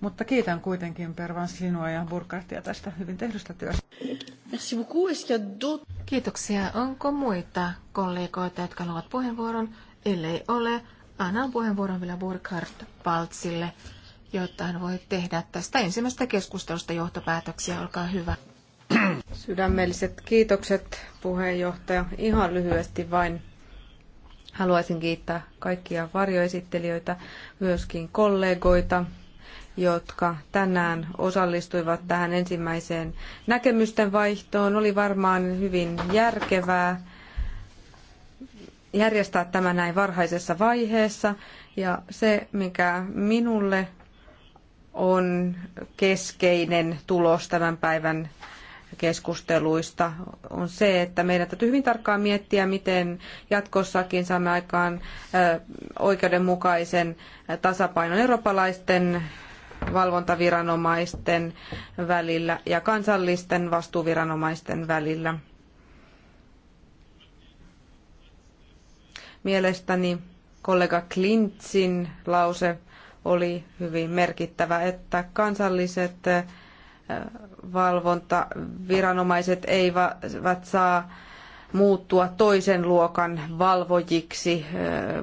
Mutta kiitän kuitenkin Pervan sinua ja Burkartia tästä hyvin tehdystä työstä. Kiitoksia. Onko muita kollegoita, jotka haluavat puheenvuoron? Ellei ole, annan puheenvuoron vielä Burkart Paltsille jotta hän voi tehdä tästä ensimmäisestä keskustelusta johtopäätöksiä. Olkaa hyvä. Sydämelliset kiitokset puheenjohtaja. Ihan lyhyesti vain haluaisin kiittää kaikkia varjoesittelijöitä, myöskin kollegoita, jotka tänään osallistuivat tähän ensimmäiseen näkemysten vaihtoon. Oli varmaan hyvin järkevää järjestää tämä näin varhaisessa vaiheessa. Ja se, mikä minulle on keskeinen tulos tämän päivän keskusteluista on se, että meidän täytyy hyvin tarkkaan miettiä, miten jatkossakin saamme aikaan oikeudenmukaisen tasapainon eurooppalaisten valvontaviranomaisten välillä ja kansallisten vastuuviranomaisten välillä. Mielestäni kollega Klintsin lause oli hyvin merkittävä, että kansalliset valvontaviranomaiset eivät saa muuttua toisen luokan valvojiksi.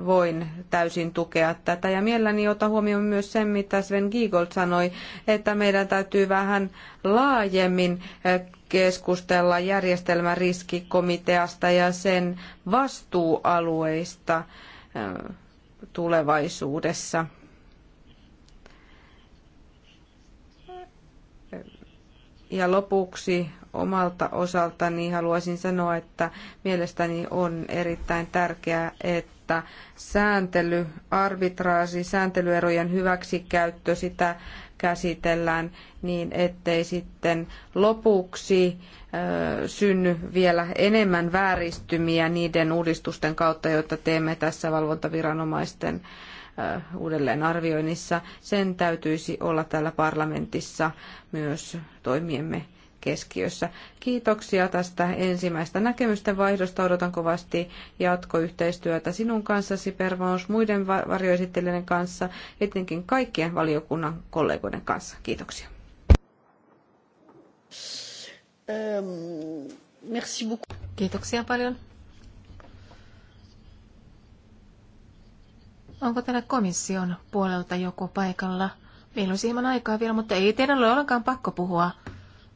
Voin täysin tukea tätä. Ja mielelläni otan huomioon myös sen, mitä Sven Giegold sanoi, että meidän täytyy vähän laajemmin keskustella järjestelmän riskikomiteasta ja sen vastuualueista tulevaisuudessa. Ja lopuksi omalta osaltani haluaisin sanoa, että mielestäni on erittäin tärkeää, että sääntely, arbitraasi, sääntelyerojen hyväksikäyttö, sitä käsitellään niin, ettei sitten lopuksi synny vielä enemmän vääristymiä niiden uudistusten kautta, joita teemme tässä valvontaviranomaisten Äh, uudelleenarvioinnissa. Sen täytyisi olla täällä parlamentissa myös toimiemme keskiössä. Kiitoksia tästä ensimmäistä näkemysten vaihdosta. Odotan kovasti jatkoyhteistyötä sinun kanssasi, Pervaus, muiden varjoesittelijöiden kanssa, etenkin kaikkien valiokunnan kollegoiden kanssa. Kiitoksia. Ähm, Kiitoksia paljon. Onko täällä komission puolelta joku paikalla? Meillä on hieman aikaa vielä, mutta ei teidän ole ollenkaan pakko puhua.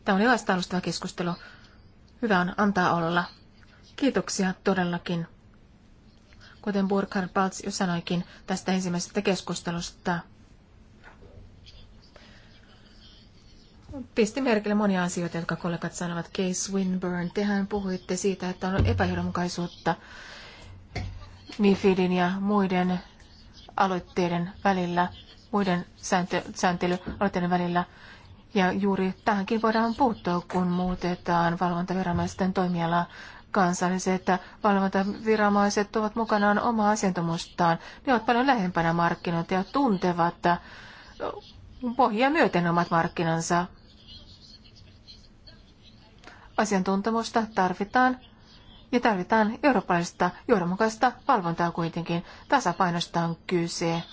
Tämä on hyvästä alustava keskustelu. Hyvä on antaa olla. Kiitoksia todellakin. Kuten Burkhard Paltz jo sanoikin tästä ensimmäisestä keskustelusta. Pisti merkille monia asioita, jotka kollegat sanovat. Case Winburn tehän puhuitte siitä, että on epäjohdonmukaisuutta MIFIDin ja muiden aloitteiden välillä, muiden sääntö, sääntelyaloitteiden välillä. Ja juuri tähänkin voidaan puuttua, kun muutetaan valvontaviranomaisten toimialaa kansalliset valvontaviranomaiset ovat mukanaan omaa asiantumustaan. Ne ovat paljon lähempänä markkinoita ja tuntevat pohjia myöten omat markkinansa. Asiantuntemusta tarvitaan ja tarvitaan eurooppalaista johdonmukaista valvontaa kuitenkin. Tasapainosta on kyse.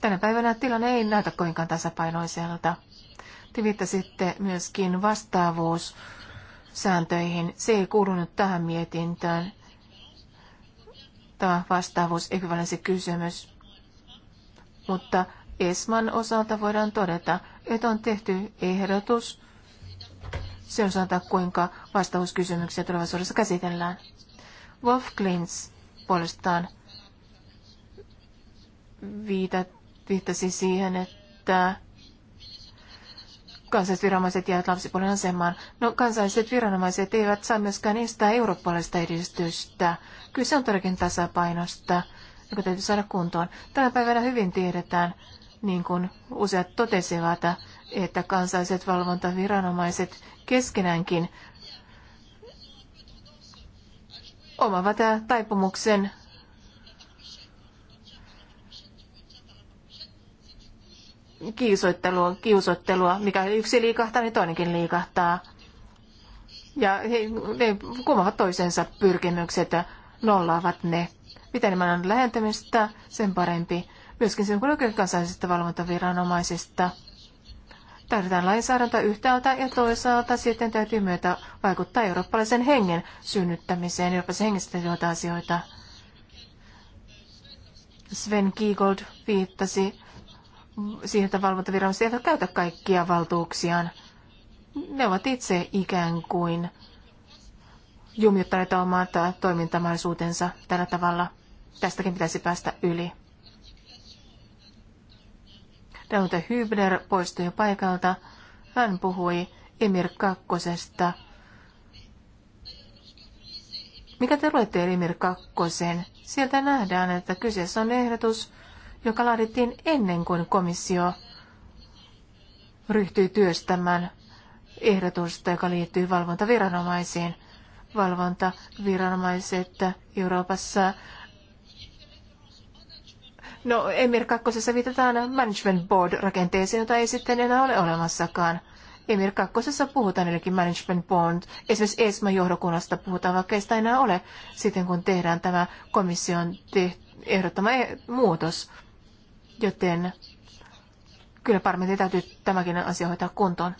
Tänä päivänä tilanne ei näytä kovinkaan tasapainoiselta. Te viittasitte myöskin vastaavuussääntöihin. Se ei kuulunut tähän mietintöön. Tämä vastaavuus kysymys. Mutta Esman osalta voidaan todeta, että on tehty ehdotus, se osalta, kuinka vastauskysymyksiä tulevaisuudessa käsitellään. Wolf Klintz puolestaan viittasi siihen, että kansalliset viranomaiset jäävät lapsipuolen asemaan. No kansalliset viranomaiset eivät saa myöskään estää eurooppalaista edistystä. Kyse on todellakin tasapainosta, joka täytyy saada kuntoon. Tänä päivänä hyvin tiedetään, niin kuin useat totesivat, että kansalliset valvontaviranomaiset keskenäänkin omaavat taipumuksen kiusoittelua, kiusoittelua, mikä yksi liikahtaa, niin toinenkin liikahtaa. Ja he, ne kumavat toisensa pyrkimykset, nollaavat ne. Mitä enemmän on lähentämistä, sen parempi. Myöskin sen kun oikeuskansalaisista valvontaviranomaisista. Tarvitaan lainsäädäntö yhtäältä ja toisaalta sitten täytyy myötä vaikuttaa eurooppalaisen hengen synnyttämiseen, eurooppalaisen hengestä joita asioita. Sven Kiegold viittasi siihen, että valvontaviranomaiset eivät käytä kaikkia valtuuksiaan. Ne ovat itse ikään kuin jumiuttaneet omaa toimintamaisuutensa tällä tavalla. Tästäkin pitäisi päästä yli. Daute Hübner poistui paikalta. Hän puhui Emir Kakkosesta. Mikä te luette Emir Kakkosen? Sieltä nähdään, että kyseessä on ehdotus, joka laadittiin ennen kuin komissio ryhtyi työstämään ehdotusta, joka liittyy valvontaviranomaisiin. Valvontaviranomaiset Euroopassa No, Emir kakkosessa viitataan management board-rakenteeseen, jota ei sitten enää ole olemassakaan. Emir kakkosessa puhutaan eli management board. Esimerkiksi ESMA johdokunnasta puhutaan, vaikka ei sitä enää ole sitten, kun tehdään tämä komission ehdottama e- muutos. Joten kyllä parlamentin täytyy tämäkin asia hoitaa kuntoon.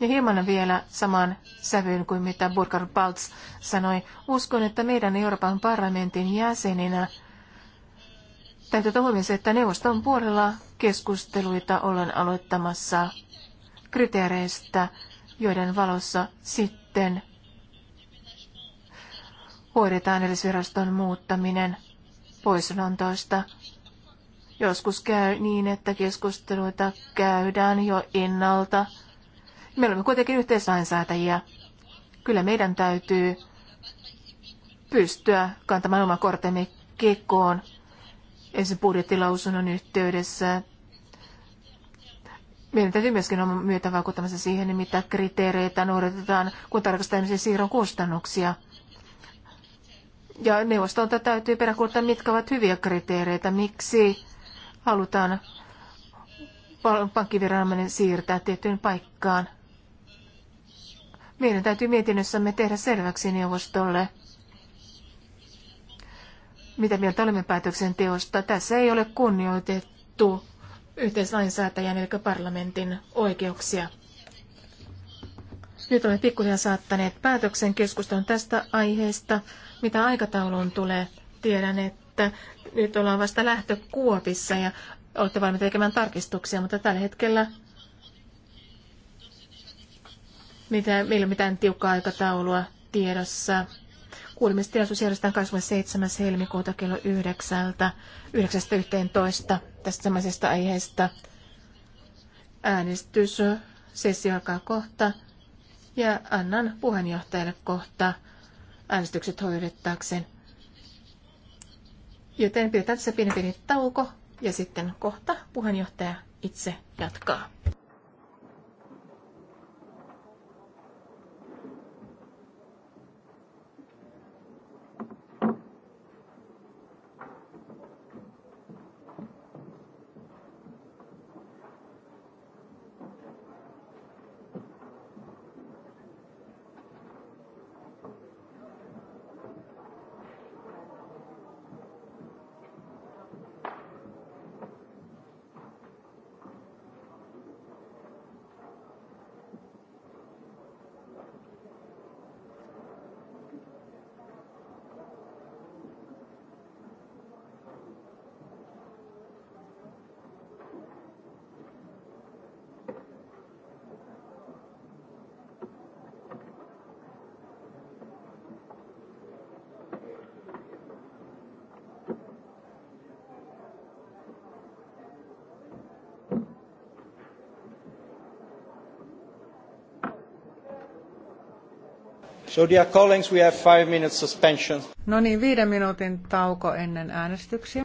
Ja hieman vielä samaan sävyyn kuin mitä Burkhard Paltz sanoi. Uskon, että meidän Euroopan parlamentin jäseninä täytyy huomioon se, että neuvoston puolella keskusteluita ollaan aloittamassa kriteereistä, joiden valossa sitten hoidetaan edellisviraston muuttaminen pois Lontoista. Joskus käy niin, että keskusteluita käydään jo ennalta me olemme kuitenkin yhteislainsäätäjiä. Kyllä meidän täytyy pystyä kantamaan oma kortemme kekoon ensin budjettilausunnon yhteydessä. Meidän täytyy myöskin olla myötä vaikuttamassa siihen, mitä kriteereitä noudatetaan, kun tarkastetaan siirron kustannuksia. Ja neuvostolta täytyy peräkuuttaa, mitkä ovat hyviä kriteereitä, miksi halutaan pankkiviranomainen siirtää tiettyyn paikkaan. Meidän täytyy mietinnössämme tehdä selväksi neuvostolle, mitä mieltä olemme päätöksenteosta. Tässä ei ole kunnioitettu yhteislainsäätäjän eli parlamentin oikeuksia. Nyt olemme pikkuhiljaa saattaneet päätöksen keskustelun tästä aiheesta. Mitä aikatauluun tulee, tiedän, että nyt ollaan vasta lähtökuopissa ja olette valmiita tekemään tarkistuksia, mutta tällä hetkellä mitään, meillä ei ole mitään tiukkaa aikataulua tiedossa. Kuulemistilaisuus järjestetään 27. helmikuuta kello 9. 9.11. tästä samaisesta aiheesta. Äänestys sessio alkaa kohta ja annan puheenjohtajalle kohta äänestykset hoidettaakseen. Joten pidetään tässä pieni pieni tauko ja sitten kohta puheenjohtaja itse jatkaa. So dear colleagues, we have five minutes suspension. No niin, viiden minuutin tauko ennen äänestyksiä.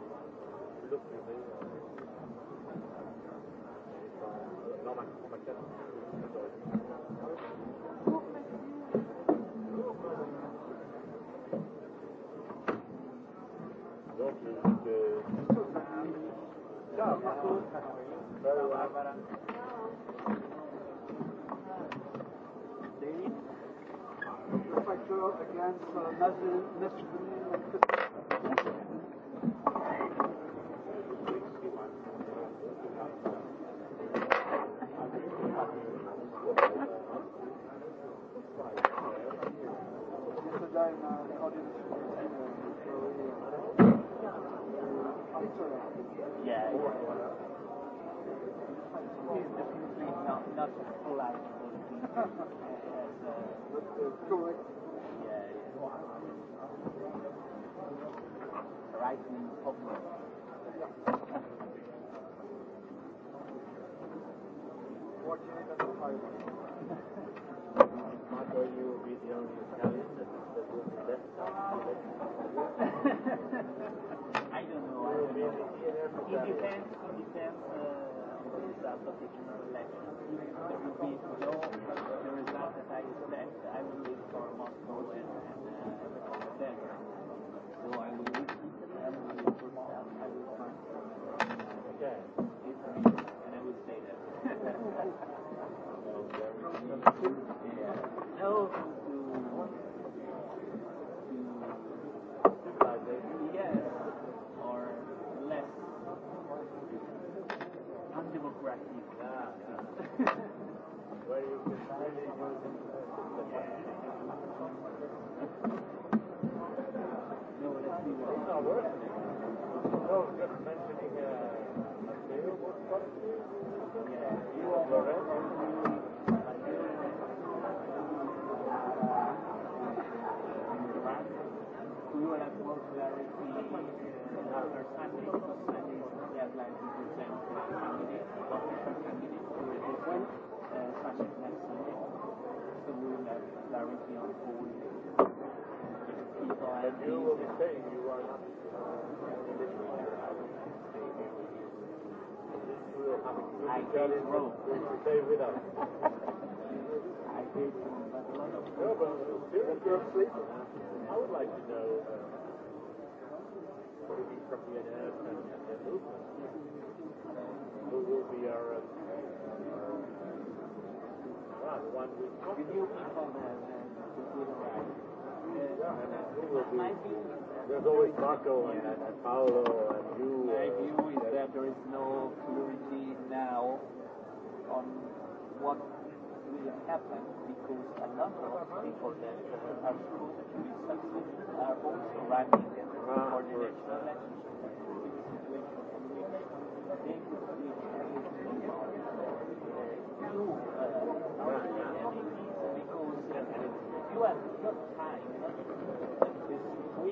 against uh, Muslim, Muslim Yeah. He's definitely not, not polite. As, uh, Correct. Yeah, yeah. Right-wing populist. watching it at the time. Marco, you will be the only journalist that, that will be left. left. result of regional election. There will be no the result that I expect. I will leave for Moscow and, and uh, as So I will leave. I will leave for Moscow. I will find for Okay. And I will say that. I did it wrong. Stay with us. I did wrong. No, but serious, you're sleeping. I would like to know uh, what it is from the NF and the movement. Who will be our, uh, one we talked about? The new people that uh, who will be. There's always Marco and, and, and Paolo and you. My uh, view is that there is no clarity now on what will happen because a number of people that uh, are supposed to be successful are also running ah, in the coordination election. They could uh, be because uh, you have not time.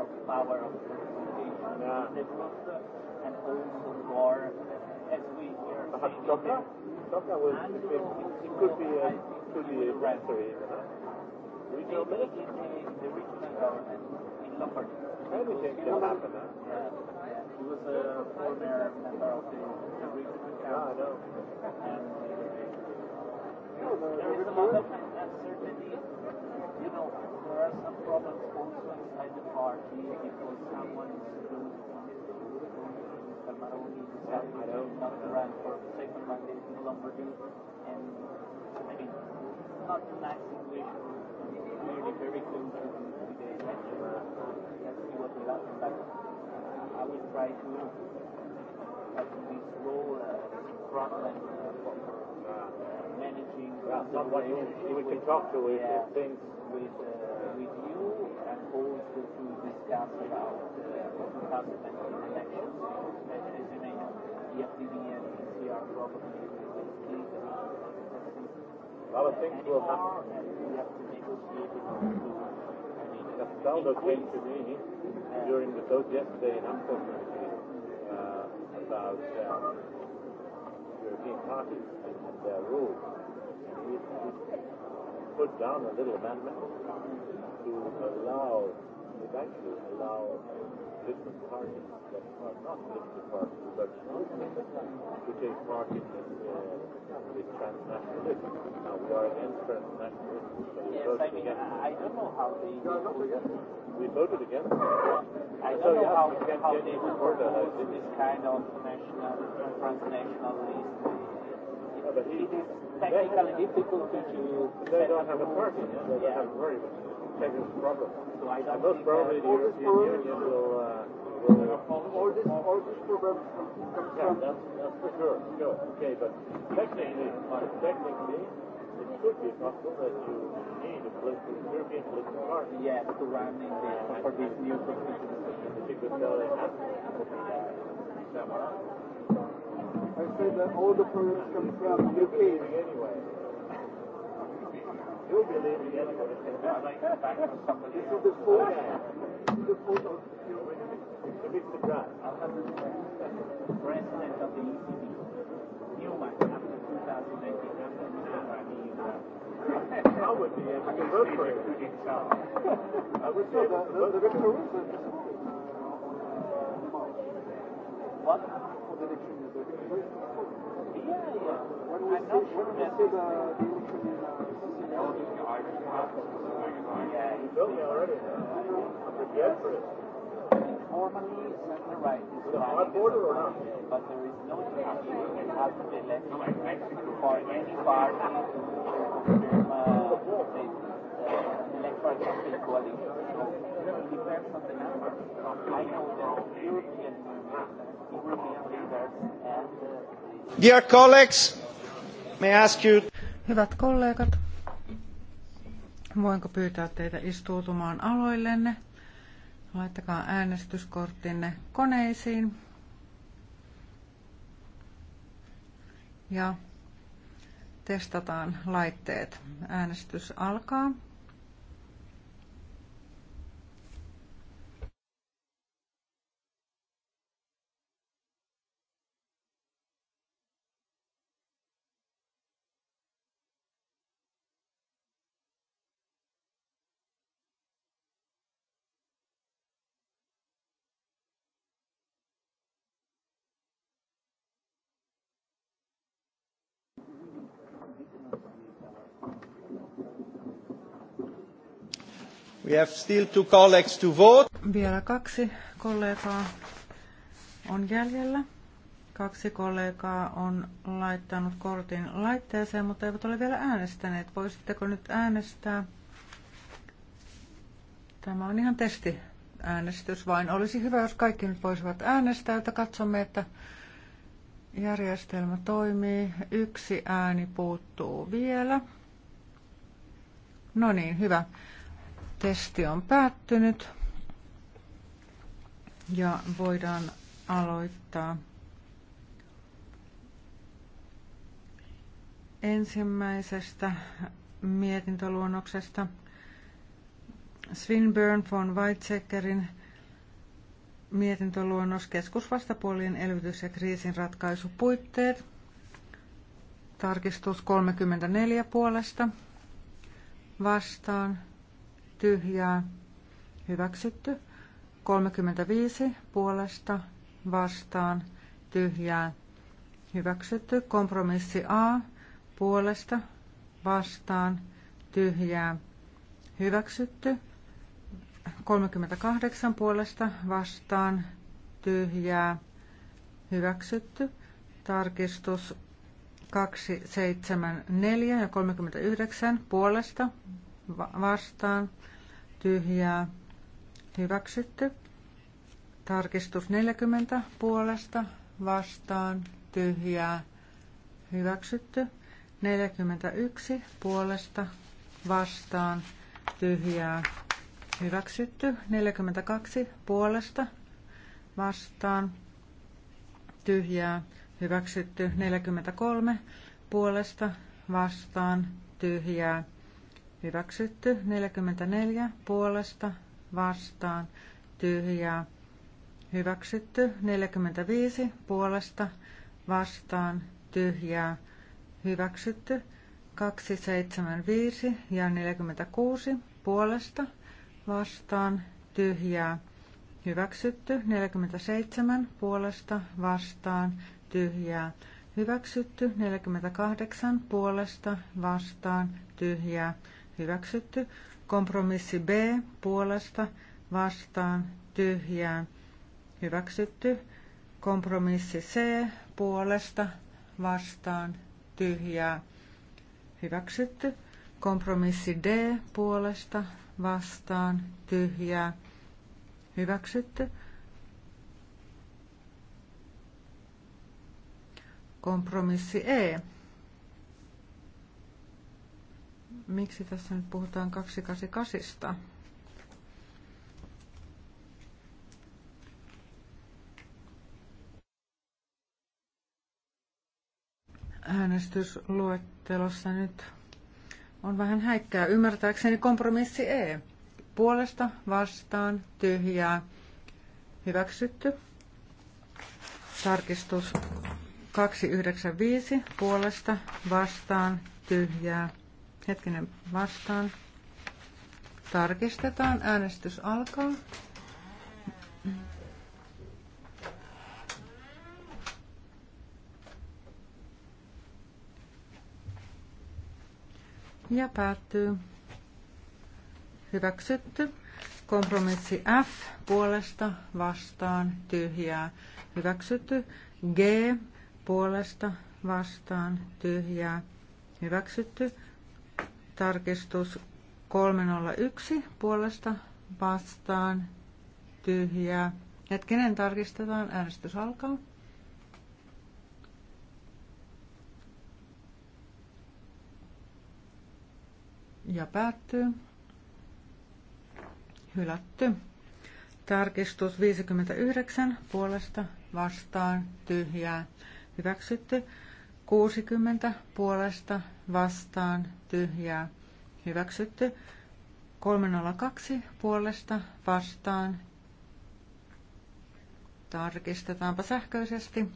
of the power of transportation yeah. networks and also war as we were Perhaps Chopra? Chopra was, it, it uh, could be, a, could be a answer here. Regional in The regional government in Lombardy. Anything can happen. Huh? Yeah. He was a former member of the, the regional council. Yeah, I know. And uh, no, no, there is a lot of uncertainty. You know, there are some problems also in at the party if was someone Maroni decided not to run for the second no mandate in Lombardy and I mean not a nice situation clearly very close to the election let's see what will happen but I will try to at least role uh, frontline uh, for managing yeah, someone you, you can talk to with yeah, things with uh, with you always good to discuss about uh, 2019 elections. And as you may know, the FDB and PCR probably will split around A lot of things And we have to negotiate in order to. Castaldo came to me uh, during the talk yesterday in Amsterdam uh, about um, European parties and, their rules. We put down a little amendment to allow, eventually allow different parties that are not political parties but to take part in this uh, with transnationalism. Now we are against transnationalism, yes, voted I mean, against. I don't know how they. No, not against. We voted against. I don't so, know yeah, how, can how they support work this kind of national transnationalism. yeah, no, but he, it is technically difficult to. They don't have a party. Yeah. They don't yeah. have very much. Texas problem. So I don't Most probably the European Union will. Uh, all this, all this problem comes yeah, from. That's, that's for sure. Sure. Okay, but technically, uh, technically, it could be possible that you need a political, European political party. Yeah, surrounding the, yeah, for these new positions. If you could tell I said that all the problems come from UK. Anyway. You'll believe me anyway. Like the back of somebody else. This is the foot. This is the foot of Mr. Grant. I'll have to President of the ECB. Newman, after 2019, after Mr. Rami. I would be able to vote for him. I would say that the, the Victor Russo this morning. What? For the election, the Victor Russo. Yeah, yeah. When we I'm see, not sure when we see the, the election in uh, Dear colleagues, may I ask you... Hyvät kollegat, Voinko pyytää teitä istuutumaan aloillenne? Laittakaa äänestyskorttinne koneisiin. Ja testataan laitteet. Äänestys alkaa. have still two colleagues to vote. Vielä kaksi kollegaa on jäljellä. Kaksi kollegaa on laittanut kortin laitteeseen, mutta eivät ole vielä äänestäneet. Voisitteko nyt äänestää? Tämä on ihan testi äänestys vain. Olisi hyvä, jos kaikki nyt voisivat äänestää, että katsomme, että järjestelmä toimii. Yksi ääni puuttuu vielä. No niin, hyvä. Testi on päättynyt ja voidaan aloittaa ensimmäisestä mietintöluonnoksesta Swinburne von Weizsäckerin mietintöluonnos keskusvastapuolien elvytys- ja kriisinratkaisupuitteet. Tarkistus 34 puolesta vastaan tyhjää, hyväksytty. 35 puolesta vastaan tyhjää, hyväksytty. Kompromissi A puolesta vastaan tyhjää, hyväksytty. 38 puolesta vastaan tyhjää, hyväksytty. Tarkistus 274 ja 39 puolesta vastaan tyhjää, hyväksytty. Tarkistus 40 puolesta, vastaan, tyhjää, hyväksytty. 41 puolesta, vastaan, tyhjää, hyväksytty. 42 puolesta, vastaan, tyhjää, hyväksytty. 43 puolesta, vastaan, tyhjää, Hyväksytty 44 puolesta vastaan tyhjää. Hyväksytty 45 puolesta vastaan tyhjää. Hyväksytty 275 ja 46 puolesta vastaan tyhjää. Hyväksytty 47 puolesta vastaan tyhjää. Hyväksytty 48 puolesta vastaan tyhjää hyväksytty. Kompromissi B puolesta vastaan tyhjään hyväksytty. Kompromissi C puolesta vastaan tyhjää hyväksytty. Kompromissi D puolesta vastaan tyhjää hyväksytty. Kompromissi E miksi tässä nyt puhutaan 288? Äänestysluettelossa nyt on vähän häikkää. Ymmärtääkseni kompromissi E. Puolesta, vastaan, tyhjää, hyväksytty. Tarkistus 295. Puolesta, vastaan, tyhjää, Hetkinen vastaan. Tarkistetaan. Äänestys alkaa. Ja päättyy. Hyväksytty. Kompromissi F puolesta vastaan tyhjää. Hyväksytty. G puolesta vastaan tyhjää. Hyväksytty. Tarkistus 301 puolesta vastaan tyhjää. kenen tarkistetaan. Äänestys alkaa. Ja päättyy. Hylätty. Tarkistus 59 puolesta vastaan tyhjää. Hyväksytty. 60 puolesta vastaan, tyhjää, hyväksytty. 302 puolesta vastaan. Tarkistetaanpa sähköisesti.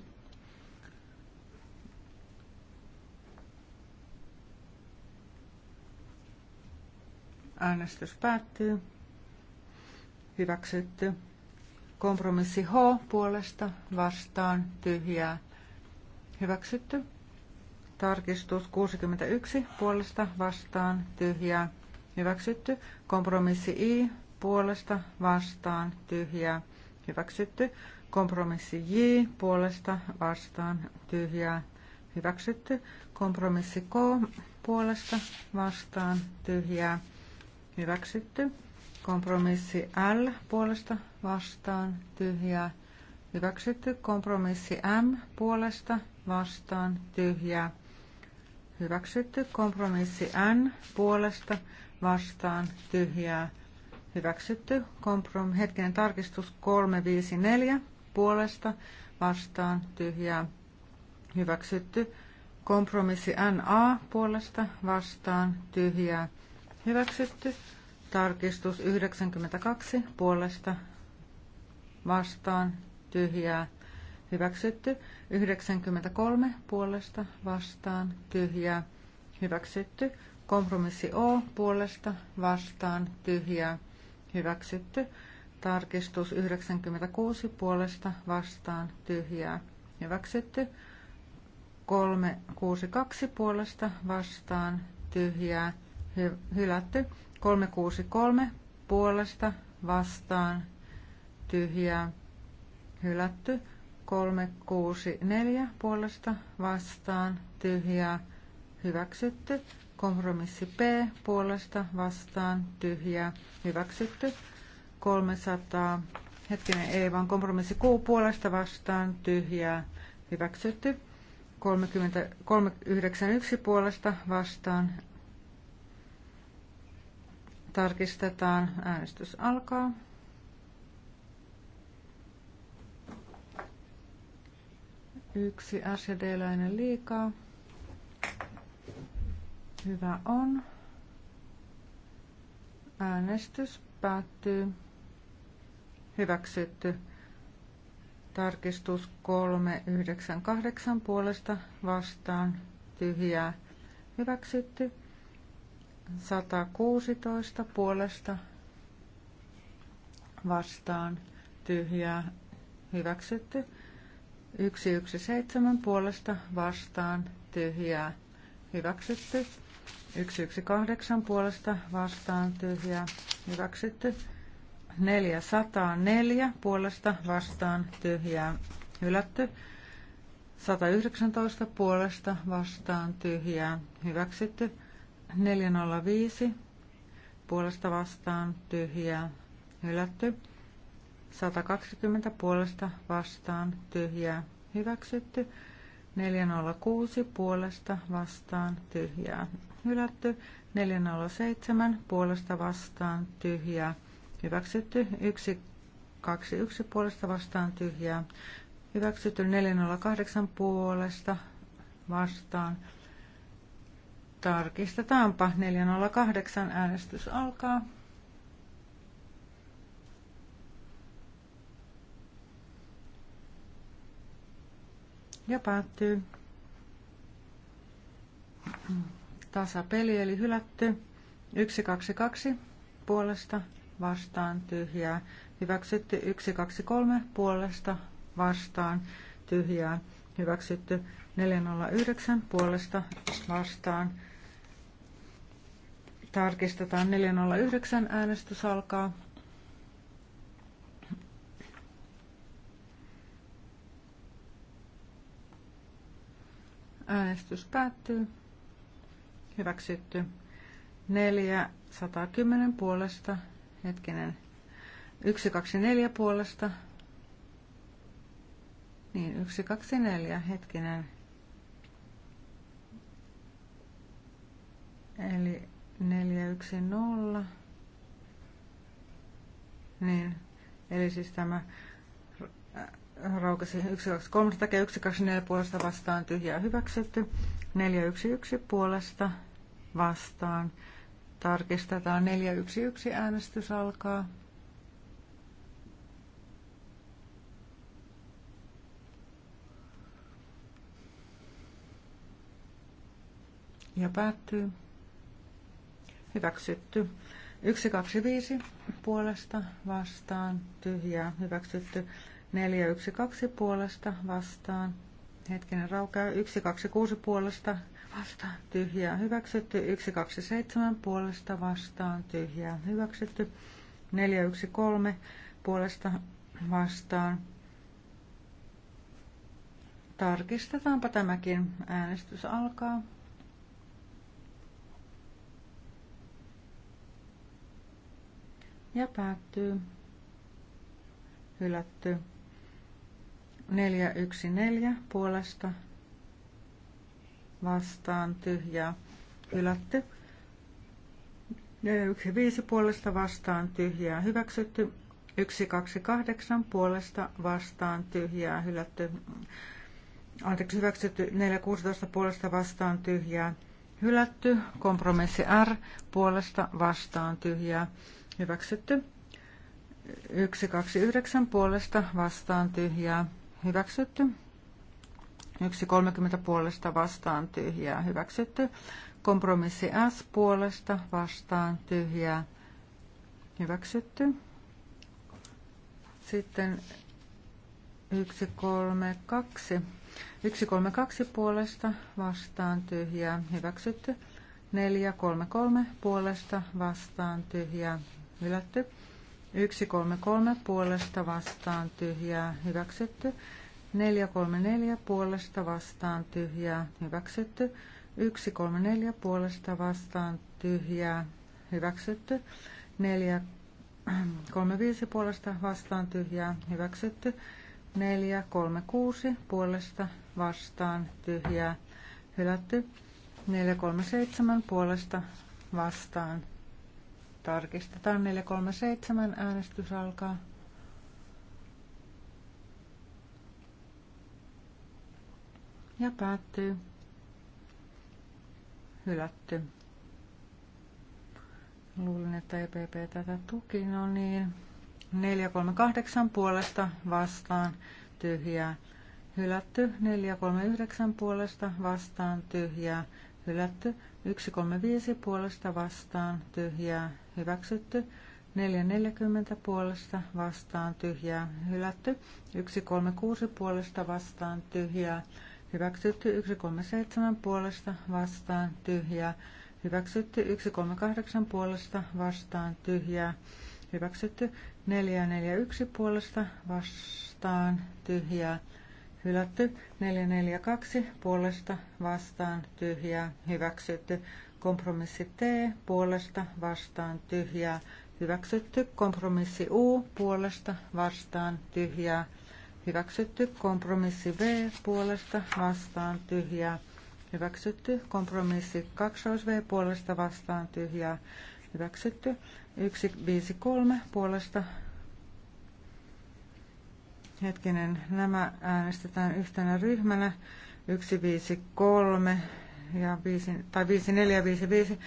Äänestys päättyy. Hyväksytty. Kompromissi H puolesta vastaan tyhjää. Hyväksytty. Tarkistus 61 puolesta vastaan tyhjää hyväksytty. Kompromissi I puolesta vastaan tyhjää hyväksytty. Kompromissi J puolesta vastaan tyhjää hyväksytty. Kompromissi K puolesta vastaan tyhjää hyväksytty. Kompromissi L puolesta vastaan tyhjää hyväksytty. Kompromissi M puolesta vastaan tyhjää Hyväksytty. Kompromissi N puolesta vastaan tyhjää. Hyväksytty. Kompromissi hetkinen tarkistus 354 puolesta vastaan tyhjää. Hyväksytty. Kompromissi NA puolesta vastaan tyhjää. Hyväksytty. Tarkistus 92 puolesta vastaan tyhjää hyväksytty. 93 puolesta vastaan tyhjää hyväksytty. Kompromissi O puolesta vastaan tyhjää hyväksytty. Tarkistus 96 puolesta vastaan tyhjää hyväksytty. 362 puolesta vastaan tyhjää hy- hylätty. 363 puolesta vastaan tyhjää hylätty. 364 puolesta vastaan tyhjää hyväksytty. Kompromissi P puolesta vastaan tyhjää hyväksytty. 300 hetkinen ei vaan kompromissi Q puolesta vastaan tyhjää hyväksytty. 30, 391 puolesta vastaan tarkistetaan äänestys alkaa. Yksi SED-läinen liikaa. Hyvä on. Äänestys päättyy. Hyväksytty. Tarkistus 398 puolesta vastaan. Tyhjää. Hyväksytty. 116 puolesta vastaan. Tyhjää. Hyväksytty. 117 puolesta vastaan tyhjää hyväksytty. 118 puolesta vastaan tyhjää hyväksytty. 404 puolesta vastaan tyhjää hylätty. 119 puolesta vastaan tyhjää hyväksytty. 405 puolesta vastaan tyhjää hylätty. 120 puolesta vastaan tyhjää hyväksytty. 406 puolesta vastaan tyhjää hylätty. 407 puolesta vastaan tyhjää hyväksytty. 121 puolesta vastaan tyhjää hyväksytty. 408 puolesta vastaan Tarkistetaanpa. 408 äänestys alkaa. ja päättyy. Tasapeli eli hylätty. 1, 2, 2 puolesta vastaan tyhjää. Hyväksytty 1, 2, 3 puolesta vastaan tyhjää. Hyväksytty 409 puolesta vastaan. Tarkistetaan 409 äänestys alkaa. Äänestys päättyy. Hyväksytty. 410 puolesta. Hetkinen. 124 puolesta. Niin, 124. Hetkinen. Eli 410. Niin, eli siis tämä äh, raukesi 123 takia 124 puolesta vastaan tyhjää hyväksytty. 411 puolesta vastaan. Tarkistetaan 411 äänestys alkaa. Ja päättyy. Hyväksytty. 125 puolesta vastaan tyhjää hyväksytty. 412 puolesta vastaan. Hetkinen raukeaa. 126 puolesta vastaan tyhjää hyväksytty. 127 puolesta vastaan tyhjää hyväksytty. 413 puolesta vastaan. Tarkistetaanpa tämäkin. Äänestys alkaa. Ja päättyy. Hylätty. 414 puolesta vastaan tyhjää hylätty. 415 puolesta vastaan tyhjää hyväksytty. 128 puolesta vastaan tyhjää hylätty. Anteeksi, hyväksytty 416 puolesta vastaan tyhjää hylätty. Kompromissi R puolesta vastaan tyhjää hyväksytty. 129 puolesta vastaan tyhjää hyväksytty. 1.30 puolesta vastaan tyhjää hyväksytty. Kompromissi S puolesta vastaan tyhjää hyväksytty. Sitten 132. 132 puolesta vastaan tyhjää hyväksytty. 433 puolesta vastaan tyhjää hylätty. 133 puolesta vastaan tyhjää hyväksytty. 434 puolesta vastaan tyhjää hyväksytty. 134 puolesta vastaan tyhjää hyväksytty. 435 puolesta vastaan tyhjää hyväksytty. 436 puolesta vastaan tyhjää hylätty. 437 puolesta vastaan Tarkistetaan 437. Äänestys alkaa. Ja päättyy. Hylätty. Luulen, että EPP tätä tuki. No niin. 438 puolesta vastaan tyhjää. Hylätty 439 puolesta vastaan tyhjää. Hylätty 135 puolesta vastaan tyhjää hyväksytty. 440 puolesta vastaan tyhjää hylätty. 136 puolesta vastaan tyhjää hyväksytty. 137 puolesta vastaan tyhjää hyväksytty. 138 puolesta vastaan tyhjää hyväksytty. 441 puolesta vastaan tyhjää hylätty. 442 puolesta vastaan tyhjää hyväksytty. Kompromissi T puolesta vastaan tyhjää hyväksytty. Kompromissi U puolesta vastaan tyhjää hyväksytty. Kompromissi V puolesta vastaan tyhjää hyväksytty. Kompromissi 2 V puolesta vastaan tyhjää hyväksytty. 153 puolesta Hetkinen, nämä äänestetään yhtenä ryhmänä. 153 ja 5, tai 5455.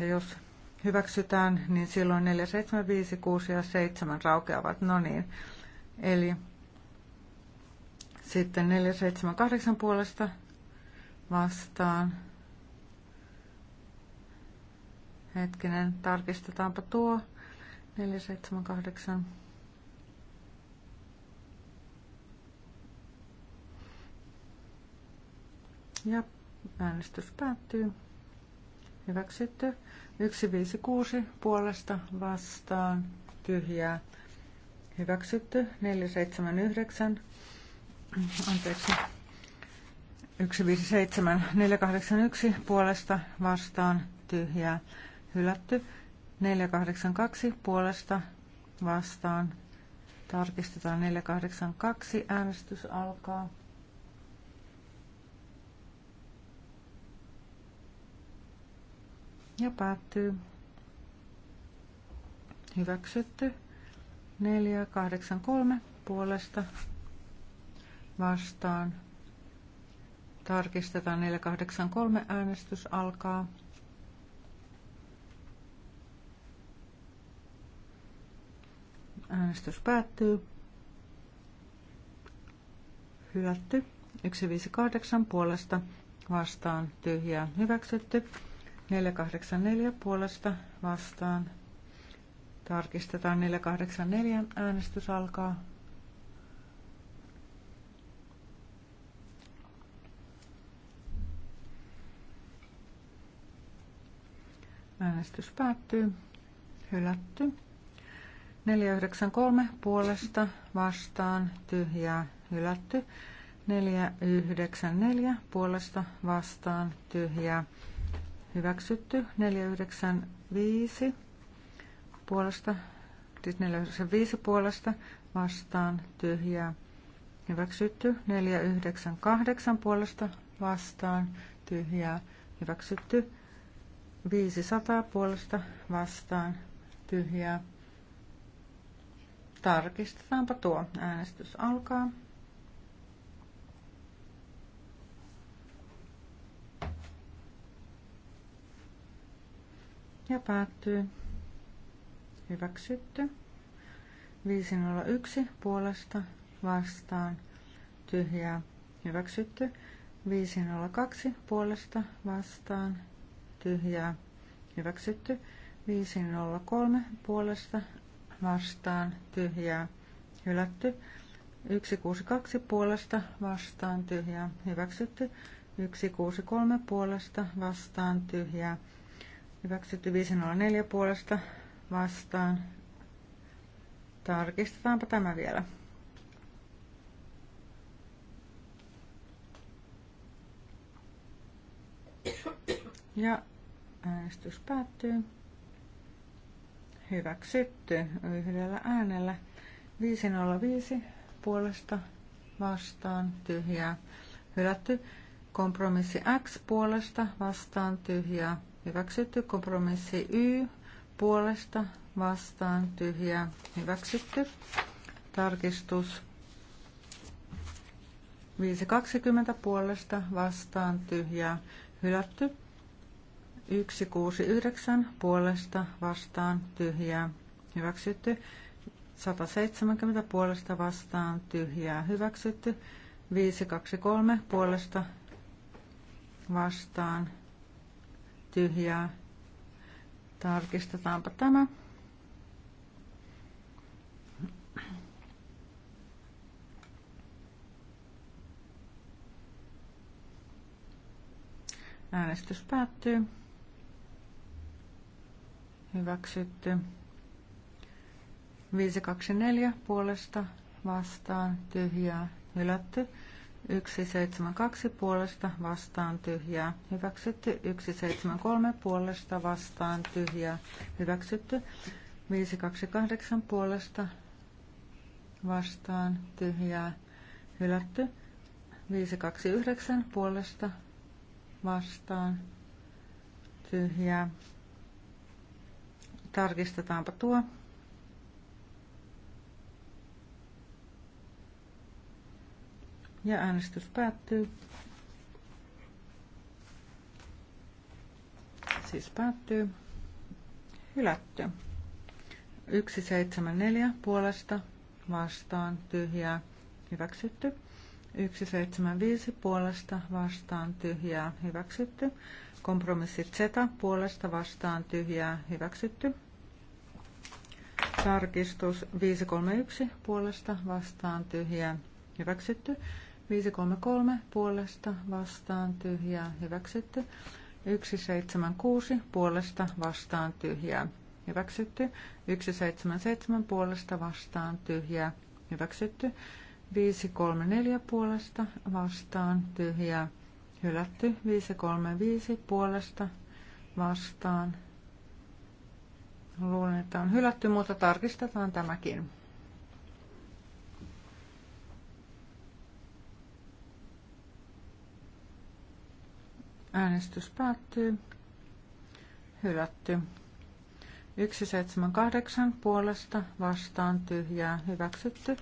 Ja jos hyväksytään, niin silloin 4, 7, 5, 6 ja 7 raukeavat. No niin. Eli sitten 4, 7, 8 puolesta vastaan. Hetkinen, tarkistetaanpa tuo. 4, 7, 8. Ja äänestys päättyy. Hyväksytty. 156 puolesta vastaan. Tyhjää. Hyväksytty. 479. Anteeksi. 157. 481 puolesta vastaan. Tyhjää. Hylätty. 482 puolesta vastaan. Tarkistetaan 482. Äänestys alkaa. ja päättyy. Hyväksytty. 4, 8, 3 puolesta vastaan. Tarkistetaan 483 äänestys alkaa. Äänestys päättyy. Hylätty. 158 puolesta vastaan tyhjää hyväksytty. 484 puolesta vastaan. Tarkistetaan 484. Äänestys alkaa. Äänestys päättyy. Hylätty. 493 puolesta vastaan tyhjää hylätty. 494 puolesta vastaan tyhjää Hyväksytty. 495 puolesta, siis 495 puolesta vastaan tyhjää. Hyväksytty. 498 puolesta vastaan tyhjää. Hyväksytty. 500 puolesta vastaan tyhjää. Tarkistetaanpa tuo. Äänestys alkaa. ja päättyy. Hyväksytty. 501 puolesta vastaan tyhjää. Hyväksytty. 502 puolesta vastaan tyhjää. Hyväksytty. 503 puolesta vastaan tyhjää. Hylätty. 162 puolesta vastaan tyhjää. Hyväksytty. 163 puolesta vastaan tyhjää Hyväksytty 504 puolesta vastaan. Tarkistetaanpa tämä vielä. Ja äänestys päättyy. Hyväksytty yhdellä äänellä. 505 puolesta vastaan tyhjää. Hylätty kompromissi X puolesta vastaan tyhjää Hyväksytty. Kompromissi Y puolesta vastaan tyhjää. Hyväksytty. Tarkistus 520 puolesta vastaan tyhjää. Hylätty. 169 puolesta vastaan tyhjää. Hyväksytty. 170 puolesta vastaan tyhjää. Hyväksytty. 523 puolesta vastaan tyhjää. Tarkistetaanpa tämä. Äänestys päättyy. Hyväksytty. 524 puolesta vastaan tyhjää hylätty. 172 puolesta vastaan tyhjää. Hyväksytty 173 puolesta vastaan tyhjää. Hyväksytty 528 puolesta vastaan tyhjää. Hylätty 529 puolesta vastaan tyhjää. Tarkistetaanpa tuo. Ja äänestys päättyy. Siis päättyy. Hylätty. 174 puolesta vastaan tyhjää hyväksytty. 175 puolesta vastaan tyhjää hyväksytty. Kompromissi Z puolesta vastaan tyhjää hyväksytty. Tarkistus 531 puolesta vastaan tyhjää hyväksytty. 533 puolesta vastaan tyhjää hyväksytty. 176 puolesta vastaan tyhjää hyväksytty. 177 puolesta vastaan tyhjää hyväksytty. 534 puolesta vastaan tyhjää hylätty. 535 puolesta vastaan. Luulen, että on hylätty, mutta tarkistetaan tämäkin. Äänestys päättyy. Hylätty. 178 puolesta vastaan tyhjää hyväksytty.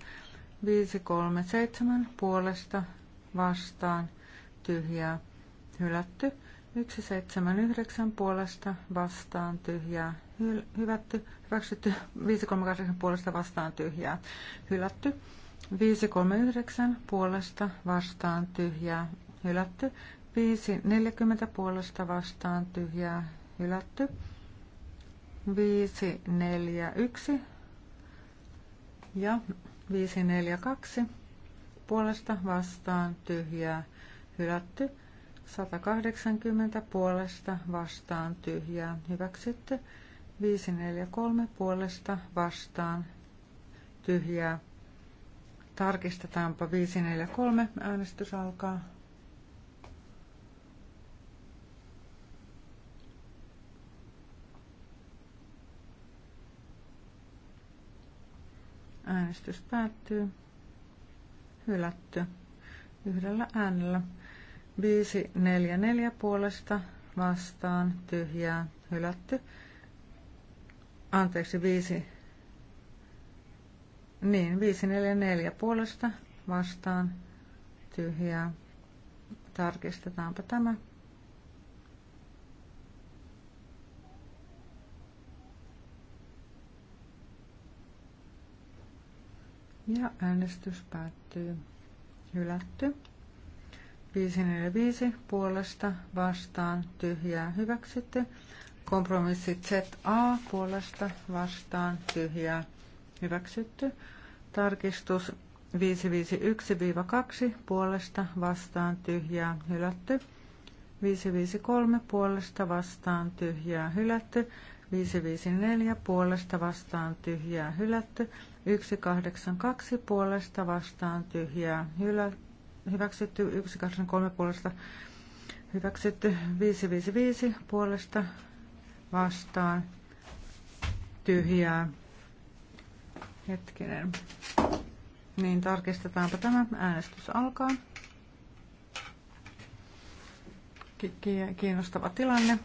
537 puolesta vastaan tyhjää hylätty. 179 puolesta vastaan tyhjää hyl- hyvätty. Hyväksytty 538 puolesta vastaan tyhjää hylätty. 539 puolesta vastaan tyhjää hylätty. 5, 40 puolesta vastaan tyhjää hylätty. 5, 4, 1 ja 5, 4, 2 puolesta vastaan tyhjää hylätty. 180 puolesta vastaan tyhjää hyväksytty. 543 puolesta vastaan tyhjää. Tarkistetaanpa 543. Äänestys alkaa. Äänestys päättyy. Hylätty. Yhdellä äänellä. 544 puolesta vastaan tyhjää hylätty. Anteeksi, 5. Niin, 544 puolesta vastaan tyhjää. Tarkistetaanpa tämä. Ja äänestys päättyy. Hylätty. 545 puolesta vastaan tyhjää hyväksytty. Kompromissi ZA puolesta vastaan tyhjää hyväksytty. Tarkistus 551-2 puolesta vastaan tyhjää hylätty. 553 puolesta vastaan tyhjää hylätty. 554 puolesta vastaan tyhjää hylätty. 182 puolesta vastaan tyhjää hylä, hyväksytty, 183 puolesta hyväksytty, 555 puolesta vastaan tyhjää. Hetkinen. Niin tarkistetaanpa tämä. Äänestys alkaa. Kiinnostava tilanne.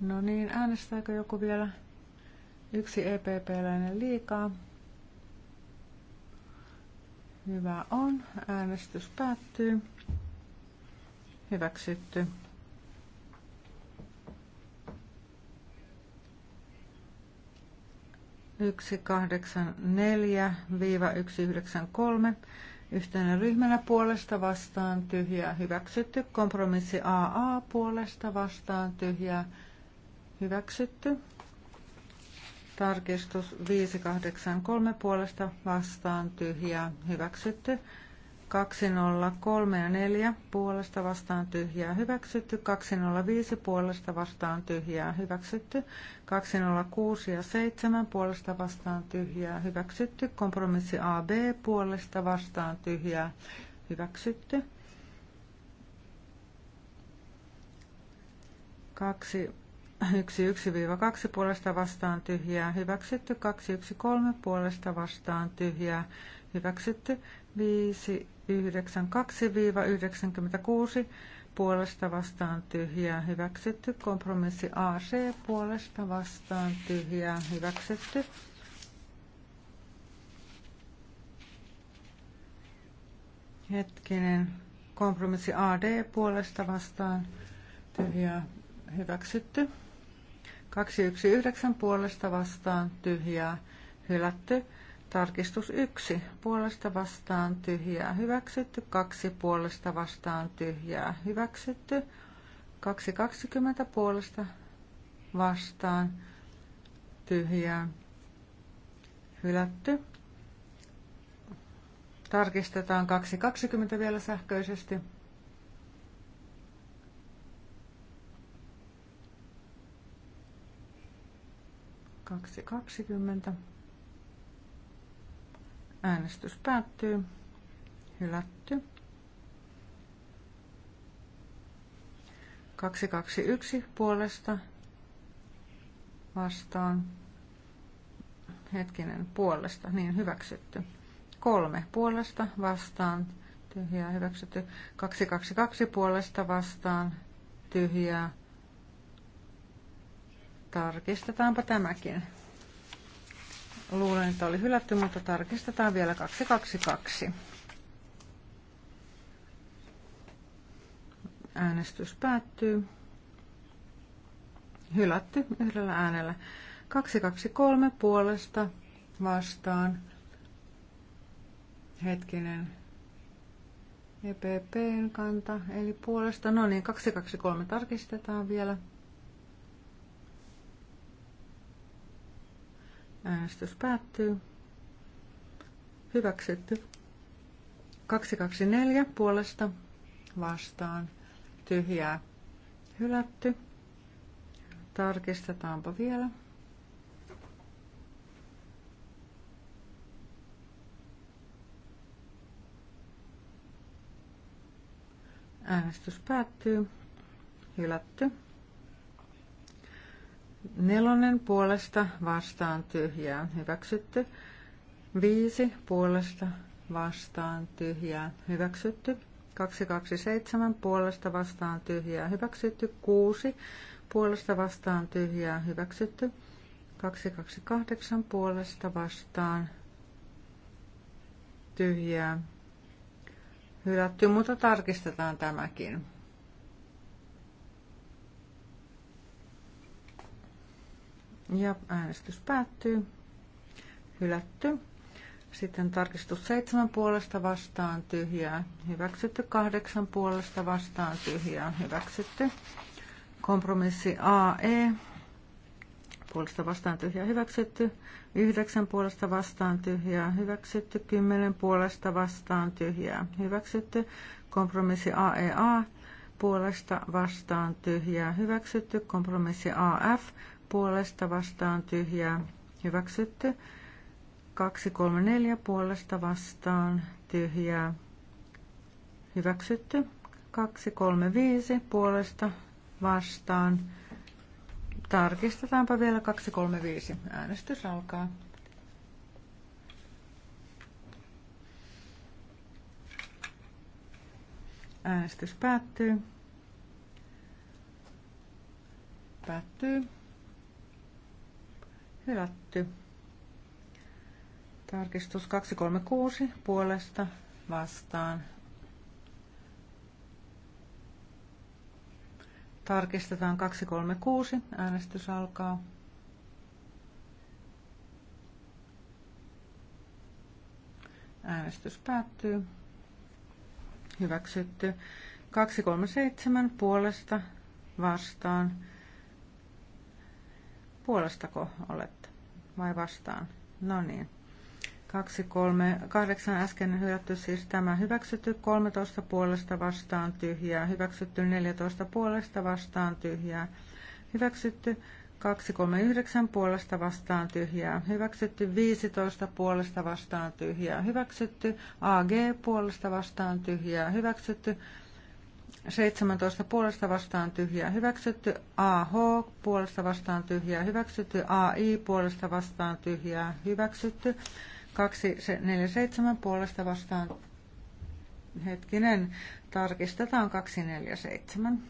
No niin, äänestääkö joku vielä? Yksi EPP-läinen liikaa. Hyvä on. Äänestys päättyy. Hyväksytty. Yksi kahdeksan neljä viiva yksi yhdeksän kolme. Yhtenä ryhmänä puolesta vastaan tyhjää hyväksytty. Kompromissi AA puolesta vastaan tyhjää Hyväksytty. Tarkistus 583 puolesta vastaan tyhjää. Hyväksytty. 203 ja 4 puolesta vastaan tyhjää hyväksytty, 205 puolesta vastaan tyhjää hyväksytty, 206 ja 7 puolesta vastaan tyhjää hyväksytty, kompromissi AB puolesta vastaan tyhjää hyväksytty. 2 1, 1, 2 puolesta vastaan tyhjää, hyväksytty 2, 1, 3 puolesta vastaan tyhjää, hyväksytty 5, 9, 2, 96 puolesta vastaan tyhjää, hyväksytty kompromissi AC puolesta vastaan tyhjää, hyväksytty. Hetkinen, kompromissi AD puolesta vastaan tyhjää, hyväksytty. 219 puolesta vastaan tyhjää hylätty. Tarkistus 1 puolesta vastaan tyhjää hyväksytty. 2 puolesta vastaan tyhjää hyväksytty. 220 puolesta vastaan tyhjää hylätty. Tarkistetaan 220 vielä sähköisesti. 2.20. Äänestys päättyy. Hylätty. 221 puolesta vastaan. Hetkinen, puolesta, niin hyväksytty. Kolme puolesta vastaan, tyhjää hyväksytty. 222 puolesta vastaan, tyhjää Tarkistetaanpa tämäkin. Luulen, että oli hylätty, mutta tarkistetaan vielä 222. Äänestys päättyy. Hylätty yhdellä äänellä. 223 puolesta vastaan. Hetkinen. EPPn kanta, eli puolesta. No niin, 223 tarkistetaan vielä. Äänestys päättyy. Hyväksytty. 224 puolesta vastaan. Tyhjää. Hylätty. Tarkistetaanpa vielä. Äänestys päättyy. Hylätty. Nelonen puolesta vastaan tyhjää hyväksytty. Viisi puolesta vastaan tyhjää hyväksytty. 227 puolesta vastaan tyhjää hyväksytty. 6 puolesta vastaan tyhjää hyväksytty. 228 puolesta vastaan tyhjää hylätty, mutta tarkistetaan tämäkin. Ja äänestys päättyy. Hylätty. Sitten tarkistus seitsemän puolesta vastaan tyhjää. Hyväksytty kahdeksan puolesta vastaan tyhjää. Hyväksytty. Kompromissi AE. Puolesta vastaan tyhjää hyväksytty. Yhdeksän puolesta vastaan tyhjää hyväksytty. Kymmenen puolesta vastaan tyhjää hyväksytty. Kompromissi AEA. E puolesta vastaan tyhjää hyväksytty. Kompromissi AF puolesta vastaan tyhjää hyväksytty. 234 puolesta vastaan tyhjää hyväksytty. 235 puolesta vastaan. Tarkistetaanpa vielä 235. Äänestys alkaa. Äänestys päättyy. Päättyy. Hylätty. Tarkistus 236 puolesta vastaan. Tarkistetaan 236. Äänestys alkaa. Äänestys päättyy. Hyväksytty. 237 puolesta vastaan puolestako olet vai vastaan? No niin. 2, 3, 8 äsken hylätty, siis tämä hyväksytty 13 puolesta vastaan tyhjää, hyväksytty 14 puolesta vastaan tyhjää, hyväksytty 2, 3, 9 puolesta vastaan tyhjää, hyväksytty 15 puolesta vastaan tyhjää, hyväksytty AG puolesta vastaan tyhjää, hyväksytty 17 puolesta vastaan tyhjää hyväksytty, AH puolesta vastaan tyhjää hyväksytty, AI puolesta vastaan tyhjää hyväksytty, 247 puolesta vastaan hetkinen, tarkistetaan 247.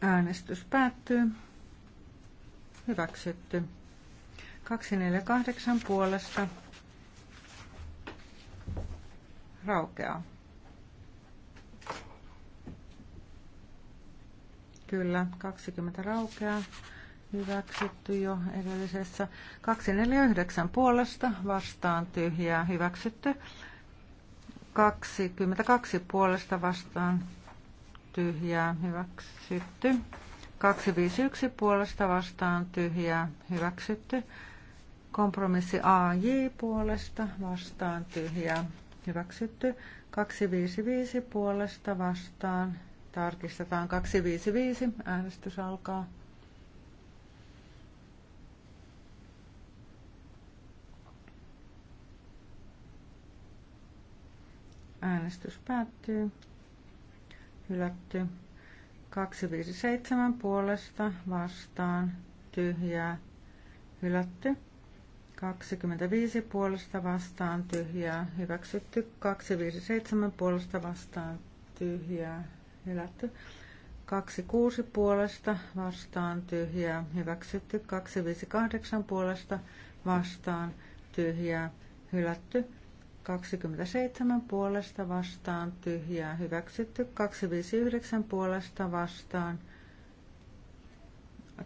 Äänestys päättyy. Hyväksytty. 248 puolesta raukeaa. Kyllä, 20 raukeaa. Hyväksytty jo edellisessä. 249 puolesta vastaan tyhjää. Hyväksytty. 22 puolesta vastaan tyhjää. Hyväksytty. 251 puolesta vastaan tyhjää. Hyväksytty. Kompromissi AJ puolesta vastaan tyhjää hyväksytty. 255 puolesta vastaan. Tarkistetaan 255. Äänestys alkaa. Äänestys päättyy. Hylätty. 257 puolesta vastaan. Tyhjää. Hylätty. 25 puolesta vastaan tyhjää, hyväksytty 257 puolesta vastaan tyhjää, hylätty 26 puolesta vastaan tyhjää, hyväksytty 258 puolesta vastaan tyhjää, hylätty 27 puolesta vastaan tyhjää, hyväksytty 259 puolesta vastaan.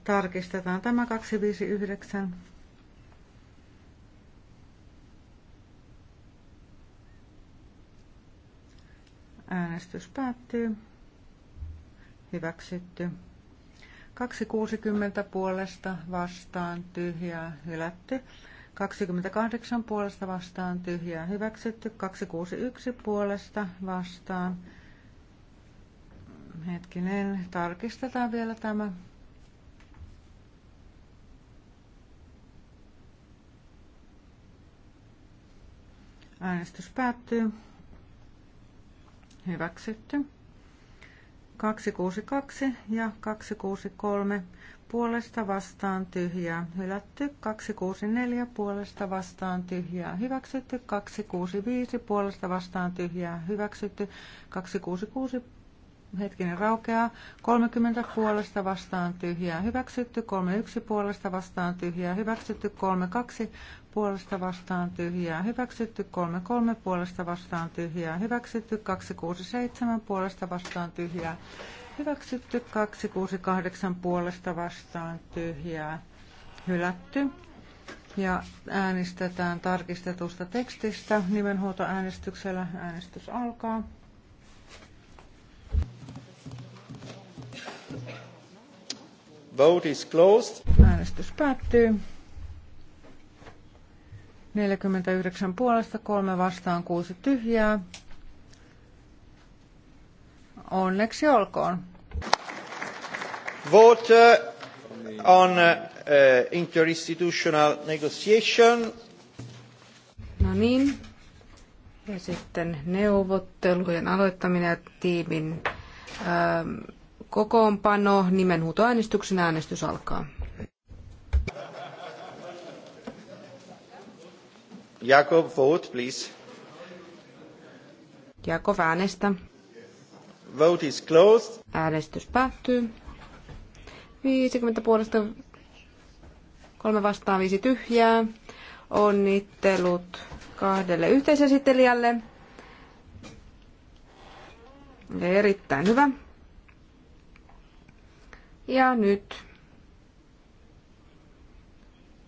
Tarkistetaan tämä 259. Äänestys päättyy. Hyväksytty. 260 puolesta vastaan tyhjää hylätty. 28 puolesta vastaan tyhjää hyväksytty. 261 puolesta vastaan. Hetkinen, tarkistetaan vielä tämä. Äänestys päättyy hyväksytty. 262 ja 263 puolesta vastaan tyhjää hylätty, 264 puolesta vastaan tyhjää hyväksytty, 265 puolesta vastaan tyhjää hyväksytty, 266 hetkinen raukeaa, 30 puolesta vastaan tyhjää hyväksytty, 31 puolesta vastaan tyhjää hyväksytty, 32 puolesta vastaan tyhjää hyväksytty, 33 puolesta vastaan tyhjää hyväksytty, 267 puolesta vastaan tyhjää hyväksytty, 268 puolesta vastaan tyhjää hylätty. Ja äänestetään tarkistetusta tekstistä nimenhuoltoäänestyksellä. Äänestys alkaa. Vote is closed. Äänestys päättyy. 49 puolesta, 3 vastaan, 6 tyhjää. Onneksi olkoon. Vote uh, on uh, uh, interinstitutional negotiation. No niin. Ja sitten neuvottelujen aloittaminen ja tiimin ähm, kokoonpano. Nimenhuutoäänestyksen äänestys alkaa. Jakob, vote, please. Jakob, äänestä. Vote is closed. Äänestys päättyy. 50 puolesta, kolme vastaan, viisi tyhjää. Onnittelut kahdelle yhteisesittelijälle. Erittäin hyvä. Ja nyt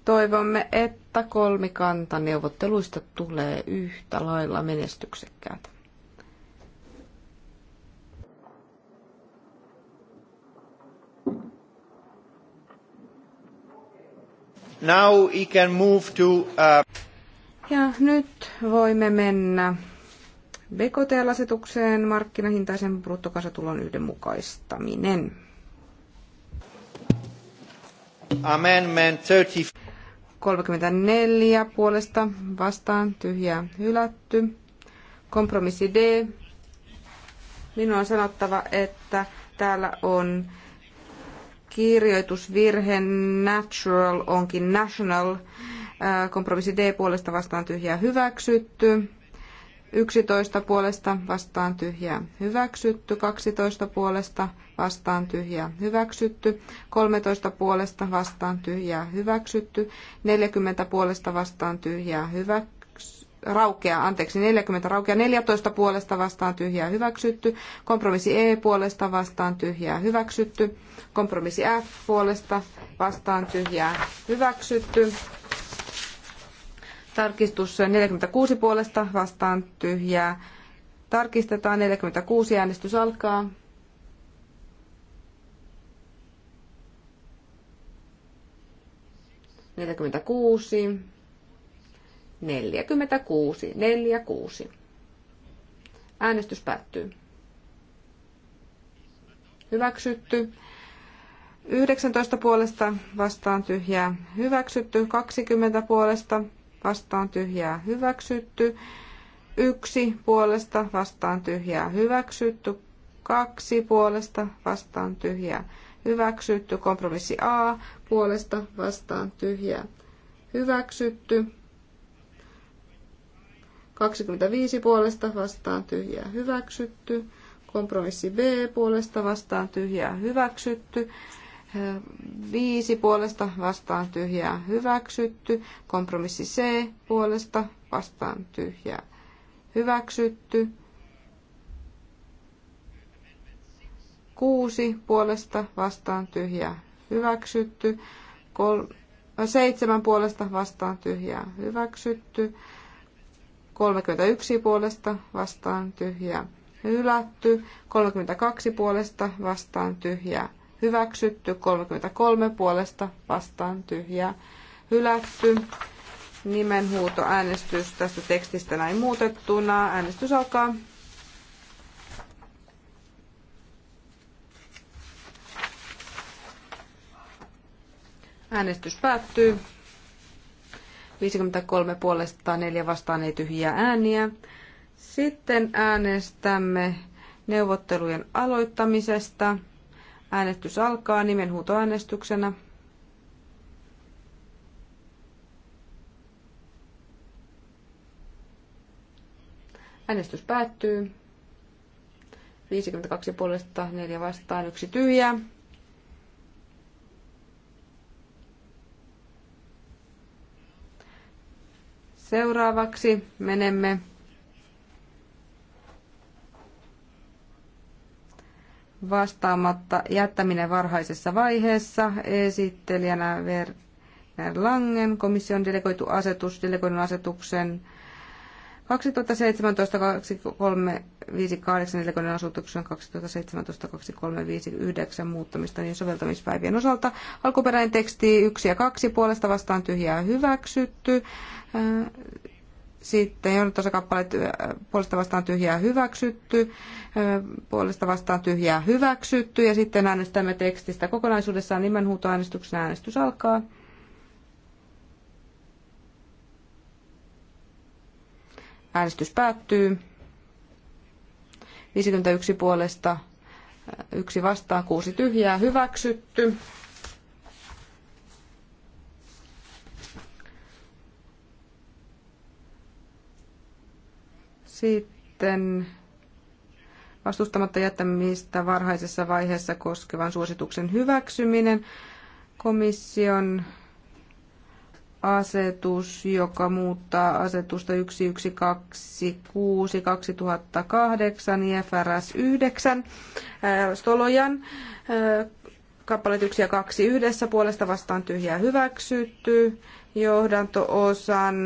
Toivomme, että kolmikanta neuvotteluista tulee yhtä lailla menestyksekkäät. Now we can move to, uh... Ja nyt voimme mennä BKT-asetukseen markkinahintaisen bruttokasatulon yhdenmukaistaminen. Amendment 30. 34 puolesta vastaan tyhjää hylätty. Kompromissi D. Minun on sanottava, että täällä on kirjoitusvirhe natural onkin national. Äh, kompromissi D puolesta vastaan tyhjää hyväksytty. 11 puolesta vastaan tyhjää hyväksytty, 12 puolesta vastaan tyhjää hyväksytty, 13 puolesta vastaan tyhjää hyväksytty, 40 puolesta vastaan tyhjää hyväksytty, raukea, anteeksi, 40 raukea, 14 puolesta vastaan tyhjää hyväksytty, kompromissi E puolesta vastaan tyhjää hyväksytty, kompromissi F puolesta vastaan tyhjää hyväksytty. Tarkistus 46 puolesta vastaan tyhjää. Tarkistetaan 46. Äänestys alkaa. Neljäkymmentäkuusi. Neljäkymmentäkuusi. Neljäkuusi. Äänestys päättyy. Hyväksytty. Yhdeksäntoista puolesta vastaan tyhjää. Hyväksytty. Kaksikymmentä puolesta vastaan tyhjää hyväksytty. Yksi puolesta vastaan tyhjää hyväksytty. Kaksi puolesta vastaan tyhjää hyväksytty. Kompromissi A puolesta vastaan tyhjää hyväksytty. 25 puolesta vastaan tyhjää hyväksytty. Kompromissi B puolesta vastaan tyhjää hyväksytty. 5 puolesta vastaan tyhjää hyväksytty. Kompromissi C puolesta vastaan tyhjää hyväksytty. 6 puolesta vastaan tyhjää hyväksytty. 7 äh, puolesta vastaan tyhjää hyväksytty. 31 puolesta vastaan tyhjää hylätty. 32 puolesta vastaan tyhjää hyväksytty, 33 puolesta vastaan tyhjää hylätty. Nimenhuuto äänestys tästä tekstistä näin muutettuna. Äänestys alkaa. Äänestys päättyy. 53 puolesta, 4 vastaan ei tyhjiä ääniä. Sitten äänestämme neuvottelujen aloittamisesta. Äänestys alkaa nimenhuutoäänestyksenä. Äänestys päättyy. 52 puolesta, 4 vastaan, 1 tyhjää. Seuraavaksi menemme vastaamatta jättäminen varhaisessa vaiheessa. Esittelijänä Werner Langen, komission delegoitu asetus, delegoidun asetuksen 2017-2358 delegoidun asetuksen 2017-2359 muuttamista niin soveltamispäivien osalta. Alkuperäinen teksti 1 ja 2 puolesta vastaan tyhjää hyväksytty. Äh, sitten johdantosakappaleet puolesta vastaan tyhjää hyväksytty, puolesta vastaan tyhjää hyväksytty ja sitten äänestämme tekstistä kokonaisuudessaan nimenhuutoäänestyksen äänestys alkaa. Äänestys päättyy. 51 puolesta, yksi vastaan, kuusi tyhjää hyväksytty. Sitten vastustamatta jättämistä varhaisessa vaiheessa koskevan suosituksen hyväksyminen. Komission asetus, joka muuttaa asetusta 1126-2008 IFRS 9 Stolojan äh, kappaleet 1 ja 2 yhdessä puolesta vastaan tyhjää hyväksytty johdanto-osan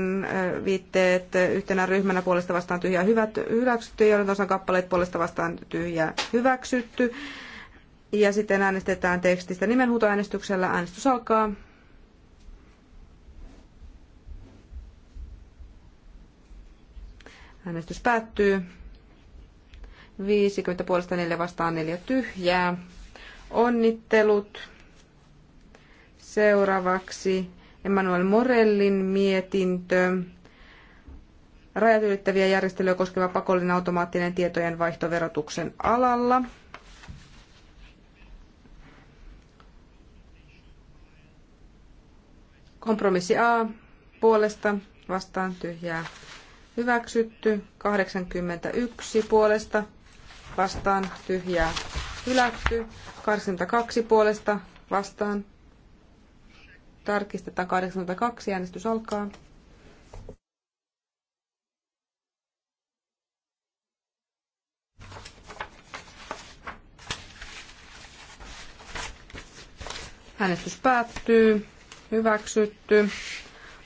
viitteet yhtenä ryhmänä puolesta vastaan tyhjää hyvät, hyväksytty ja johdanto-osan kappaleet puolesta vastaan tyhjää hyväksytty. Ja sitten äänestetään tekstistä nimenhuutoäänestyksellä. Äänestys alkaa. Äänestys päättyy. 50 puolesta 4 vastaan 4 tyhjää. Onnittelut. Seuraavaksi Emmanuel Morellin mietintö. Rajat ylittäviä järjestelyjä koskeva pakollinen automaattinen tietojen vaihtoverotuksen alalla. Kompromissi A puolesta vastaan tyhjää hyväksytty. 81 puolesta vastaan tyhjää hylätty. 82 puolesta vastaan tarkistetaan 82, äänestys alkaa. Äänestys päättyy. Hyväksytty.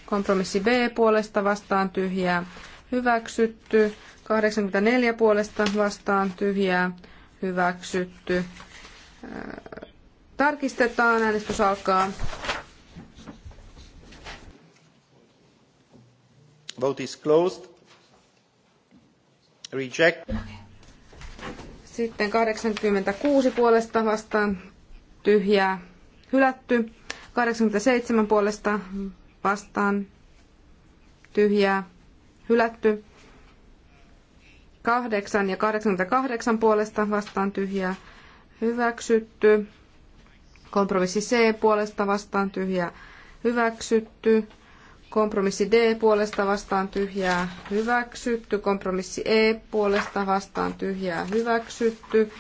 Kompromissi B puolesta vastaan tyhjää. Hyväksytty. 84 puolesta vastaan tyhjää. Hyväksytty. Tarkistetaan. Äänestys alkaa. Vote is closed. Reject. Sitten 86 puolesta vastaan tyhjää hylätty. 87 puolesta vastaan tyhjää hylätty. 8 ja 88 puolesta vastaan tyhjää hyväksytty. Kompromissi C puolesta vastaan tyhjää hyväksytty. Kompromissi D puolesta vastaan tyhjää hyväksytty. Kompromissi E puolesta vastaan tyhjää hyväksytty.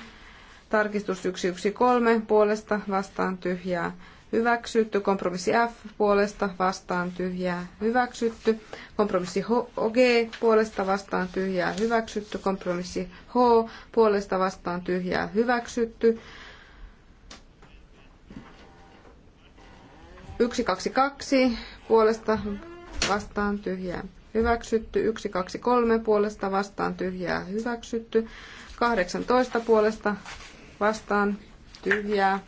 Tarkistus 113 puolesta vastaan tyhjää hyväksytty. Kompromissi F puolesta vastaan tyhjää hyväksytty. Kompromissi G puolesta vastaan tyhjää hyväksytty. Kompromissi H puolesta vastaan tyhjää hyväksytty. 122 puolesta vastaan tyhjää hyväksytty, 123 puolesta vastaan tyhjää hyväksytty, 18 puolesta vastaan tyhjää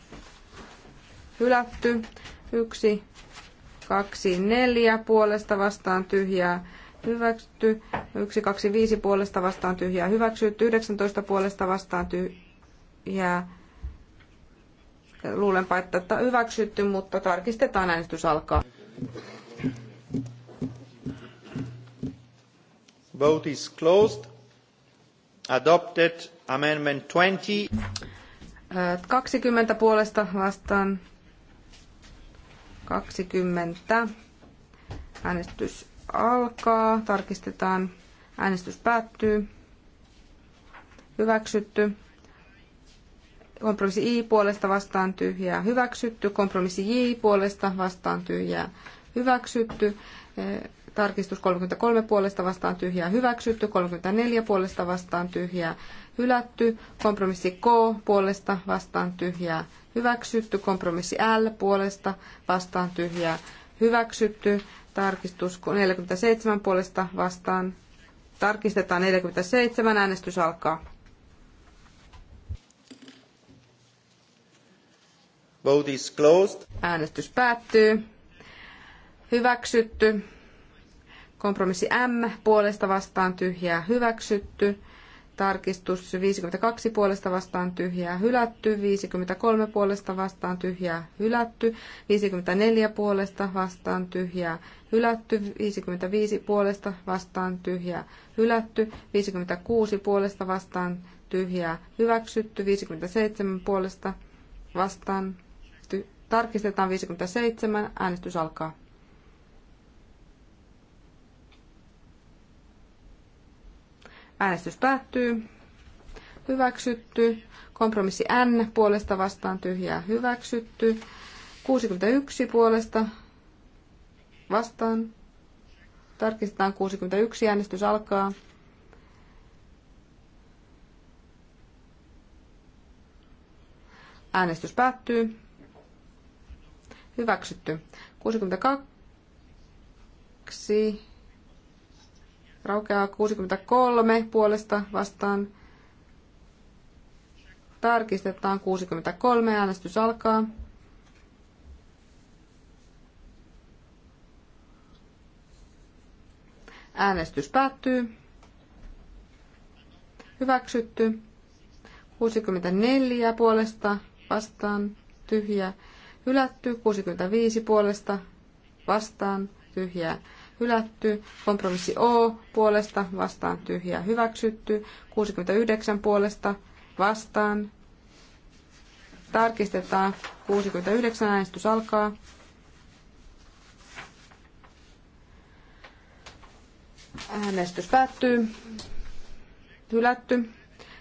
hylätty, 1 2 4 puolesta vastaan tyhjää hyväksytty, 1 2 5 puolesta vastaan tyhjää hyväksytty, 19 puolesta vastaan tyhjää Luulenpa, että tämä on hyväksytty, mutta tarkistetaan äänestys alkaa. Vote is closed. Adopted amendment 20. 20 äh, puolesta vastaan 20. Äänestys alkaa. Tarkistetaan. Äänestys päättyy. Hyväksytty. Kompromissi I puolesta vastaan tyhjää hyväksytty. Kompromissi J puolesta vastaan tyhjää hyväksytty. Eh, tarkistus 33 puolesta vastaan tyhjää hyväksytty. 34 puolesta vastaan tyhjää hylätty. Kompromissi K puolesta vastaan tyhjää hyväksytty. Kompromissi L puolesta vastaan tyhjää hyväksytty. Tarkistus 47 puolesta vastaan. Tarkistetaan 47. Äänestys alkaa. Vote is closed. Äänestys päättyy. Hyväksytty. Kompromissi M puolesta vastaan tyhjää hyväksytty. Tarkistus 52 puolesta vastaan tyhjää hylätty, 53 puolesta vastaan tyhjää hylätty, 54 puolesta vastaan tyhjää hylätty, 55 puolesta vastaan tyhjää hylätty, 56 puolesta vastaan tyhjää hyväksytty, 57 puolesta vastaan Tarkistetaan 57. Äänestys alkaa. Äänestys päättyy. Hyväksytty. Kompromissi N puolesta vastaan tyhjää hyväksytty. 61 puolesta vastaan. Tarkistetaan 61. Äänestys alkaa. Äänestys päättyy. Hyväksytty. 62. Raukeaa 63 puolesta vastaan. Tarkistetaan 63. Äänestys alkaa. Äänestys päättyy. Hyväksytty. 64 puolesta vastaan tyhjä hylätty, 65 puolesta vastaan tyhjää hylätty, kompromissi O puolesta vastaan tyhjää hyväksytty, 69 puolesta vastaan. Tarkistetaan, 69 äänestys alkaa. Äänestys päättyy. Hylätty.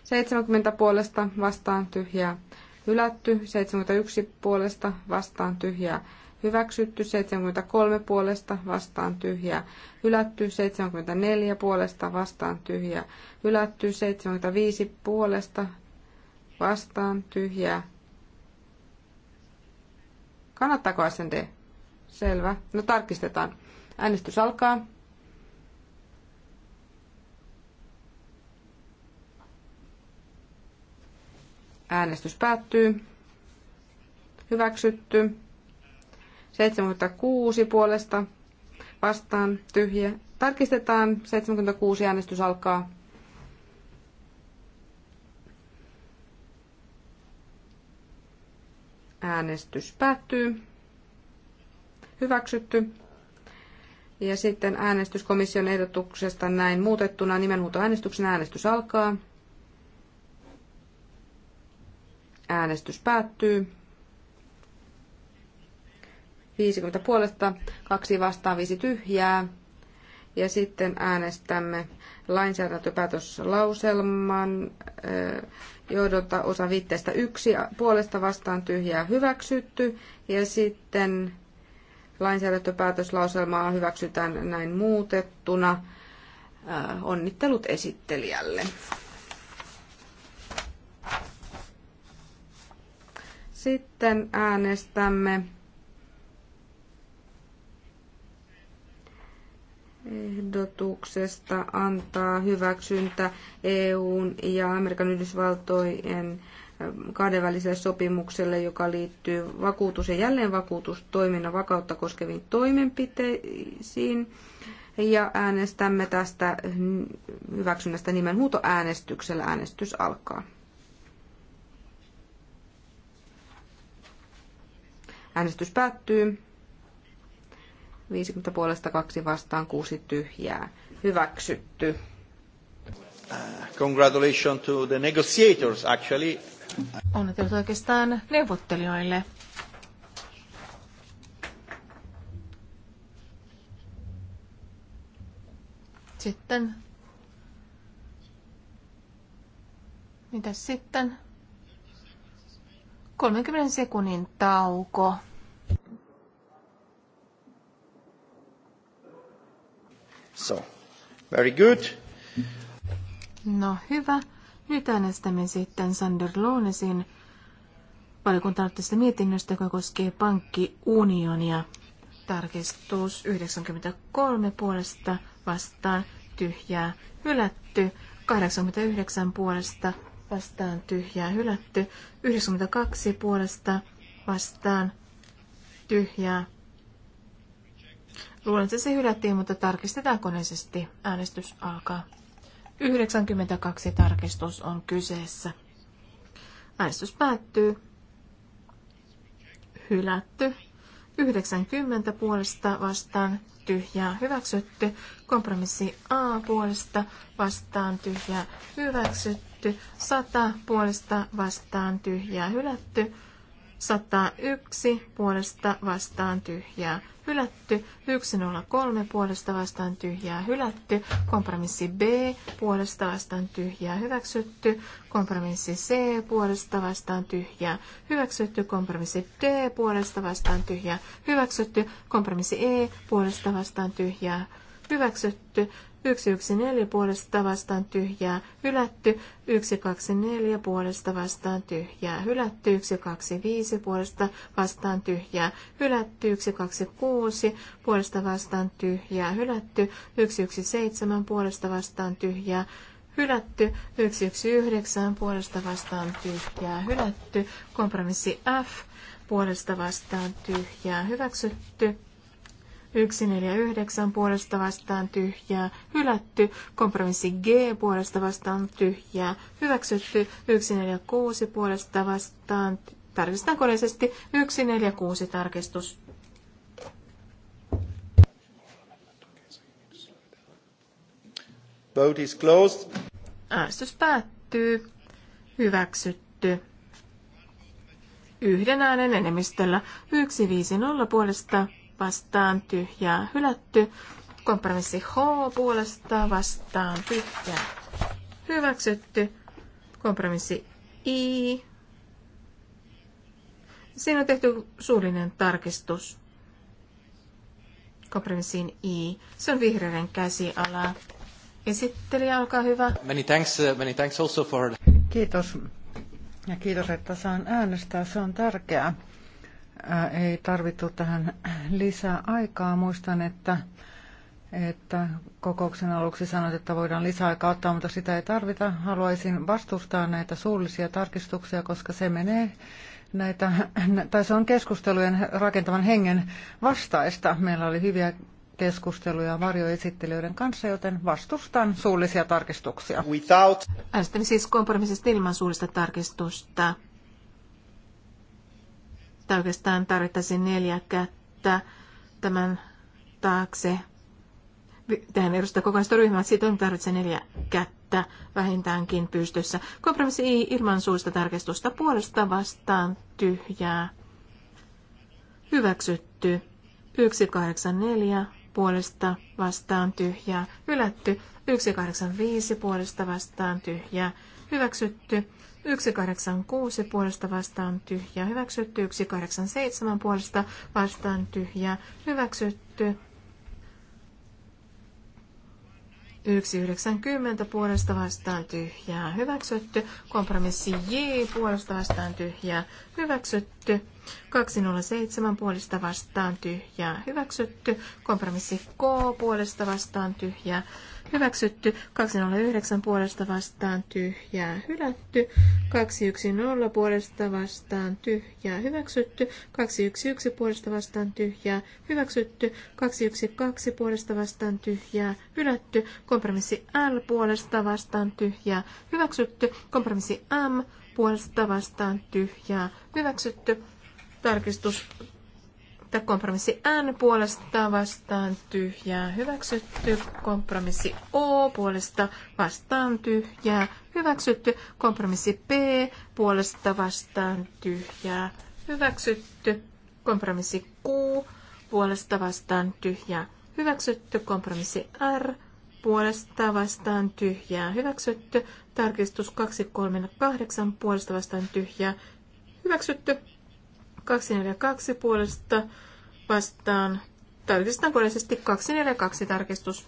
70 puolesta vastaan tyhjää hylätty, 71 puolesta vastaan tyhjää hyväksytty, 73 puolesta vastaan tyhjää hylätty, 74 puolesta vastaan tyhjää hylätty, 75 puolesta vastaan tyhjää. Kannattaako SND? Selvä. No tarkistetaan. Äänestys alkaa. Äänestys päättyy. Hyväksytty. 76 puolesta vastaan tyhjä. Tarkistetaan. 76 äänestys alkaa. Äänestys päättyy. Hyväksytty. Ja sitten äänestyskomission ehdotuksesta näin muutettuna nimenhuutoäänestyksen äänestys alkaa. Äänestys päättyy. 50 puolesta, kaksi vastaan, viisi tyhjää. Ja sitten äänestämme lainsäädäntöpäätöslauselman johdolta osa viitteestä yksi puolesta vastaan tyhjää hyväksytty. Ja sitten lainsäädäntöpäätöslauselmaa hyväksytään näin muutettuna. Onnittelut esittelijälle. Sitten äänestämme ehdotuksesta antaa hyväksyntä EUn ja Amerikan Yhdysvaltojen ähm, kahdenväliselle sopimukselle, joka liittyy vakuutus- ja jälleenvakuutustoiminnan vakautta koskeviin toimenpiteisiin. Ja äänestämme tästä hyväksynnästä nimenhuutoäänestyksellä. Äänestys alkaa. Äänestys päättyy. 50 puolesta kaksi vastaan kuusi tyhjää. Hyväksytty. Uh, congratulations to the negotiators actually. Onnittelut oikeastaan neuvottelijoille. Sitten. Mitäs sitten? 30 sekunnin tauko. So, very good. No hyvä. Nyt äänestämme sitten Sander Lounesin valiokunta mietinnöstä, joka koskee pankkiunionia. Tarkistus 93 puolesta vastaan tyhjää hylätty, 89 puolesta vastaan tyhjää hylätty. 92 puolesta vastaan tyhjää. Luulen, että se hylättiin, mutta tarkistetaan koneisesti. Äänestys alkaa. 92 tarkistus on kyseessä. Äänestys päättyy. Hylätty. 90 puolesta vastaan tyhjää hyväksytty. Kompromissi A puolesta vastaan tyhjää hyväksytty hylätty, 100 puolesta vastaan tyhjää hylätty, 101 puolesta vastaan tyhjää hylätty, 103 puolesta vastaan tyhjää hylätty, kompromissi B puolesta vastaan tyhjää hyväksytty, kompromissi C puolesta vastaan tyhjää hyväksytty, kompromissi D puolesta vastaan tyhjää hyväksytty, kompromissi E puolesta vastaan tyhjää hyväksytty, 114 puolesta vastaan tyhjää hylätty, 124 puolesta vastaan tyhjää hylätty, 125 puolesta vastaan tyhjää hylätty, 126 puolesta vastaan tyhjää hylätty, 117 puolesta vastaan tyhjää hylätty, 119 puolesta vastaan tyhjää hylätty, kompromissi F puolesta vastaan tyhjää hyväksytty. 149 puolesta vastaan tyhjää, hylätty. Kompromissi G puolesta vastaan tyhjää, hyväksytty. 146 puolesta vastaan, tarkistetaan koneisesti 146 tarkistus. Vote is closed. Äänestys päättyy. Hyväksytty. Yhden äänen enemmistöllä 150 puolesta vastaan tyhjää hylätty. Kompromissi H puolesta vastaan tyhjää hyväksytty. Kompromissi I. Siinä on tehty suullinen tarkistus kompromissiin I. Se on vihreiden käsiala. Esittelijä, olkaa hyvä. Many thanks, uh, many thanks also for... Kiitos. Ja kiitos, että saan äänestää. Se on tärkeää ei tarvittu tähän lisää aikaa. Muistan, että, että kokouksen aluksi sanoit, että voidaan lisää aikaa ottaa, mutta sitä ei tarvita. Haluaisin vastustaa näitä suullisia tarkistuksia, koska se menee näitä, tai se on keskustelujen rakentavan hengen vastaista. Meillä oli hyviä keskusteluja varjoesittelijöiden kanssa, joten vastustan suullisia tarkistuksia. Without... siis kompromissista ilman suullista tarkistusta tai oikeastaan tarvittaisiin neljä kättä tämän taakse. Tähän edustaa kokonaista ryhmää, siitä on tarvitse neljä kättä vähintäänkin pystyssä. Kompromissi ei ilman suista tarkistusta puolesta vastaan tyhjää. Hyväksytty. 184 puolesta vastaan tyhjää. Hylätty. 185 puolesta vastaan tyhjää. Hyväksytty. 186 puolesta vastaan tyhjä hyväksytty, 187 puolesta vastaan tyhjä hyväksytty, 190 puolesta vastaan tyhjää hyväksytty, kompromissi J puolesta vastaan tyhjää hyväksytty, 207 puolesta vastaan tyhjää hyväksytty, kompromissi K puolesta vastaan tyhjää hyväksytty, 209 puolesta vastaan tyhjää hylätty, 210 puolesta vastaan tyhjää hyväksytty, 211 puolesta vastaan tyhjää hyväksytty, 212 puolesta vastaan tyhjää hylätty, kompromissi L puolesta vastaan tyhjää hyväksytty, kompromissi M puolesta vastaan tyhjää hyväksytty, tarkistus että kompromissi N puolesta vastaan tyhjää hyväksytty, kompromissi O puolesta vastaan tyhjää hyväksytty, kompromissi P puolesta vastaan tyhjää hyväksytty, kompromissi Q puolesta vastaan tyhjää hyväksytty, kompromissi R puolesta vastaan tyhjää hyväksytty, tarkistus 238 puolesta vastaan tyhjää hyväksytty, 242 puolesta vastaan. Tarkistetaan koneellisesti 242 tarkistus.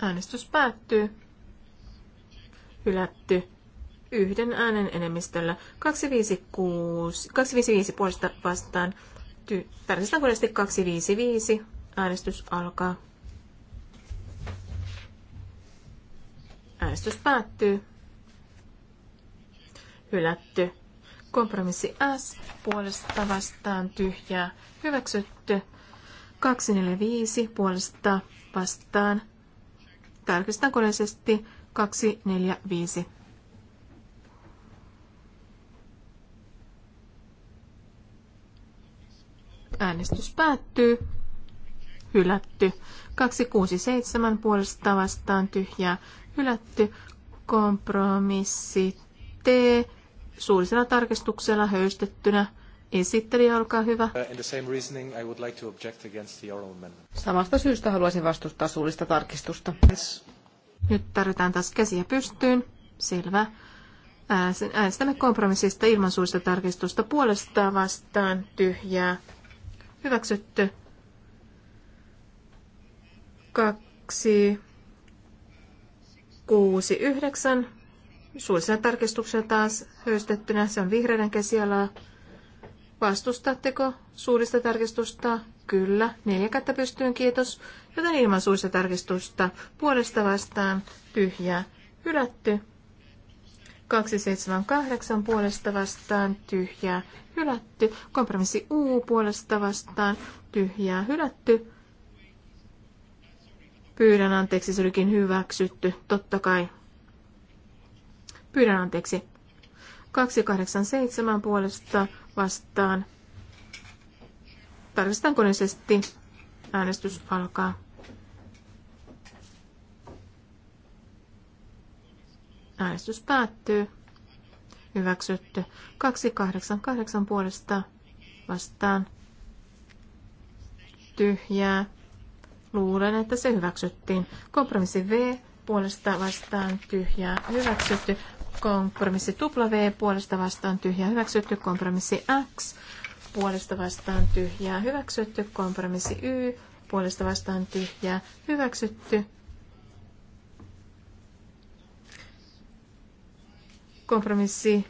Äänestys päättyy. Hylätty. Yhden äänen enemmistöllä. 255 puolesta vastaan. Ty- Tarkistetaan koneellisesti 255. Äänestys alkaa. Äänestys päättyy. Hylätty. Kompromissi S puolesta vastaan tyhjää. Hyväksytty. 245 puolesta vastaan. Tarkistan koneisesti 245. Äänestys päättyy hylätty. 267 puolesta vastaan tyhjää hylätty. Kompromissi T suullisella tarkistuksella höystettynä. Esittelijä, olkaa hyvä. Samasta syystä haluaisin vastustaa suullista tarkistusta. Nyt tarvitaan taas käsiä pystyyn. Selvä. Äänestämme kompromissista ilman suullista tarkistusta puolestaan vastaan tyhjää. Hyväksytty kaksi, kuusi, yhdeksän. Suullisella tarkistuksella taas höystettynä, se on vihreiden käsialaa. Vastustatteko suullista tarkistusta? Kyllä, neljä kättä pystyyn, kiitos. Joten ilman suullista tarkistusta puolesta vastaan tyhjää hylätty. 278 puolesta vastaan tyhjää hylätty. Kompromissi U puolesta vastaan tyhjää hylätty. Pyydän anteeksi, se olikin hyväksytty, totta kai. Pyydän anteeksi. 287 puolesta vastaan. Tarkistan koneisesti. Äänestys alkaa. Äänestys päättyy. Hyväksytty. 288 puolesta vastaan. Tyhjää. Luulen, että se hyväksyttiin. Kompromissi V puolesta vastaan tyhjää hyväksytty. Kompromissi W puolesta vastaan tyhjää hyväksytty. Kompromissi X puolesta vastaan tyhjää hyväksytty. Kompromissi Y puolesta vastaan tyhjää hyväksytty. Kompromissi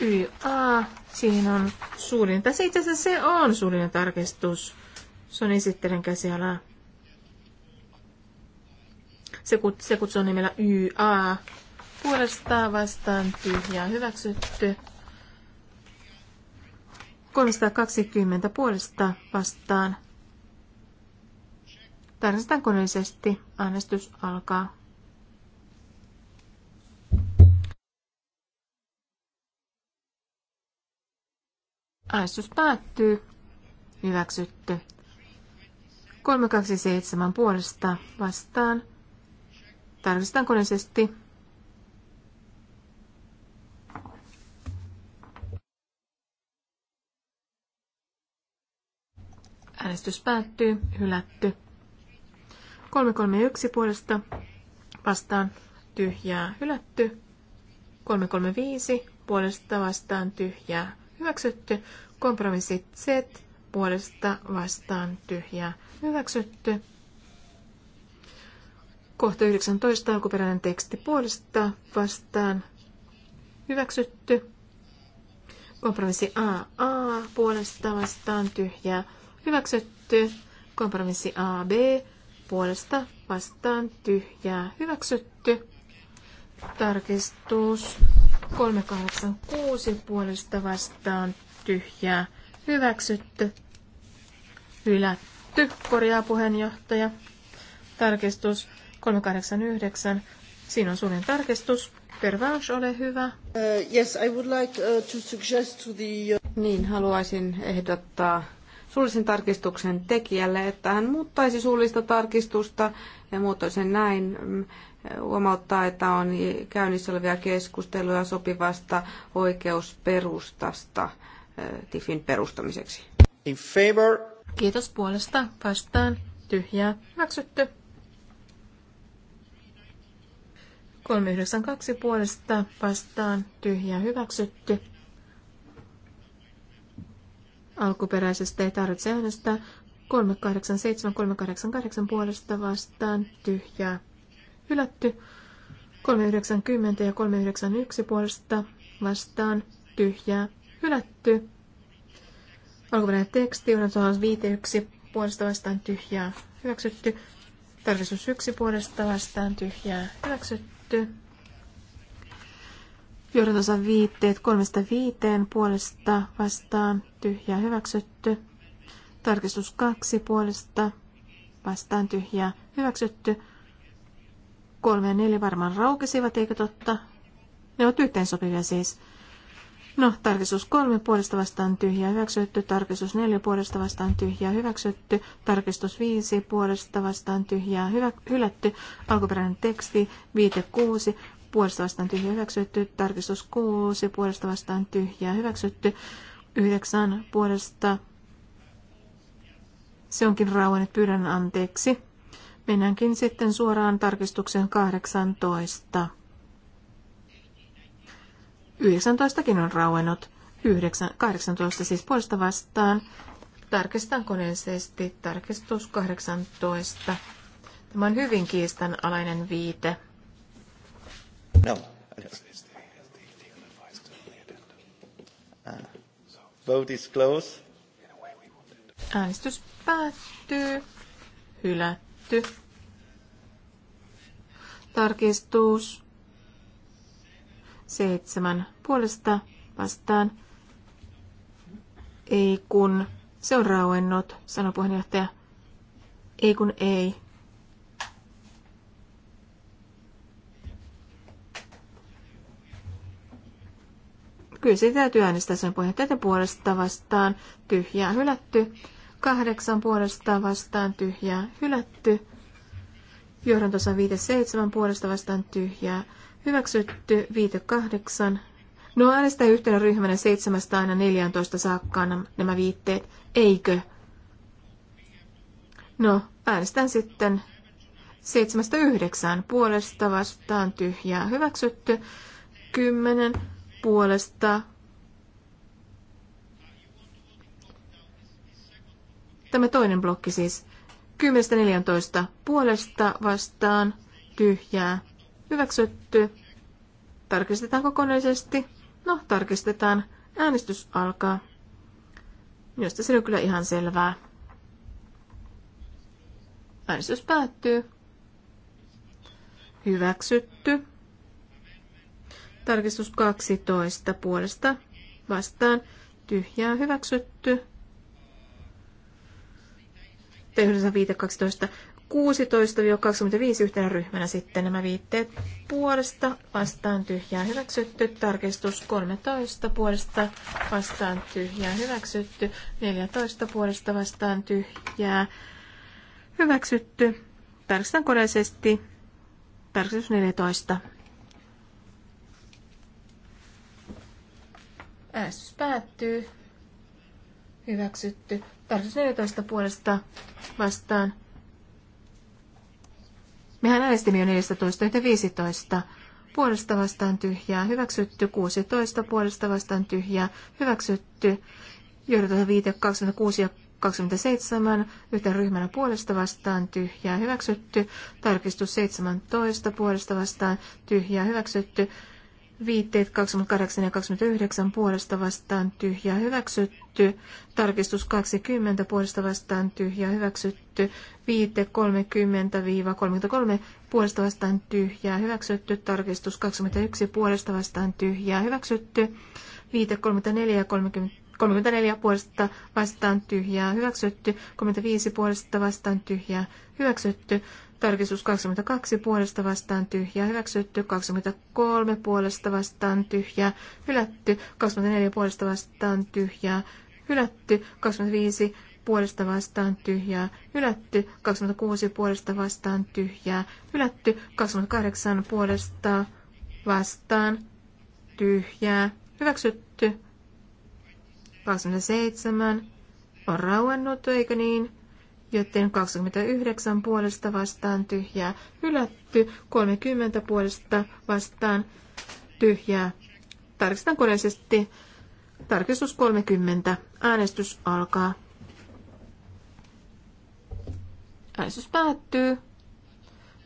YA, siinä on suullinen, tässä itse asiassa se on suurin tarkistus se on esittelen käsialaa. Se, kut, se kutsuu nimellä YA. Puolestaan vastaan tyhjää hyväksytty. 320 puolesta vastaan. Tarkistetaan koneellisesti. Äänestys alkaa. Äänestys päättyy. Hyväksytty. 327 puolesta vastaan. Tarkistetaan koneisesti. Äänestys päättyy. Hylätty. 331 puolesta vastaan tyhjää hylätty. 335 puolesta vastaan tyhjää hyväksytty. Kompromissit Z puolesta vastaan tyhjää hyväksytty. Kohta 19 alkuperäinen teksti puolesta vastaan hyväksytty. Kompromissi AA puolesta vastaan tyhjää hyväksytty. Kompromissi AB puolesta vastaan tyhjää hyväksytty. Tarkistus 386 puolesta vastaan tyhjää hyväksytty. Hylätty, korjaa puheenjohtaja. Tarkistus 389. Siinä on suunnin tarkistus. Pervaus, ole hyvä. Uh, yes, I would like uh, to suggest to the... Uh, niin, haluaisin ehdottaa suullisen tarkistuksen tekijälle, että hän muuttaisi suullista tarkistusta ja sen näin mm, huomauttaa, että on käynnissä olevia keskusteluja sopivasta oikeusperustasta uh, TIFin perustamiseksi. In favor Kiitos puolesta. Vastaan. Tyhjää. Hyväksytty. 392 puolesta vastaan tyhjää hyväksytty. Alkuperäisestä ei tarvitse äänestää. 387, 388 puolesta vastaan tyhjää hylätty. 390 ja 391 puolesta vastaan tyhjää hylätty. Alkuperäinen teksti, viite yksi puolesta vastaan tyhjää, hyväksytty. Tarkistus 1, puolesta vastaan tyhjää, hyväksytty. Johdantosan viitteet kolmesta viiteen puolesta vastaan tyhjää hyväksytty. Tarkistus kaksi puolesta vastaan tyhjää hyväksytty. Kolme ja neljä varmaan raukesivat, eikö totta? Ne ovat yhteensopivia siis. No, tarkistus kolme puolesta vastaan tyhjää hyväksytty, tarkistus neljä puolesta vastaan tyhjää hyväksytty, tarkistus viisi puolesta vastaan tyhjää hyvä, hylätty, alkuperäinen teksti, viite kuusi puolesta vastaan tyhjää hyväksytty, tarkistus kuusi puolesta vastaan tyhjää hyväksytty, yhdeksän puolesta, se onkin rauhanet pyydän anteeksi. Mennäänkin sitten suoraan tarkistukseen 18. 19kin on rauennut. 9, 18 siis puolesta vastaan. Tarkistan koneellisesti. Tarkistus 18. Tämä on hyvin kiistanalainen viite. No. Vote is closed. Äänestys päättyy. Hylätty. Tarkistus seitsemän puolesta vastaan. Ei kun se on rauennut, sanoi puheenjohtaja. Ei kun ei. Kyllä se täytyy äänestää sen puheenjohtajan puolesta vastaan tyhjää hylätty. Kahdeksan puolesta vastaan tyhjää hylätty. Johdantosan viite seitsemän puolesta vastaan tyhjää. Hyväksytty viite kahdeksan. No äänestää yhtenä ryhmänä seitsemästä aina 14 saakkaan nämä viitteet, eikö? No, äänestän sitten seitsemästä yhdeksään puolesta vastaan tyhjää hyväksytty. Kymmenen puolesta Tämä toinen blokki siis. 10.14 puolesta vastaan tyhjää. Hyväksytty. Tarkistetaanko koneellisesti? No, tarkistetaan. Äänestys alkaa. Minusta se on kyllä ihan selvää. Äänestys päättyy. Hyväksytty. Tarkistus 12 puolesta vastaan tyhjää hyväksytty. 9, 12, 16-25 yhtenä ryhmänä sitten nämä viitteet puolesta vastaan tyhjää hyväksytty, tarkistus 13 puolesta vastaan tyhjää hyväksytty, 14 puolesta vastaan tyhjää hyväksytty, tarkistan koneisesti. tarkistus 14. Äänestys päättyy. Hyväksytty. Tarkistus 14 puolesta vastaan. Mehän äänestimme jo 14 ja 15. Puolesta vastaan tyhjää, hyväksytty 16, puolesta vastaan tyhjää, hyväksytty. Johdotus 5, 26 ja 27, yhtenä ryhmänä puolesta vastaan tyhjää, hyväksytty. Tarkistus 17, puolesta vastaan tyhjää, hyväksytty. Viitteet 28 ja 29 puolesta vastaan tyhjä hyväksytty. Tarkistus 20 puolesta vastaan tyhjä hyväksytty. Viite 30-33 puolesta vastaan tyhjä hyväksytty. Tarkistus 21 puolesta vastaan tyhjä hyväksytty. Viite 34 ja 30 34 puolesta vastaan tyhjää hyväksytty, 35 puolesta vastaan tyhjää hyväksytty, Tarkistus 22 puolesta vastaan tyhjä, hyväksytty, 23 puolesta vastaan tyhjä, hylätty, 24 puolesta vastaan tyhjä, hylätty, 25 puolesta vastaan tyhjää hylätty, 26 puolesta vastaan tyhjää hylätty, 28 puolesta vastaan tyhjää hyväksytty, 27 on rauennut, eikö niin? joten 29 puolesta vastaan tyhjää hylätty, 30 puolesta vastaan tyhjää. Tarkistan koneellisesti. Tarkistus 30. Äänestys alkaa. Äänestys päättyy.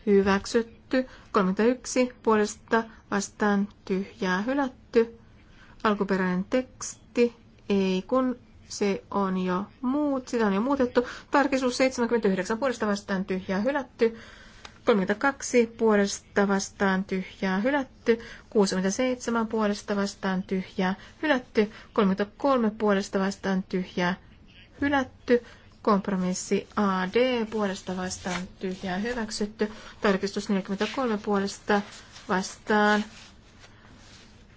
Hyväksytty. 31 puolesta vastaan tyhjää hylätty. Alkuperäinen teksti ei kun se on jo muut, sitä on jo muutettu. Tarkisuus 79 puolesta vastaan tyhjää hylätty. 32 puolesta vastaan tyhjää hylätty, 67 puolesta vastaan tyhjää hylätty, 33 puolesta vastaan tyhjää hylätty, kompromissi AD puolesta vastaan tyhjää hyväksytty, tarkistus 43 puolesta vastaan,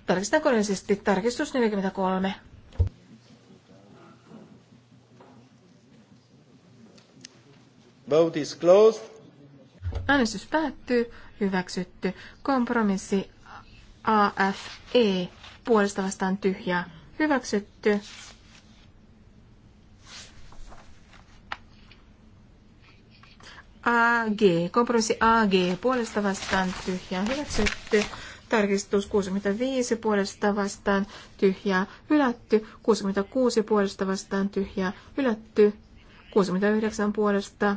tarkistetaan koneellisesti tarkistus 43 Vote is closed. Äänestys päättyy. Hyväksytty. Kompromissi AFE. Puolesta vastaan tyhjää. Hyväksytty. AG. Kompromissi AG. Puolesta vastaan tyhjää. Hyväksytty. Tarkistus 65 puolesta vastaan tyhjää hylätty, 66 puolesta vastaan tyhjää hylätty, 69 puolesta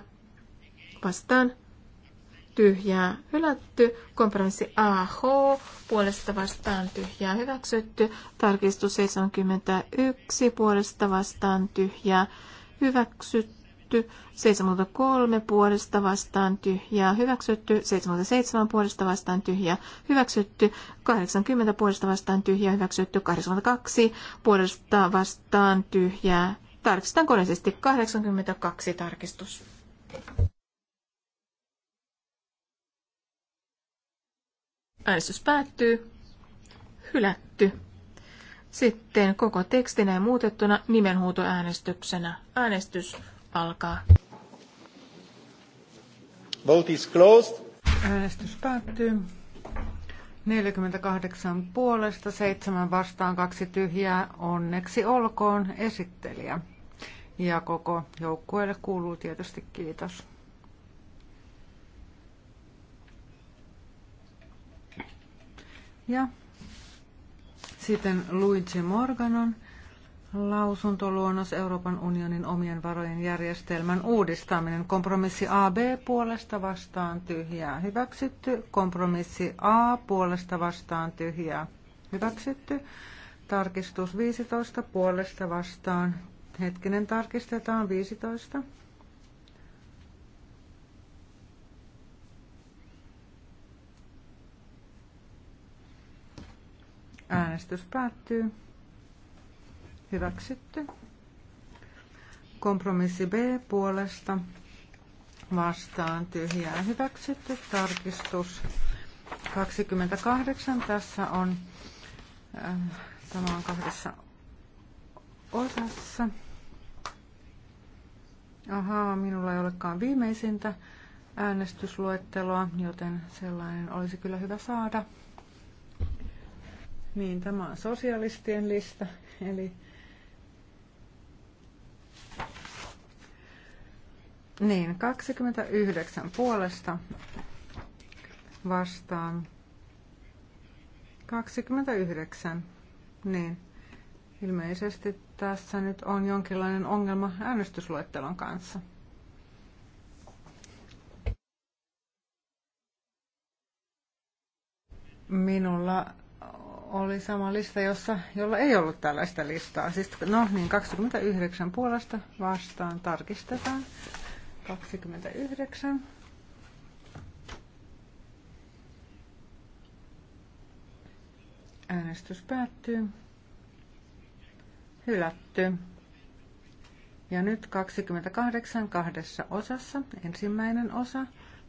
vastaan tyhjää hylätty, kompromissi AH puolesta vastaan tyhjää hyväksytty, tarkistus 71 puolesta vastaan tyhjää hyväksytty, 73 puolesta vastaan tyhjää hyväksytty, 77 puolesta vastaan tyhjää hyväksytty, 80 puolesta vastaan tyhjää hyväksytty, 82 puolesta vastaan tyhjää. Tarkistetaan koneisesti 82 tarkistus. Äänestys päättyy. Hylätty. Sitten koko teksti näin muutettuna nimenhuutoäänestyksenä. Äänestys alkaa. Vote is closed. Äänestys päättyy. 48 puolesta, 7 vastaan, kaksi tyhjää. Onneksi olkoon esittelijä. Ja koko joukkueelle kuuluu tietysti kiitos. Ja sitten Luigi Morganon lausuntoluonnos Euroopan unionin omien varojen järjestelmän uudistaminen. Kompromissi AB puolesta vastaan tyhjää. Hyväksytty. Kompromissi A puolesta vastaan tyhjää. Hyväksytty. Tarkistus 15 puolesta vastaan. Hetkinen tarkistetaan 15. Äänestys päättyy. Hyväksytty. Kompromissi B puolesta vastaan tyhjää hyväksytty. Tarkistus 28. Tässä on, äh, tämä on kahdessa osassa. Ahaa, minulla ei olekaan viimeisintä äänestysluetteloa, joten sellainen olisi kyllä hyvä saada. Niin, tämä on sosialistien lista, eli Niin, 29 puolesta vastaan. 29. Niin. Ilmeisesti tässä nyt on jonkinlainen ongelma äänestysluettelon kanssa. Minulla oli sama lista, jossa, jolla ei ollut tällaista listaa. Siis, no niin, 29 puolesta vastaan tarkistetaan. 29. Äänestys päättyy. Hylätty. Ja nyt 28 kahdessa osassa. Ensimmäinen osa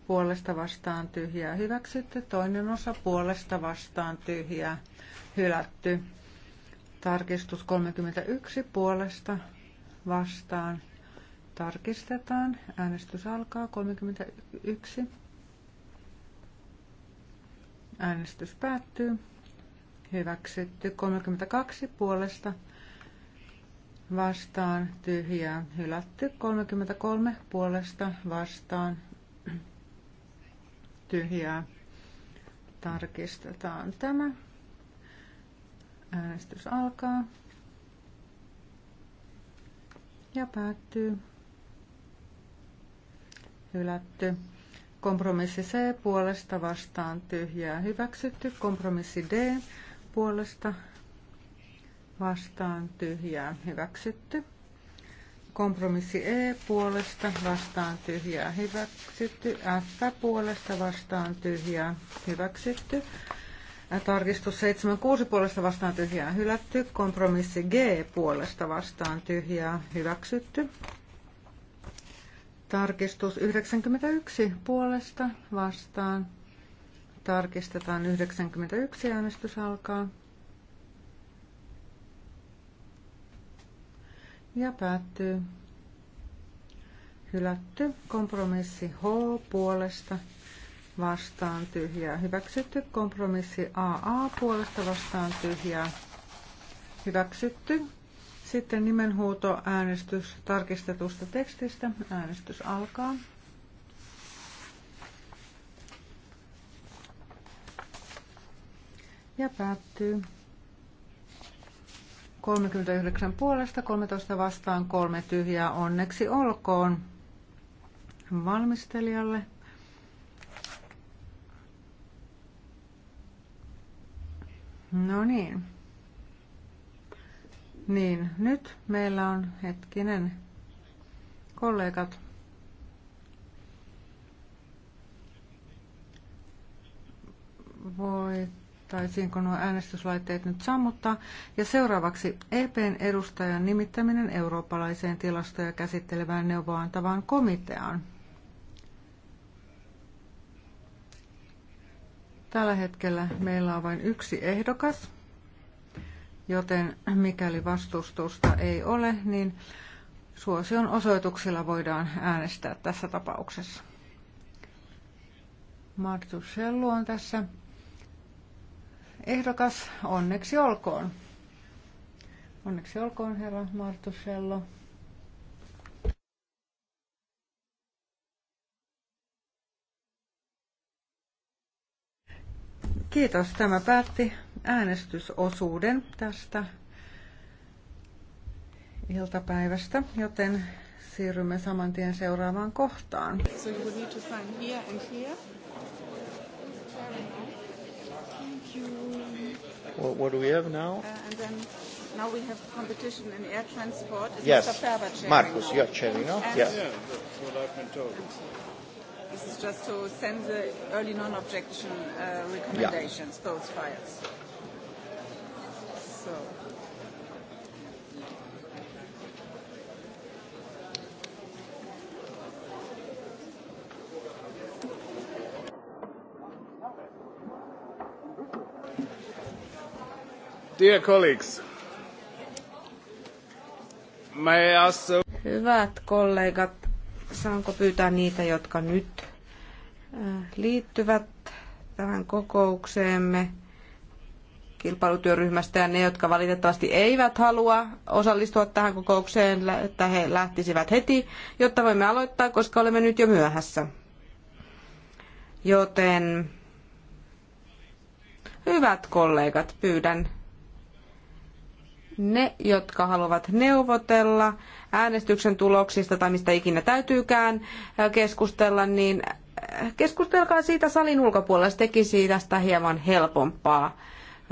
puolesta vastaan tyhjää hyväksytty, toinen osa puolesta vastaan tyhjää hylätty. Tarkistus 31 puolesta vastaan tarkistetaan. Äänestys alkaa 31. Äänestys päättyy. Hyväksytty 32 puolesta vastaan tyhjää hylätty 33 puolesta vastaan tyhjää. Tarkistetaan tämä. Äänestys alkaa ja päättyy. Hylätty. Kompromissi C puolesta vastaan tyhjää hyväksytty. Kompromissi D puolesta vastaan tyhjää hyväksytty. Kompromissi E puolesta vastaan tyhjää hyväksytty. F puolesta vastaan tyhjää hyväksytty. Tarkistus 76 puolesta vastaan tyhjää hylätty. Kompromissi G puolesta vastaan tyhjää hyväksytty. Tarkistus 91 puolesta vastaan. Tarkistetaan 91 äänestys alkaa. ja päättyy. Hylätty. Kompromissi H puolesta vastaan tyhjää. Hyväksytty. Kompromissi AA puolesta vastaan tyhjää. Hyväksytty. Sitten nimenhuuto äänestys tarkistetusta tekstistä. Äänestys alkaa. Ja päättyy. 39 puolesta, 13 vastaan, kolme tyhjää. Onneksi olkoon valmistelijalle. No niin. Niin, nyt meillä on hetkinen kollegat. Voi voitaisiinko nuo äänestyslaitteet nyt sammuttaa. Ja seuraavaksi EPn edustajan nimittäminen eurooppalaiseen tilastoja käsittelevään neuvoantavaan komiteaan. Tällä hetkellä meillä on vain yksi ehdokas, joten mikäli vastustusta ei ole, niin suosion osoituksilla voidaan äänestää tässä tapauksessa. Martus Sellu on tässä ehdokas. Onneksi olkoon. Onneksi olkoon, herra Martusello. Kiitos. Tämä päätti äänestysosuuden tästä iltapäivästä, joten siirrymme saman tien seuraavaan kohtaan. So you would need to here and here. you. What, what do we have now? Uh, and then now we have competition in air transport. Is yes. Marcus, you are chairing now? yes. yeah. yeah, that's what I've been told. This is just to send the early non-objection uh, recommendations, yeah. those files. So. Dear colleagues, may ask... Hyvät kollegat, saanko pyytää niitä, jotka nyt äh, liittyvät tähän kokoukseemme kilpailutyöryhmästä ja ne, jotka valitettavasti eivät halua osallistua tähän kokoukseen, että he lähtisivät heti, jotta voimme aloittaa, koska olemme nyt jo myöhässä. Joten Hyvät kollegat, pyydän ne, jotka haluavat neuvotella äänestyksen tuloksista tai mistä ikinä täytyykään äh, keskustella, niin äh, keskustelkaa siitä salin ulkopuolella. Se tekisi tästä hieman helpompaa.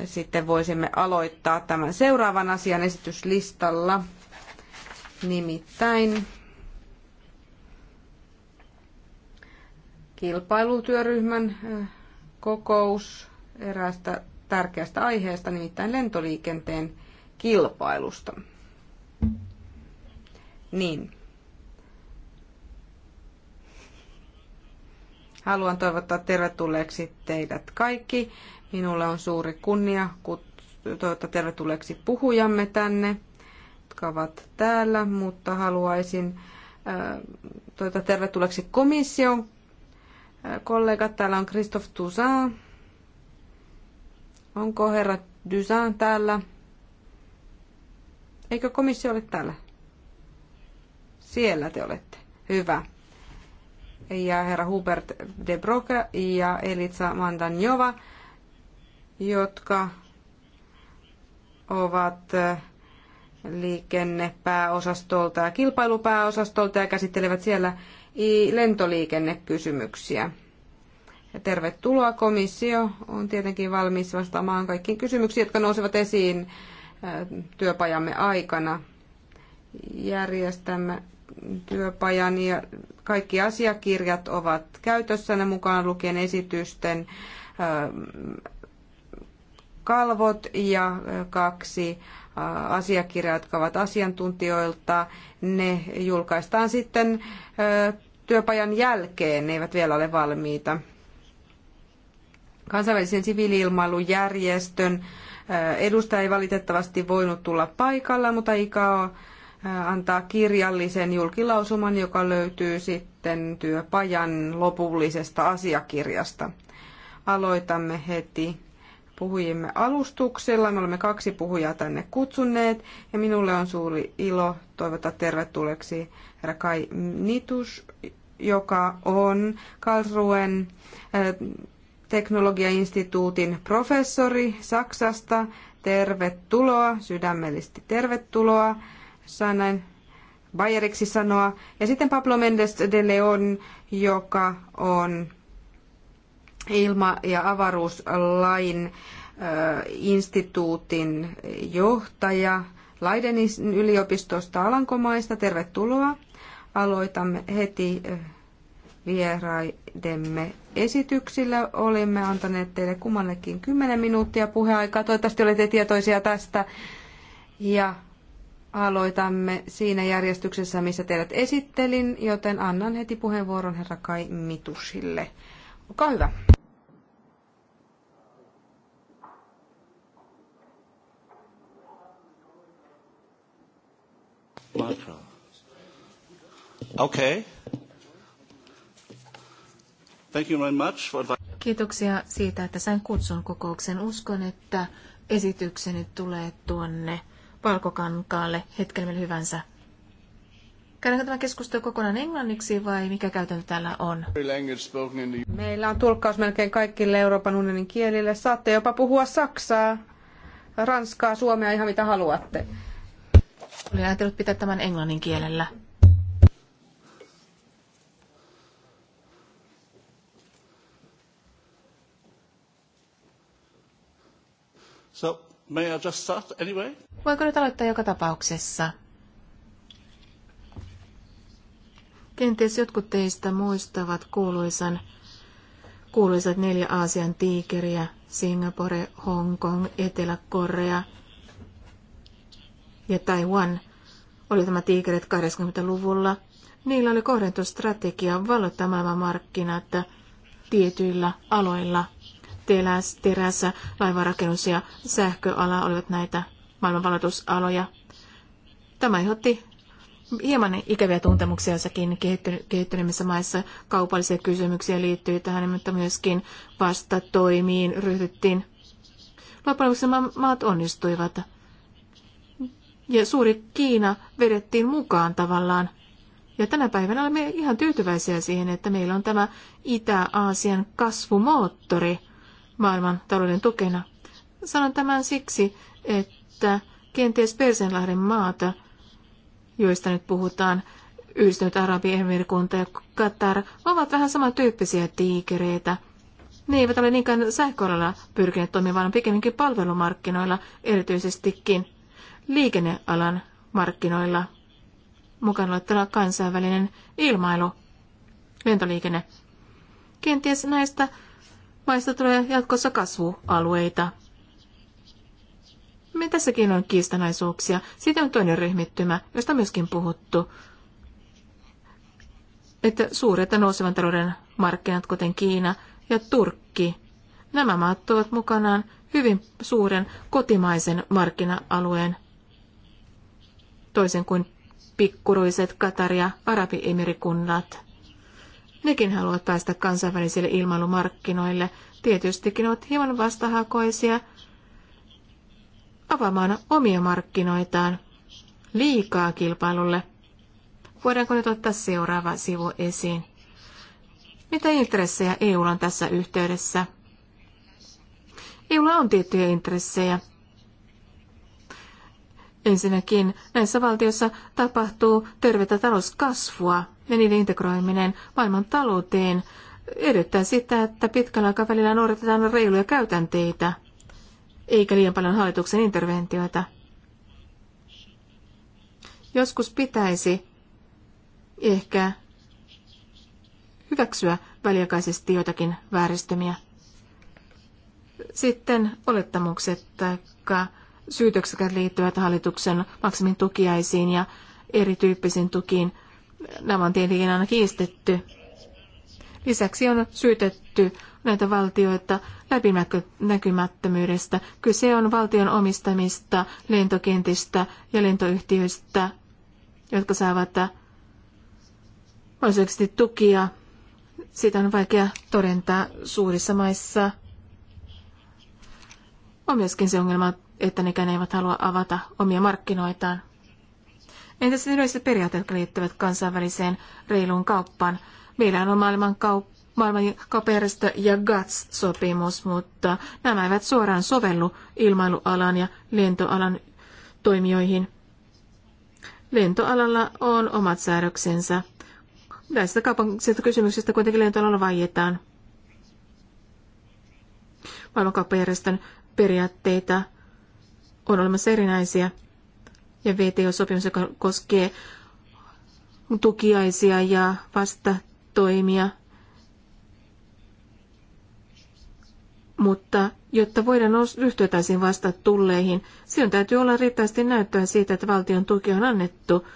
Sitten voisimme aloittaa tämän seuraavan asian esityslistalla. Nimittäin kilpailutyöryhmän äh, kokous eräästä tärkeästä aiheesta, nimittäin lentoliikenteen kilpailusta. Niin. Haluan toivottaa tervetulleeksi teidät kaikki. Minulle on suuri kunnia toivottaa tervetulleeksi puhujamme tänne, jotka ovat täällä, mutta haluaisin äh, toivottaa tervetulleeksi komission äh, kollegat. Täällä on Christophe Toussaint. Onko herra Dusan täällä? Eikö komissio ole täällä? Siellä te olette. Hyvä. Ja herra Hubert de Broca ja Elitsa Mandanjova, jotka ovat äh, liikennepääosastolta ja kilpailupääosastolta ja käsittelevät siellä lentoliikennekysymyksiä. Ja tervetuloa komissio on tietenkin valmis vastaamaan kaikkiin kysymyksiin, jotka nousevat esiin työpajamme aikana. Järjestämme työpajan ja kaikki asiakirjat ovat käytössänne mukaan lukien esitysten kalvot ja kaksi asiakirjaa, jotka ovat asiantuntijoilta. Ne julkaistaan sitten työpajan jälkeen, ne eivät vielä ole valmiita. Kansainvälisen siviiliilmailujärjestön äh, edustaja ei valitettavasti voinut tulla paikalla, mutta ICAO äh, antaa kirjallisen julkilausuman, joka löytyy sitten työpajan lopullisesta asiakirjasta. Aloitamme heti puhujimme alustuksella. Me olemme kaksi puhujaa tänne kutsuneet ja minulle on suuri ilo toivota tervetulleeksi herra Kai Nitus, joka on Karlsruen äh, teknologiainstituutin professori Saksasta. Tervetuloa, sydämellisesti tervetuloa, saa näin Bayeriksi sanoa. Ja sitten Pablo Mendes de Leon, joka on ilma- ja avaruuslain instituutin johtaja Laiden yliopistosta Alankomaista. Tervetuloa. Aloitamme heti vieraidemme esityksillä. Olemme antaneet teille kummallekin 10 minuuttia puheaikaa. Toivottavasti olette tietoisia tästä. Ja aloitamme siinä järjestyksessä, missä teidät esittelin, joten annan heti puheenvuoron herra Kai Mitusille. Olkaa hyvä. Okei. Okay. Thank you very much for... Kiitoksia siitä, että sain kutsun kokouksen. Uskon, että esitykseni tulee tuonne Valkokankaalle hetkellä hyvänsä. Käydäänkö tämä keskustelu kokonaan englanniksi vai mikä käytäntö täällä on? Meillä on tulkkaus melkein kaikille Euroopan unionin kielille. Saatte jopa puhua saksaa, ranskaa, suomea, ihan mitä haluatte. Olin ajatellut pitää tämän englannin kielellä. So, may I just start anyway? Voinko nyt aloittaa joka tapauksessa? Kenties jotkut teistä muistavat kuuluisan, kuuluisat neljä Aasian tiikeriä, Singapore, Hong Kong, Etelä-Korea ja Taiwan oli tämä tiikerit 80-luvulla. Niillä oli kohdentu strategia vallottaa markkinat tietyillä aloilla – teläs, terässä, laivarakennus ja sähköala olivat näitä maailmanvalotusaloja. Tämä aiheutti hieman ikäviä tuntemuksia jossakin kehittyneimmissä maissa. Kaupallisia kysymyksiä liittyy tähän, mutta myöskin vastatoimiin ryhdyttiin. Loppujen maat onnistuivat. Ja suuri Kiina vedettiin mukaan tavallaan. Ja tänä päivänä olemme ihan tyytyväisiä siihen, että meillä on tämä Itä-Aasian kasvumoottori – maailman talouden tukena. Sanon tämän siksi, että kenties Persenlahden maata, joista nyt puhutaan, Yhdistynyt Arabiemiirikunta ja Katar ovat vähän samantyyppisiä tiikereitä. Ne eivät ole niinkään sähköalalla pyrkineet toimimaan, pikemminkin palvelumarkkinoilla erityisestikin liikennealan markkinoilla. mukana luettuna kansainvälinen ilmailu, lentoliikenne. Kenties näistä maista tulee jatkossa kasvualueita. Me tässäkin on kiistanaisuuksia. siitä on toinen ryhmittymä, josta on myöskin puhuttu, että suuret ja nousevan talouden markkinat, kuten Kiina ja Turkki, nämä maat tuovat mukanaan hyvin suuren kotimaisen markkina-alueen, toisen kuin pikkuruiset Katar- ja Arabiemiirikunnat. Nekin haluavat päästä kansainvälisille ilmailumarkkinoille. Tietystikin ovat hieman vastahakoisia avaamaan omia markkinoitaan liikaa kilpailulle. Voidaanko nyt ottaa seuraava sivu esiin? Mitä intressejä EU on tässä yhteydessä? EUlla on tiettyjä intressejä. Ensinnäkin näissä valtioissa tapahtuu tervetä talouskasvua ja niiden integroiminen maailman talouteen edellyttää sitä, että pitkällä aikavälillä noudatetaan reiluja käytänteitä, eikä liian paljon hallituksen interventioita. Joskus pitäisi ehkä hyväksyä väliaikaisesti joitakin vääristymiä. Sitten olettamukset tai syytökset liittyvät hallituksen maksimin tukiaisiin ja erityyppisiin tukiin Nämä on tietenkin aina kiistetty. Lisäksi on syytetty näitä valtioita läpinäkymättömyydestä. Kyse on valtion omistamista lentokentistä ja lentoyhtiöistä, jotka saavat osaksi tukia. Sitä on vaikea todentaa suurissa maissa. On myöskin se ongelma, että nekään eivät halua avata omia markkinoitaan. Entäs yleiset periaatteet, jotka liittyvät kansainväliseen reiluun kauppaan? Meillä on maailman kauppa maailman kaperista ja GATS-sopimus, mutta nämä eivät suoraan sovellu ilmailualan ja lentoalan toimijoihin. Lentoalalla on omat säädöksensä. Näistä kaupankäsistä kysymyksistä kuitenkin lentoalalla vaietaan. Maailmankauppajärjestön periaatteita on olemassa erinäisiä ja VTO-sopimus, joka koskee tukiaisia ja vastatoimia. Mutta jotta voidaan ryhtyä täysin vasta tulleihin, silloin täytyy olla riittävästi näyttöä siitä, että valtion tuki on annettu.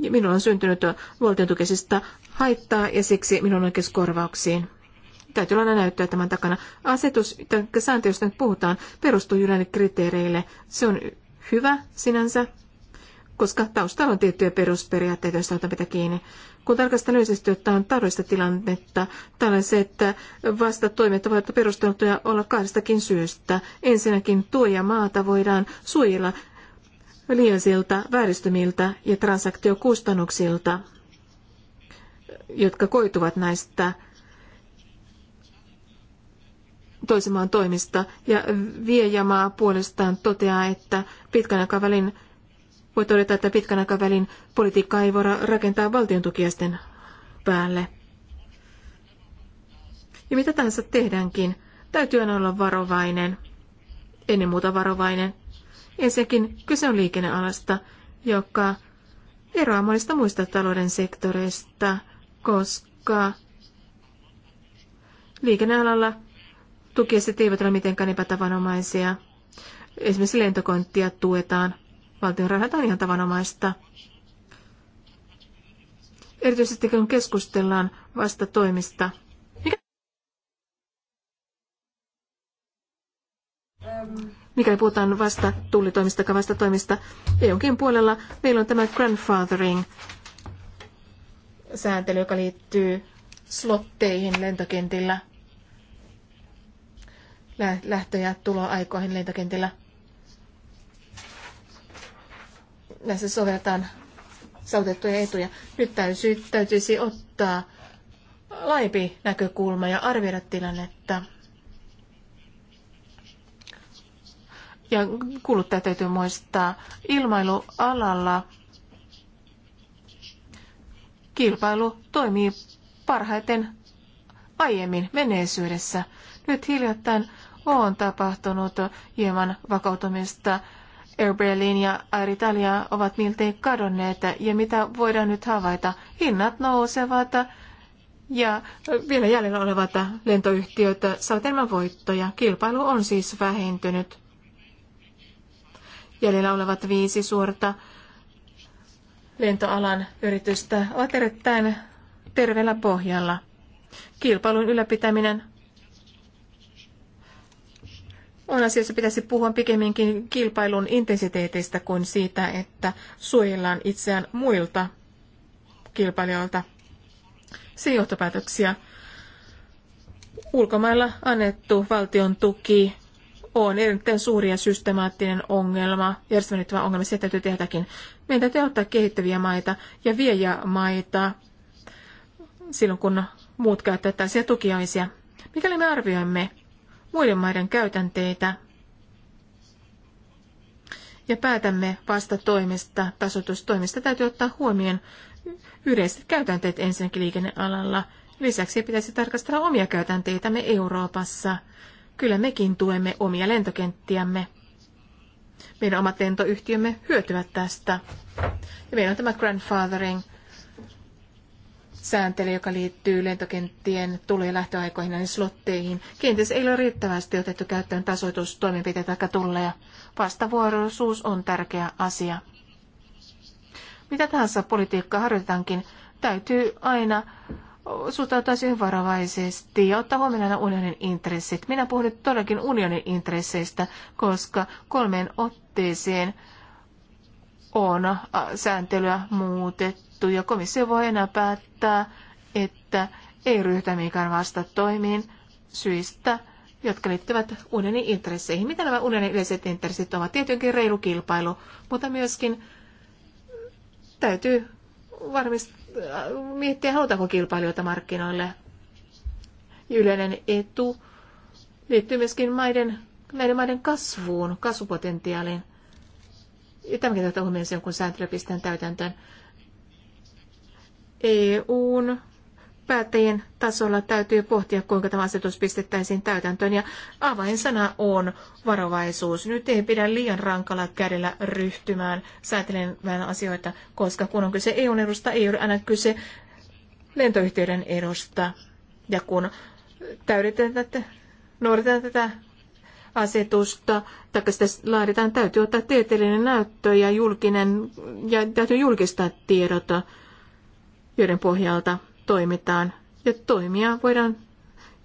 Ja minulla on syntynyt valtion tukisista haittaa ja siksi minun on oikeus korvauksiin. Täytyy olla näyttöä tämän takana. Asetus, sääntö, josta nyt puhutaan, perustuu juuri kriteereille. Se on hyvä sinänsä, koska taustalla on tiettyjä perusperiaatteita, joista otan pitää kiinni. Kun tarkastan yleisesti ottaen taloudellista tilannetta, vasta vastatoimet ovat perusteltuja olla kahdestakin syystä. Ensinnäkin tuoja maata voidaan suojella liiallisilta vääristymiltä ja transaktiokustannuksilta, jotka koituvat näistä toisen maan toimista. Ja viejämaa puolestaan toteaa, että pitkän aikavälin voi todeta, että pitkän aikavälin politiikkaa ei voida rakentaa valtion tukiasten päälle. Ja mitä tahansa tehdäänkin, täytyy aina olla varovainen, ennen muuta varovainen. Ensinnäkin kyse on liikennealasta, joka eroaa monista muista talouden sektoreista, koska liikennealalla tukiaiset eivät ole mitenkään epätavanomaisia. Esimerkiksi lentokonttia tuetaan valtion rahat on ihan tavanomaista. Erityisesti kun keskustellaan vasta toimista. Mikä... Mikäli puhutaan vasta tullitoimista tai vasta toimista EUnkin puolella, meillä on tämä grandfathering sääntely, joka liittyy slotteihin lentokentillä, lähtö- ja tuloaikoihin lentokentillä – näissä sovelletaan saavutettuja etuja. Nyt täysi, täytyisi ottaa laajempi näkökulma ja arvioida tilannetta. Ja kuluttaja täytyy muistaa, ilmailualalla kilpailu toimii parhaiten aiemmin menneisyydessä. Nyt hiljattain on tapahtunut hieman vakautumista Air Berlin ja Air Italia ovat miltei kadonneet. Ja mitä voidaan nyt havaita? Hinnat nousevat ja vielä jäljellä olevat lentoyhtiöt saavat enemmän voittoja. Kilpailu on siis vähentynyt. Jäljellä olevat viisi suurta lentoalan yritystä ovat erittäin terveellä pohjalla. Kilpailun ylläpitäminen on asiassa pitäisi puhua pikemminkin kilpailun intensiteetistä kuin siitä, että suojellaan itseään muilta kilpailijoilta. Se johtopäätöksiä. Ulkomailla annettu valtion tuki on erittäin suuri ja systemaattinen ongelma, järjestelmällinen ongelma, se täytyy tehdäkin. Meidän täytyy ottaa kehittäviä maita ja maita silloin, kun muut käyttävät tällaisia tukiaisia. Mikäli me arvioimme muiden maiden käytänteitä ja päätämme vasta toimesta, tasoitustoimista, täytyy ottaa huomioon yleiset käytänteet ensinnäkin liikennealalla. Lisäksi pitäisi tarkastella omia käytänteitämme Euroopassa. Kyllä mekin tuemme omia lentokenttiämme. Meidän omat lentoyhtiömme hyötyvät tästä. Ja meillä on tämä grandfathering sääntely, joka liittyy lentokenttien tuli- ja lähtöaikoihin ja slotteihin. Kenties ei ole riittävästi otettu käyttöön tasoitustoimenpiteitä tai tulleja. Vastavuoroisuus on tärkeä asia. Mitä tahansa politiikkaa harjoitetaankin, täytyy aina suhtautua siihen varovaisesti ja ottaa huomioon aina unionin intressit. Minä puhun nyt todellakin unionin intresseistä, koska kolmeen otteeseen – on äh, sääntelyä muutettu ja komissio voi enää päättää, että ei ryhtä mikään vasta toimiin syistä, jotka liittyvät unionin intresseihin. Mitä nämä unionin yleiset intressit ovat? Tietenkin reilu kilpailu, mutta myöskin täytyy varmistaa, äh, miettiä, halutaanko kilpailijoita markkinoille. Yleinen etu liittyy myöskin maiden, näiden maiden kasvuun, kasvupotentiaaliin tämäkin tätä huomioon sen, kun sääntelyä pistetään täytäntöön. EUn päättäjien tasolla täytyy pohtia, kuinka tämä asetus pistettäisiin täytäntöön. Ja avainsana on varovaisuus. Nyt ei pidä liian rankalla kädellä ryhtymään säätelemään asioita, koska kun on kyse EUn edusta, ei ole aina kyse lentoyhtiöiden edusta. Ja kun täydetään tätä, noudatetaan tätä asetusta, tai sitä laaditaan, täytyy ottaa tieteellinen näyttö ja, julkinen, ja täytyy julkistaa tiedot, joiden pohjalta toimitaan. Ja toimia voidaan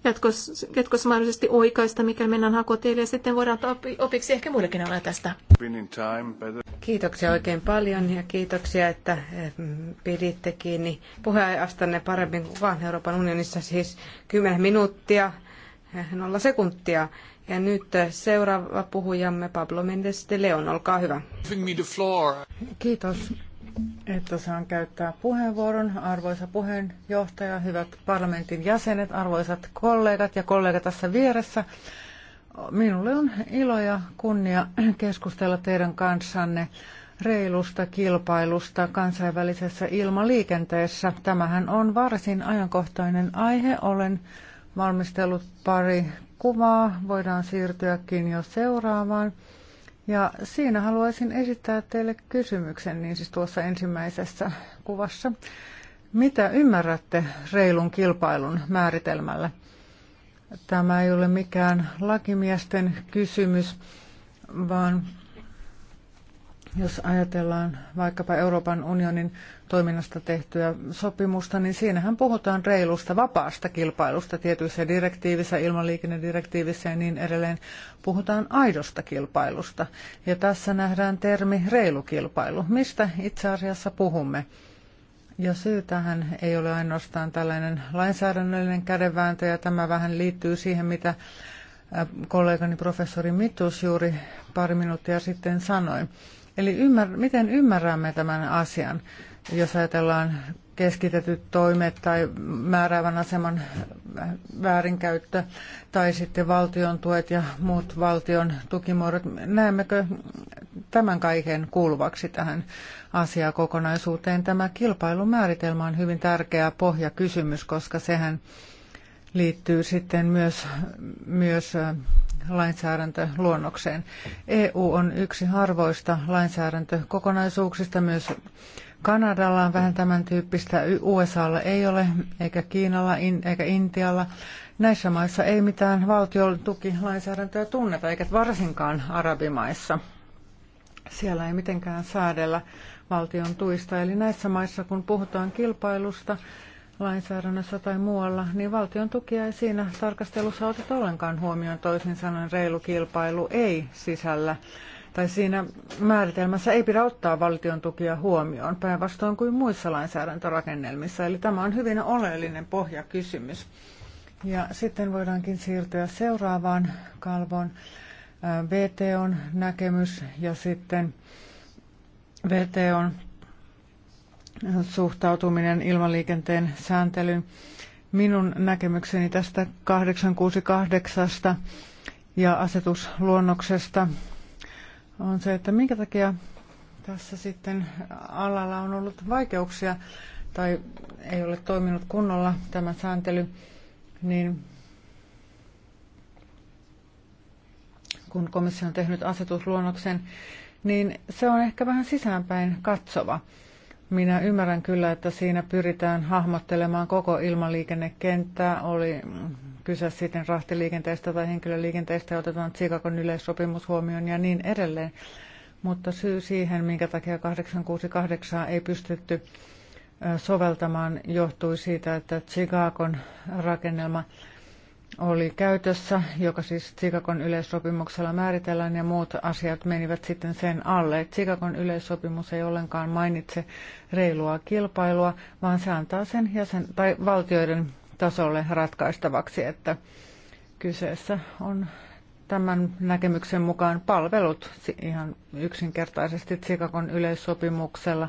jatkossa, jatkossa mahdollisesti oikaista, mikäli mennään hakoteille, ja sitten voidaan opiksi ehkä muillekin olla tästä. Kiitoksia oikein paljon, ja kiitoksia, että piditte kiinni puheenastanne paremmin kuin kukaan Euroopan unionissa, siis 10 minuuttia, 0 eh, sekuntia. Ja nyt seuraava puhujamme Pablo Mendes de Leon, olkaa hyvä. Kiitos, että saan käyttää puheenvuoron. Arvoisa puheenjohtaja, hyvät parlamentin jäsenet, arvoisat kollegat ja kollega tässä vieressä. Minulle on ilo ja kunnia keskustella teidän kanssanne reilusta kilpailusta kansainvälisessä ilmaliikenteessä. Tämähän on varsin ajankohtainen aihe. Olen valmistellut pari kuvaa. Voidaan siirtyäkin jo seuraavaan. Ja siinä haluaisin esittää teille kysymyksen, niin siis tuossa ensimmäisessä kuvassa. Mitä ymmärrätte reilun kilpailun määritelmällä? Tämä ei ole mikään lakimiesten kysymys, vaan jos ajatellaan vaikkapa Euroopan unionin toiminnasta tehtyä sopimusta, niin siinähän puhutaan reilusta vapaasta kilpailusta tietyissä direktiivissä, ilmaliikennedirektiivissä ja niin edelleen. Puhutaan aidosta kilpailusta. Ja tässä nähdään termi reilu kilpailu. Mistä itse asiassa puhumme? Ja syy tähän ei ole ainoastaan tällainen lainsäädännöllinen kädenvääntö, ja tämä vähän liittyy siihen, mitä äh, kollegani professori Mitus juuri pari minuuttia sitten sanoi. Eli ymmär, miten ymmärrämme tämän asian, jos ajatellaan keskitetyt toimet tai määräävän aseman väärinkäyttö tai sitten valtion tuet ja muut valtion tukimuodot. Näemmekö tämän kaiken kuuluvaksi tähän asiakokonaisuuteen? Tämä kilpailumääritelmä on hyvin tärkeä pohjakysymys, koska sehän liittyy sitten myös, myös lainsäädäntöluonnokseen. EU on yksi harvoista lainsäädäntökokonaisuuksista myös Kanadalla on vähän tämän tyyppistä, USAlla ei ole, eikä Kiinalla, eikä Intialla. Näissä maissa ei mitään valtion tukilainsäädäntöä tunneta, eikä varsinkaan arabimaissa. Siellä ei mitenkään säädellä valtion tuista. Eli näissä maissa, kun puhutaan kilpailusta, lainsäädännössä tai muualla, niin valtion tukia ei siinä tarkastelussa oteta ollenkaan huomioon. Toisin sanoen reilu kilpailu ei sisällä tai siinä määritelmässä ei pidä ottaa valtion tukia huomioon päinvastoin kuin muissa lainsäädäntörakennelmissa. Eli tämä on hyvin oleellinen pohjakysymys. Ja sitten voidaankin siirtyä seuraavaan kalvoon. VTOn näkemys ja sitten VTOn suhtautuminen ilmaliikenteen sääntelyyn. Minun näkemykseni tästä 868 ja asetusluonnoksesta on se, että minkä takia tässä sitten alalla on ollut vaikeuksia tai ei ole toiminut kunnolla tämä sääntely, niin kun komissio on tehnyt asetusluonnoksen, niin se on ehkä vähän sisäänpäin katsova. Minä ymmärrän kyllä, että siinä pyritään hahmottelemaan koko ilmaliikennekenttää, oli kyse sitten rahtiliikenteestä tai henkilöliikenteestä, ja otetaan Tsikakon yleissopimus huomioon ja niin edelleen. Mutta syy siihen, minkä takia 868 ei pystytty soveltamaan, johtui siitä, että Tsikakon rakennelma oli käytössä, joka siis Tsikakon yleissopimuksella määritellään ja muut asiat menivät sitten sen alle. Tsikakon yleissopimus ei ollenkaan mainitse reilua kilpailua, vaan se antaa sen jäsen, tai valtioiden tasolle ratkaistavaksi, että kyseessä on tämän näkemyksen mukaan palvelut ihan yksinkertaisesti Tsikakon yleissopimuksella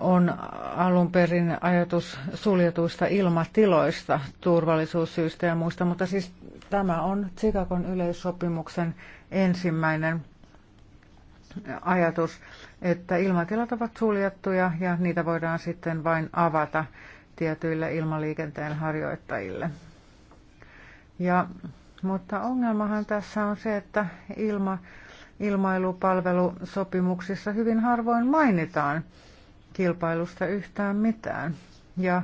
on alun perin ajatus suljetuista ilmatiloista turvallisuussyistä ja muista, mutta siis tämä on Tsikakon yleissopimuksen ensimmäinen ajatus, että ilmatilat ovat suljettuja ja niitä voidaan sitten vain avata tietyille ilmaliikenteen harjoittajille. Ja, mutta ongelmahan tässä on se, että ilma, ilmailupalvelusopimuksissa hyvin harvoin mainitaan kilpailusta yhtään mitään. Ja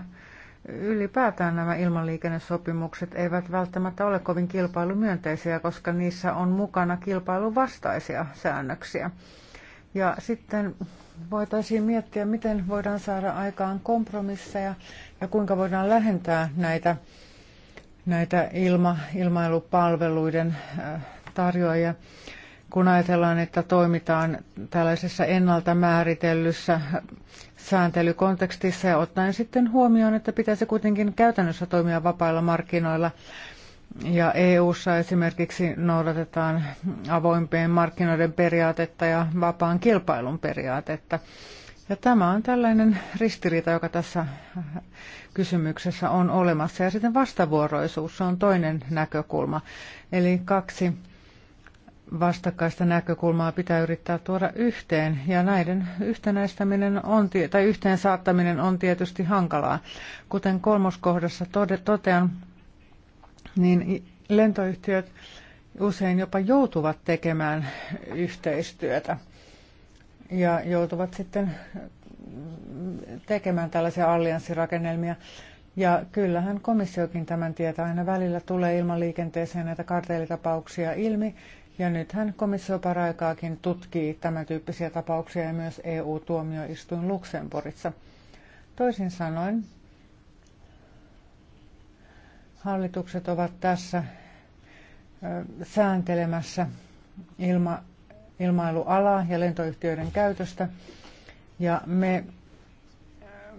ylipäätään nämä ilmaliikennesopimukset eivät välttämättä ole kovin kilpailumyönteisiä, koska niissä on mukana kilpailuvastaisia säännöksiä. Ja sitten voitaisiin miettiä, miten voidaan saada aikaan kompromisseja ja kuinka voidaan lähentää näitä, näitä ilma, ilmailupalveluiden äh, tarjoajia kun ajatellaan, että toimitaan tällaisessa ennalta määritellyssä sääntelykontekstissa ja ottaen sitten huomioon, että pitäisi kuitenkin käytännössä toimia vapailla markkinoilla. Ja EU:ssa esimerkiksi noudatetaan avoimpien markkinoiden periaatetta ja vapaan kilpailun periaatetta. Ja tämä on tällainen ristiriita, joka tässä kysymyksessä on olemassa. Ja sitten vastavuoroisuus, on toinen näkökulma. Eli kaksi vastakkaista näkökulmaa pitää yrittää tuoda yhteen, ja näiden yhtenäistäminen on, tai yhteen saattaminen on tietysti hankalaa. Kuten kolmoskohdassa totean, niin lentoyhtiöt usein jopa joutuvat tekemään yhteistyötä ja joutuvat sitten tekemään tällaisia allianssirakennelmia. Ja kyllähän komissiokin tämän tietää. Aina välillä tulee ilmaliikenteeseen näitä karteellitapauksia ilmi, ja nythän komissio paraikaakin tutkii tämän tyyppisiä tapauksia ja myös EU-tuomioistuin Luxemburgissa. Toisin sanoen, hallitukset ovat tässä sääntelemässä ilma, ilmailualaa ja lentoyhtiöiden käytöstä. Ja me,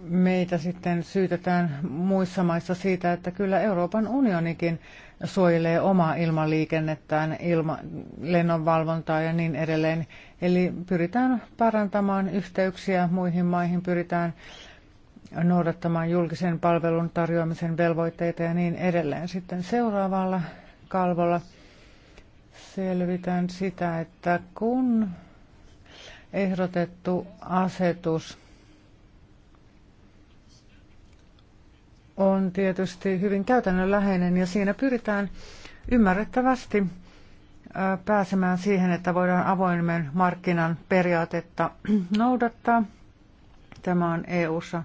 meitä sitten syytetään muissa maissa siitä, että kyllä Euroopan unionikin suojelee omaa ilmaliikennettään, ilma, lennonvalvontaa ja niin edelleen. Eli pyritään parantamaan yhteyksiä muihin maihin, pyritään noudattamaan julkisen palvelun tarjoamisen velvoitteita ja niin edelleen. Sitten seuraavalla kalvolla selvitän sitä, että kun ehdotettu asetus on tietysti hyvin käytännönläheinen ja siinä pyritään ymmärrettävästi pääsemään siihen, että voidaan avoimen markkinan periaatetta noudattaa. Tämä on EU:ssa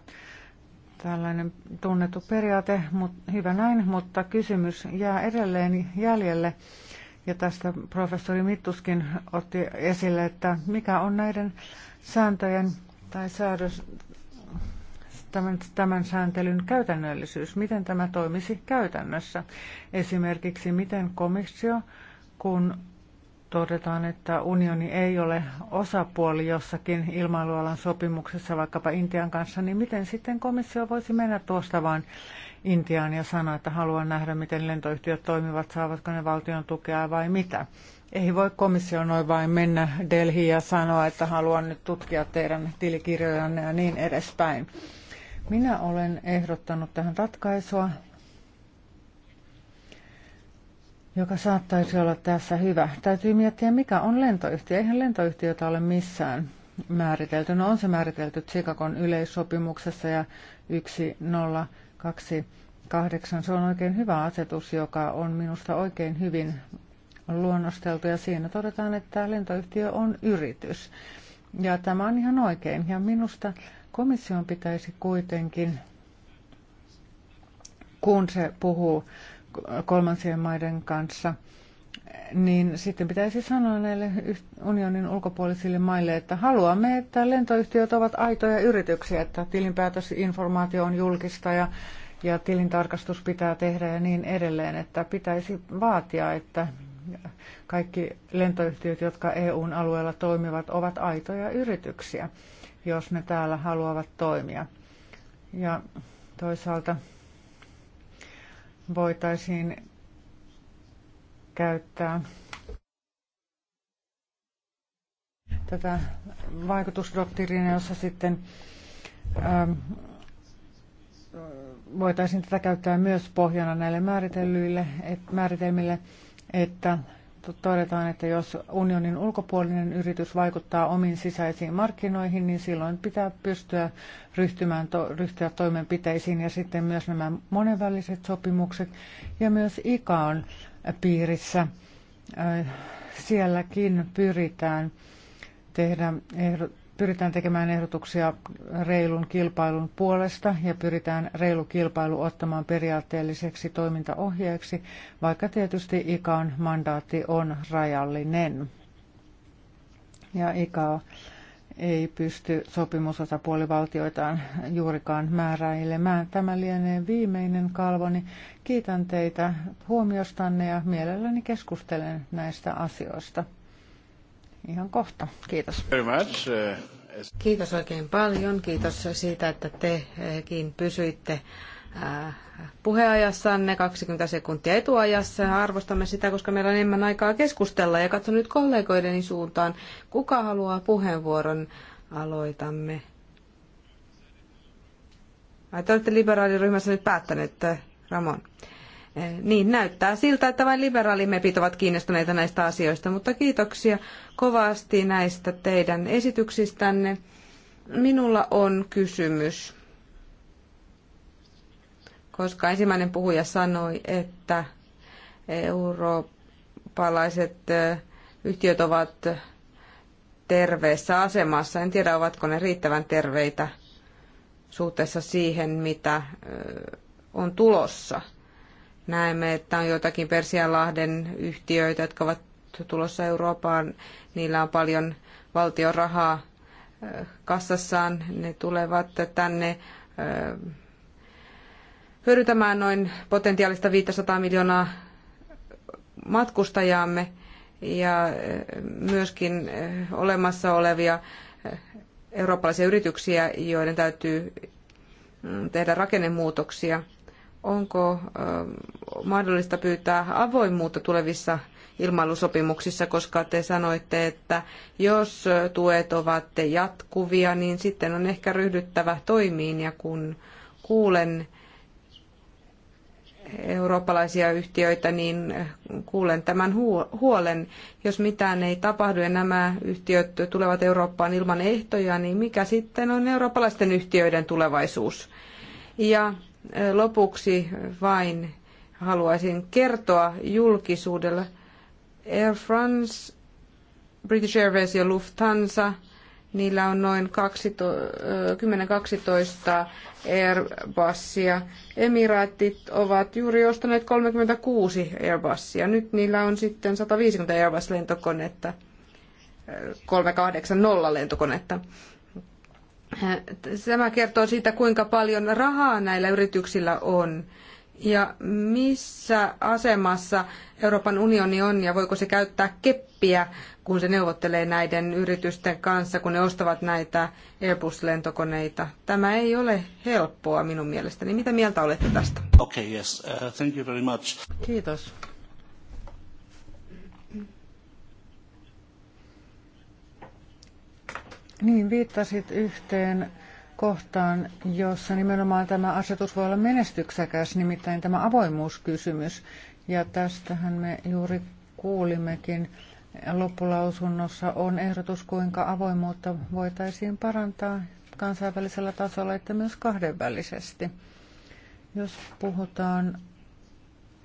tällainen tunnettu periaate, mutta hyvä näin, mutta kysymys jää edelleen jäljelle. Ja tästä professori Mittuskin otti esille, että mikä on näiden sääntöjen tai säädös, tämän, tämän sääntelyn käytännöllisyys, miten tämä toimisi käytännössä. Esimerkiksi miten komissio, kun todetaan, että unioni ei ole osapuoli jossakin ilmailualan sopimuksessa, vaikkapa Intian kanssa, niin miten sitten komissio voisi mennä tuosta vaan Intiaan ja sanoa, että haluan nähdä, miten lentoyhtiöt toimivat, saavatko ne valtion tukea vai mitä? Ei voi komissio noin vain mennä Delhiin ja sanoa, että haluan nyt tutkia teidän tilikirjojanne ja niin edespäin. Minä olen ehdottanut tähän ratkaisua, joka saattaisi olla tässä hyvä. Täytyy miettiä, mikä on lentoyhtiö. Eihän lentoyhtiötä ole missään määritelty. No on se määritelty Tsikakon yleissopimuksessa ja 1028. Se on oikein hyvä asetus, joka on minusta oikein hyvin luonnosteltu ja siinä todetaan, että lentoyhtiö on yritys. Ja tämä on ihan oikein. Ja minusta Komission pitäisi kuitenkin, kun se puhuu kolmansien maiden kanssa, niin sitten pitäisi sanoa näille unionin ulkopuolisille maille, että haluamme, että lentoyhtiöt ovat aitoja yrityksiä, että tilinpäätösinformaatio on julkista ja, ja tilintarkastus pitää tehdä ja niin edelleen, että pitäisi vaatia, että kaikki lentoyhtiöt, jotka EUn alueella toimivat, ovat aitoja yrityksiä jos ne täällä haluavat toimia. Ja toisaalta voitaisiin käyttää tätä vaikutusdoktriinia, jossa sitten ähm, voitaisiin tätä käyttää myös pohjana näille määritellyille, et, määritelmille, että todetaan, että jos unionin ulkopuolinen yritys vaikuttaa omiin sisäisiin markkinoihin, niin silloin pitää pystyä ryhtymään to, ryhtyä toimenpiteisiin ja sitten myös nämä monenväliset sopimukset ja myös ICAon piirissä. Äh, sielläkin pyritään tehdä ehdot, pyritään tekemään ehdotuksia reilun kilpailun puolesta ja pyritään reilu kilpailu ottamaan periaatteelliseksi toimintaohjeeksi, vaikka tietysti ICAon mandaatti on rajallinen. Ja ICAO ei pysty sopimusosapuolivaltioitaan juurikaan määräilemään. Tämä lienee viimeinen kalvoni. Kiitän teitä huomiostanne ja mielelläni keskustelen näistä asioista ihan kohta. Kiitos. Very much. Eh, Kiitos oikein paljon. Kiitos siitä, että tekin pysyitte eh, puheajassanne 20 sekuntia etuajassa. Arvostamme sitä, koska meillä on enemmän aikaa keskustella. Ja katson nyt kollegoideni suuntaan. Kuka haluaa puheenvuoron? Aloitamme. Ai, te olette liberaaliryhmässä nyt päättäneet, eh, Ramon. Eh, niin, näyttää siltä, että vain liberaalimepit ovat kiinnostuneita näistä asioista, mutta kiitoksia kovasti näistä teidän esityksistänne. Minulla on kysymys, koska ensimmäinen puhuja sanoi, että eurooppalaiset eh, yhtiöt ovat terveessä asemassa. En tiedä, ovatko ne riittävän terveitä suhteessa siihen, mitä eh, on tulossa – Näemme, että on joitakin Persianlahden yhtiöitä, jotka ovat tulossa Eurooppaan. Niillä on paljon valtion rahaa kassassaan. Ne tulevat tänne hyödyntämään noin potentiaalista 500 miljoonaa matkustajaamme ja myöskin olemassa olevia eurooppalaisia yrityksiä, joiden täytyy mm, tehdä rakennemuutoksia onko mahdollista pyytää avoimuutta tulevissa ilmailusopimuksissa, koska te sanoitte, että jos tuet ovat jatkuvia, niin sitten on ehkä ryhdyttävä toimiin. Ja kun kuulen eurooppalaisia yhtiöitä, niin kuulen tämän huolen. Jos mitään ei tapahdu ja nämä yhtiöt tulevat Eurooppaan ilman ehtoja, niin mikä sitten on eurooppalaisten yhtiöiden tulevaisuus? Ja lopuksi vain haluaisin kertoa julkisuudelle Air France, British Airways ja Lufthansa. Niillä on noin 10-12 Airbusia. Emiraatit ovat juuri ostaneet 36 Airbusia. Nyt niillä on sitten 150 Airbus-lentokonetta, 380 lentokonetta. Tämä kertoo siitä, kuinka paljon rahaa näillä yrityksillä on ja missä asemassa Euroopan unioni on ja voiko se käyttää keppiä, kun se neuvottelee näiden yritysten kanssa, kun ne ostavat näitä Airbus-lentokoneita. Tämä ei ole helppoa minun mielestäni. Mitä mieltä olette tästä? Okay, yes. Uh, thank you very much. Kiitos. Niin, viittasit yhteen kohtaan, jossa nimenomaan tämä asetus voi olla menestyksekäs, nimittäin tämä avoimuuskysymys. Ja tästähän me juuri kuulimmekin loppulausunnossa on ehdotus, kuinka avoimuutta voitaisiin parantaa kansainvälisellä tasolla että myös kahdenvälisesti. Jos puhutaan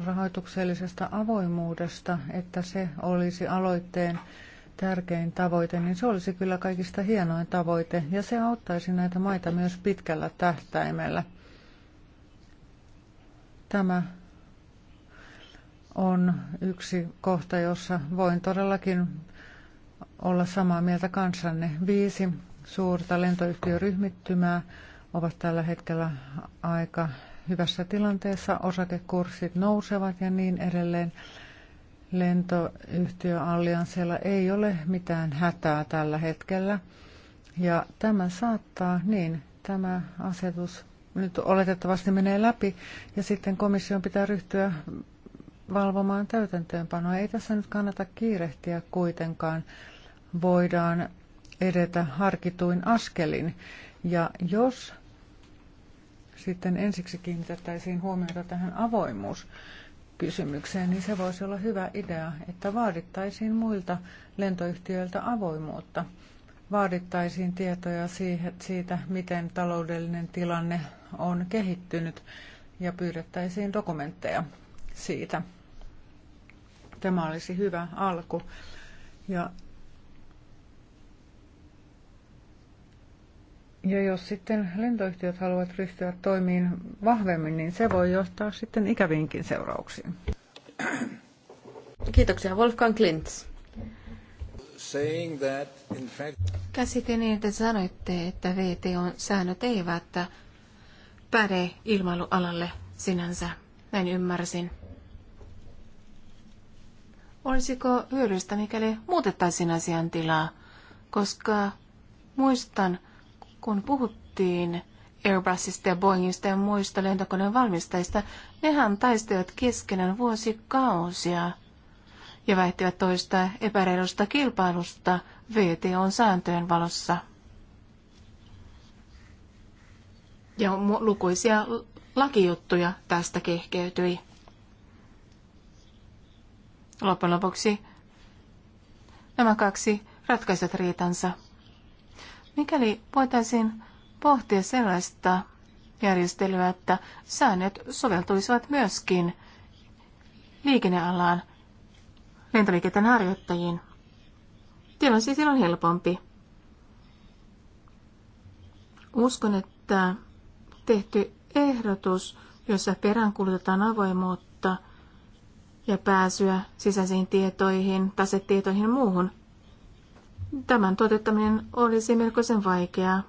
rahoituksellisesta avoimuudesta, että se olisi aloitteen tärkein tavoite, niin se olisi kyllä kaikista hienoin tavoite ja se auttaisi näitä maita myös pitkällä tähtäimellä. Tämä on yksi kohta, jossa voin todellakin olla samaa mieltä kanssanne. Viisi suurta lentoyhtiöryhmittymää ovat tällä hetkellä aika hyvässä tilanteessa, osakekurssit nousevat ja niin edelleen. Lentoyhtiö Allianssilla ei ole mitään hätää tällä hetkellä. Ja tämä saattaa, niin tämä asetus nyt oletettavasti menee läpi ja sitten komission pitää ryhtyä valvomaan täytäntöönpanoa. Ei tässä nyt kannata kiirehtiä kuitenkaan. Voidaan edetä harkituin askelin. Ja jos sitten ensiksi kiinnitettäisiin huomiota tähän avoimuus kysymykseen, niin se voisi olla hyvä idea, että vaadittaisiin muilta lentoyhtiöiltä avoimuutta. Vaadittaisiin tietoja siitä, miten taloudellinen tilanne on kehittynyt ja pyydettäisiin dokumentteja siitä. Tämä olisi hyvä alku. Ja Ja jos sitten lentoyhtiöt haluavat ryhtyä toimiin vahvemmin, niin se voi johtaa sitten ikäviinkin seurauksiin. Kiitoksia. Wolfgang Klintz. Käsitin niin, että sanoitte, että VTOn säännöt eivät päde ilmailualalle sinänsä. Näin ymmärsin. Olisiko hyödyllistä, mikäli muutettaisiin asiantilaa? Koska muistan, kun puhuttiin Airbusista ja Boeingista ja muista lentokoneen valmistajista, nehän taistelivat keskenään vuosikausia ja väittivät toista epäreilusta kilpailusta VTOn sääntöjen valossa. Ja lukuisia lakijuttuja tästä kehkeytyi. Loppujen lopuksi nämä kaksi ratkaisivat riitansa. Mikäli voitaisiin pohtia sellaista järjestelyä, että säännöt soveltuisivat myöskin liikennealaan lentoliikenteen harjoittajiin. Tilanne siis on helpompi. Uskon, että tehty ehdotus, jossa peräänkulutetaan avoimuutta ja pääsyä sisäisiin tietoihin, tasetietoihin ja muuhun, Tämän toteuttaminen olisi melkoisen vaikeaa.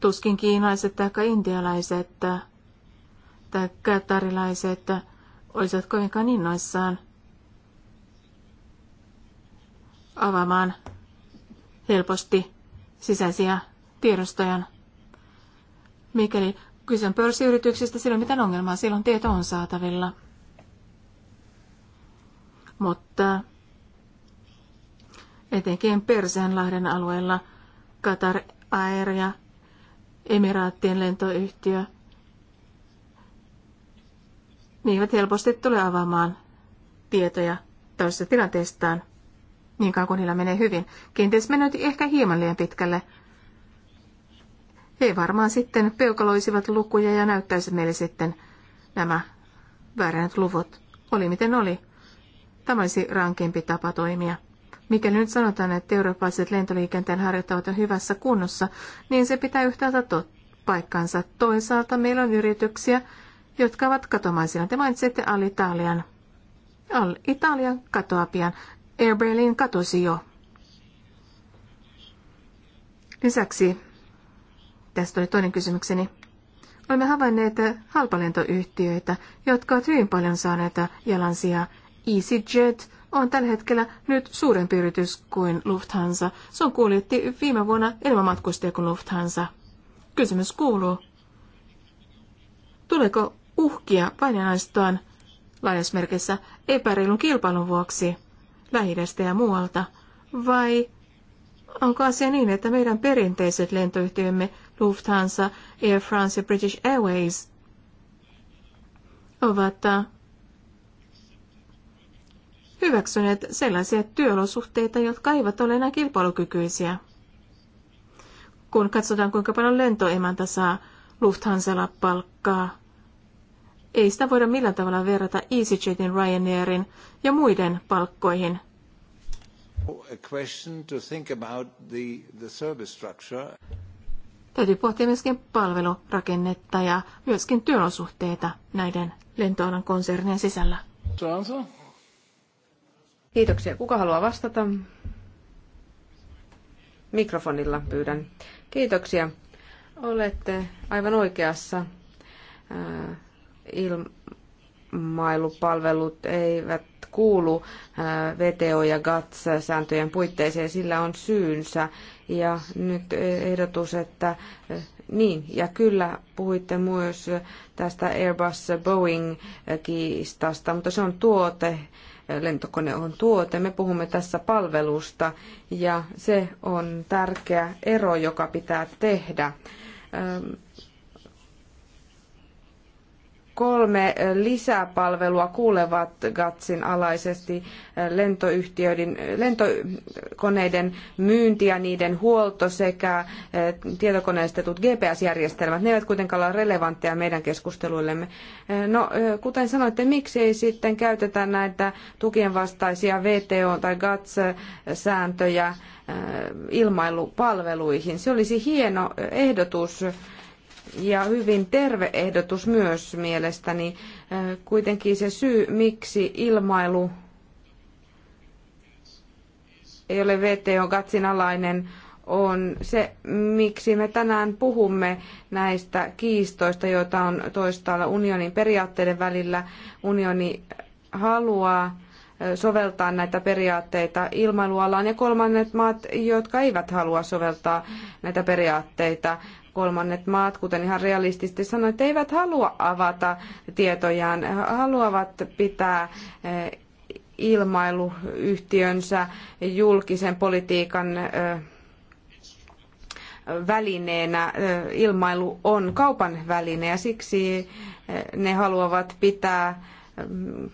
Tuskin kiinalaiset tai intialaiset tai katarilaiset olisivat kovinkaan innoissaan avaamaan helposti sisäisiä tiedostojan. Mikäli kyse on pörssiyrityksistä, silloin mitään ongelmaa, silloin tieto on saatavilla mutta etenkin Persianlahden alueella Qatar Air ja Emiraattien lentoyhtiö ne eivät helposti tule avaamaan tietoja toisesta tilanteestaan niin kauan kuin niillä menee hyvin. Kenties mennyt ehkä hieman liian pitkälle. He varmaan sitten peukaloisivat lukuja ja näyttäisivät meille sitten nämä väärät luvut. Oli miten oli. Tämä olisi rankempi tapa toimia. Mikäli nyt sanotaan, että eurooppalaiset lentoliikenteen harjoittavat on hyvässä kunnossa, niin se pitää yhtäältä tot- paikkansa. Toisaalta meillä on yrityksiä, jotka ovat katomaisina. Te mainitsette Al-Italian. Al-Italian katoa pian. Air Berlin katosi jo. Lisäksi, tästä oli toinen kysymykseni, olemme havainneet halpalentoyhtiöitä, jotka ovat hyvin paljon saaneet jalansijaa EasyJet on tällä hetkellä nyt suurempi yritys kuin Lufthansa. Se on kuljetti viime vuonna enemmän matkustajia kuin Lufthansa. Kysymys kuuluu, tuleeko uhkia vain ja ainoastaan lainausmerkissä epäreilun kilpailun vuoksi lähi ja muualta, vai onko asia niin, että meidän perinteiset lentoyhtiömme Lufthansa, Air France ja British Airways ovat äh, hyväksyneet sellaisia työolosuhteita, jotka eivät ole enää kilpailukykyisiä. Kun katsotaan, kuinka paljon lentoemäntä saa Lufthansalla palkkaa, ei sitä voida millään tavalla verrata EasyJetin, Ryanairin ja muiden palkkoihin. The, the Täytyy pohtia myöskin palvelurakennetta ja myöskin työolosuhteita näiden lentoalan konsernien sisällä. Johnson? Kiitoksia. Kuka haluaa vastata? Mikrofonilla pyydän. Kiitoksia. Olette aivan oikeassa. Äh, ilmailupalvelut eivät kuulu äh, VTO- ja GATS-sääntöjen puitteeseen. Sillä on syynsä. Ja nyt ehdotus, että äh, niin, ja kyllä puhuitte myös tästä Airbus-Boeing-kiistasta, mutta se on tuote, lentokone on tuote. Me puhumme tässä palvelusta ja se on tärkeä ero, joka pitää tehdä kolme lisäpalvelua kuulevat GATSin alaisesti eh, lentoyhtiöiden, lentokoneiden myynti ja niiden huolto sekä eh, tietokoneistetut GPS-järjestelmät. Ne eivät kuitenkaan ole relevantteja meidän keskusteluillemme. Eh, no, kuten sanoitte, miksi ei sitten käytetä näitä tukien vastaisia VTO- tai GATS-sääntöjä ilmailupalveluihin? Se olisi hieno ehdotus ja hyvin terve ehdotus myös mielestäni. Äh, kuitenkin se syy, miksi ilmailu ei ole VTO Gatsin alainen, on se, miksi me tänään puhumme näistä kiistoista, joita on toistaalla unionin periaatteiden välillä. Unioni haluaa äh, soveltaa näitä periaatteita ilmailualaan ja kolmannet maat, jotka eivät halua soveltaa näitä periaatteita kolmannet maat, kuten ihan realistisesti sanoit, eivät halua avata tietojaan, haluavat pitää eh, ilmailuyhtiönsä julkisen politiikan eh, välineenä. Eh, ilmailu on kaupan väline ja siksi ne haluavat pitää mm,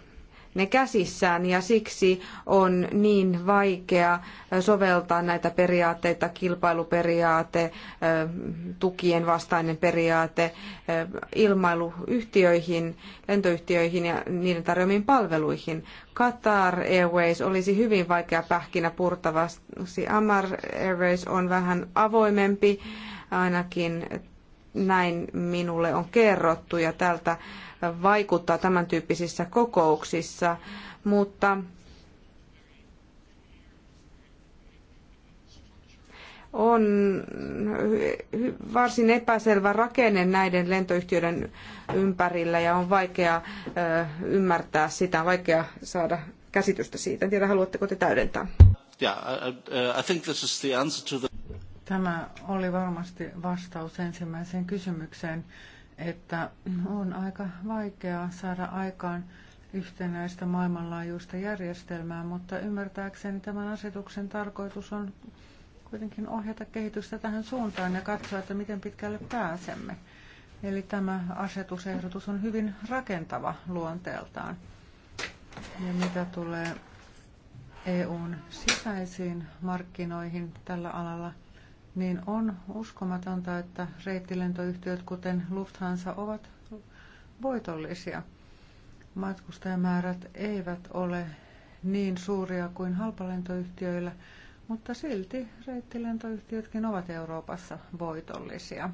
ne käsissään ja siksi on niin vaikea soveltaa näitä periaatteita, kilpailuperiaate, tukien vastainen periaate ilmailuyhtiöihin, lentoyhtiöihin ja niiden tarjoamiin palveluihin. Qatar Airways olisi hyvin vaikea pähkinä purtavasti. Amar Airways on vähän avoimempi, ainakin näin minulle on kerrottu ja tältä vaikuttaa tämän tyyppisissä kokouksissa, mutta on varsin epäselvä rakenne näiden lentoyhtiöiden ympärillä ja on vaikea ymmärtää sitä, on vaikea saada käsitystä siitä. En tiedä, haluatteko te täydentää? Tämä oli varmasti vastaus ensimmäiseen kysymykseen että on aika vaikeaa saada aikaan yhtenäistä maailmanlaajuista järjestelmää, mutta ymmärtääkseni tämän asetuksen tarkoitus on kuitenkin ohjata kehitystä tähän suuntaan ja katsoa, että miten pitkälle pääsemme. Eli tämä asetusehdotus on hyvin rakentava luonteeltaan. Ja mitä tulee EUn sisäisiin markkinoihin tällä alalla – niin on uskomatonta, että reittilentoyhtiöt kuten Lufthansa ovat voitollisia. Matkustajamäärät eivät ole niin suuria kuin halpalentoyhtiöillä, mutta silti reittilentoyhtiötkin ovat Euroopassa voitollisia.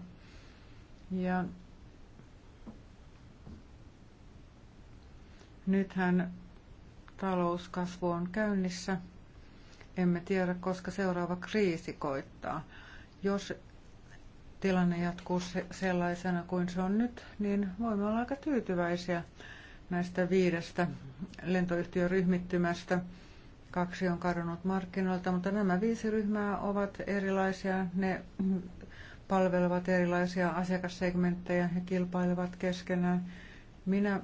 Ja nythän talouskasvu on käynnissä. Emme tiedä, koska seuraava kriisi koittaa. Jos tilanne jatkuu sellaisena kuin se on nyt, niin voimme olla aika tyytyväisiä näistä viidestä lentoyhtiöryhmittymästä. Kaksi on kadonnut markkinoilta, mutta nämä viisi ryhmää ovat erilaisia. Ne palvelevat erilaisia asiakassegmenttejä ja kilpailevat keskenään. Minä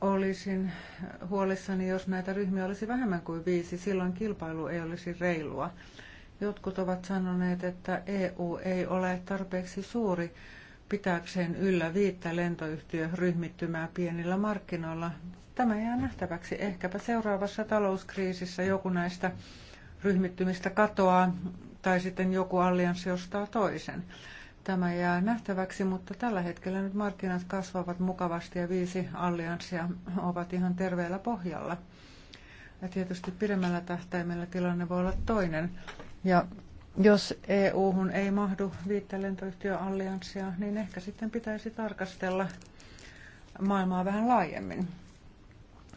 olisin huolissani, jos näitä ryhmiä olisi vähemmän kuin viisi. Silloin kilpailu ei olisi reilua. Jotkut ovat sanoneet, että EU ei ole tarpeeksi suuri pitääkseen yllä viittä lentoyhtiöryhmittymää pienillä markkinoilla. Tämä jää nähtäväksi. Ehkäpä seuraavassa talouskriisissä joku näistä ryhmittymistä katoaa tai sitten joku allianssi ostaa toisen. Tämä jää nähtäväksi, mutta tällä hetkellä nyt markkinat kasvavat mukavasti ja viisi allianssia ovat ihan terveellä pohjalla. Ja tietysti pidemmällä tähtäimellä tilanne voi olla toinen. Ja jos EU-hun ei mahdu viittä allianssia, niin ehkä sitten pitäisi tarkastella maailmaa vähän laajemmin.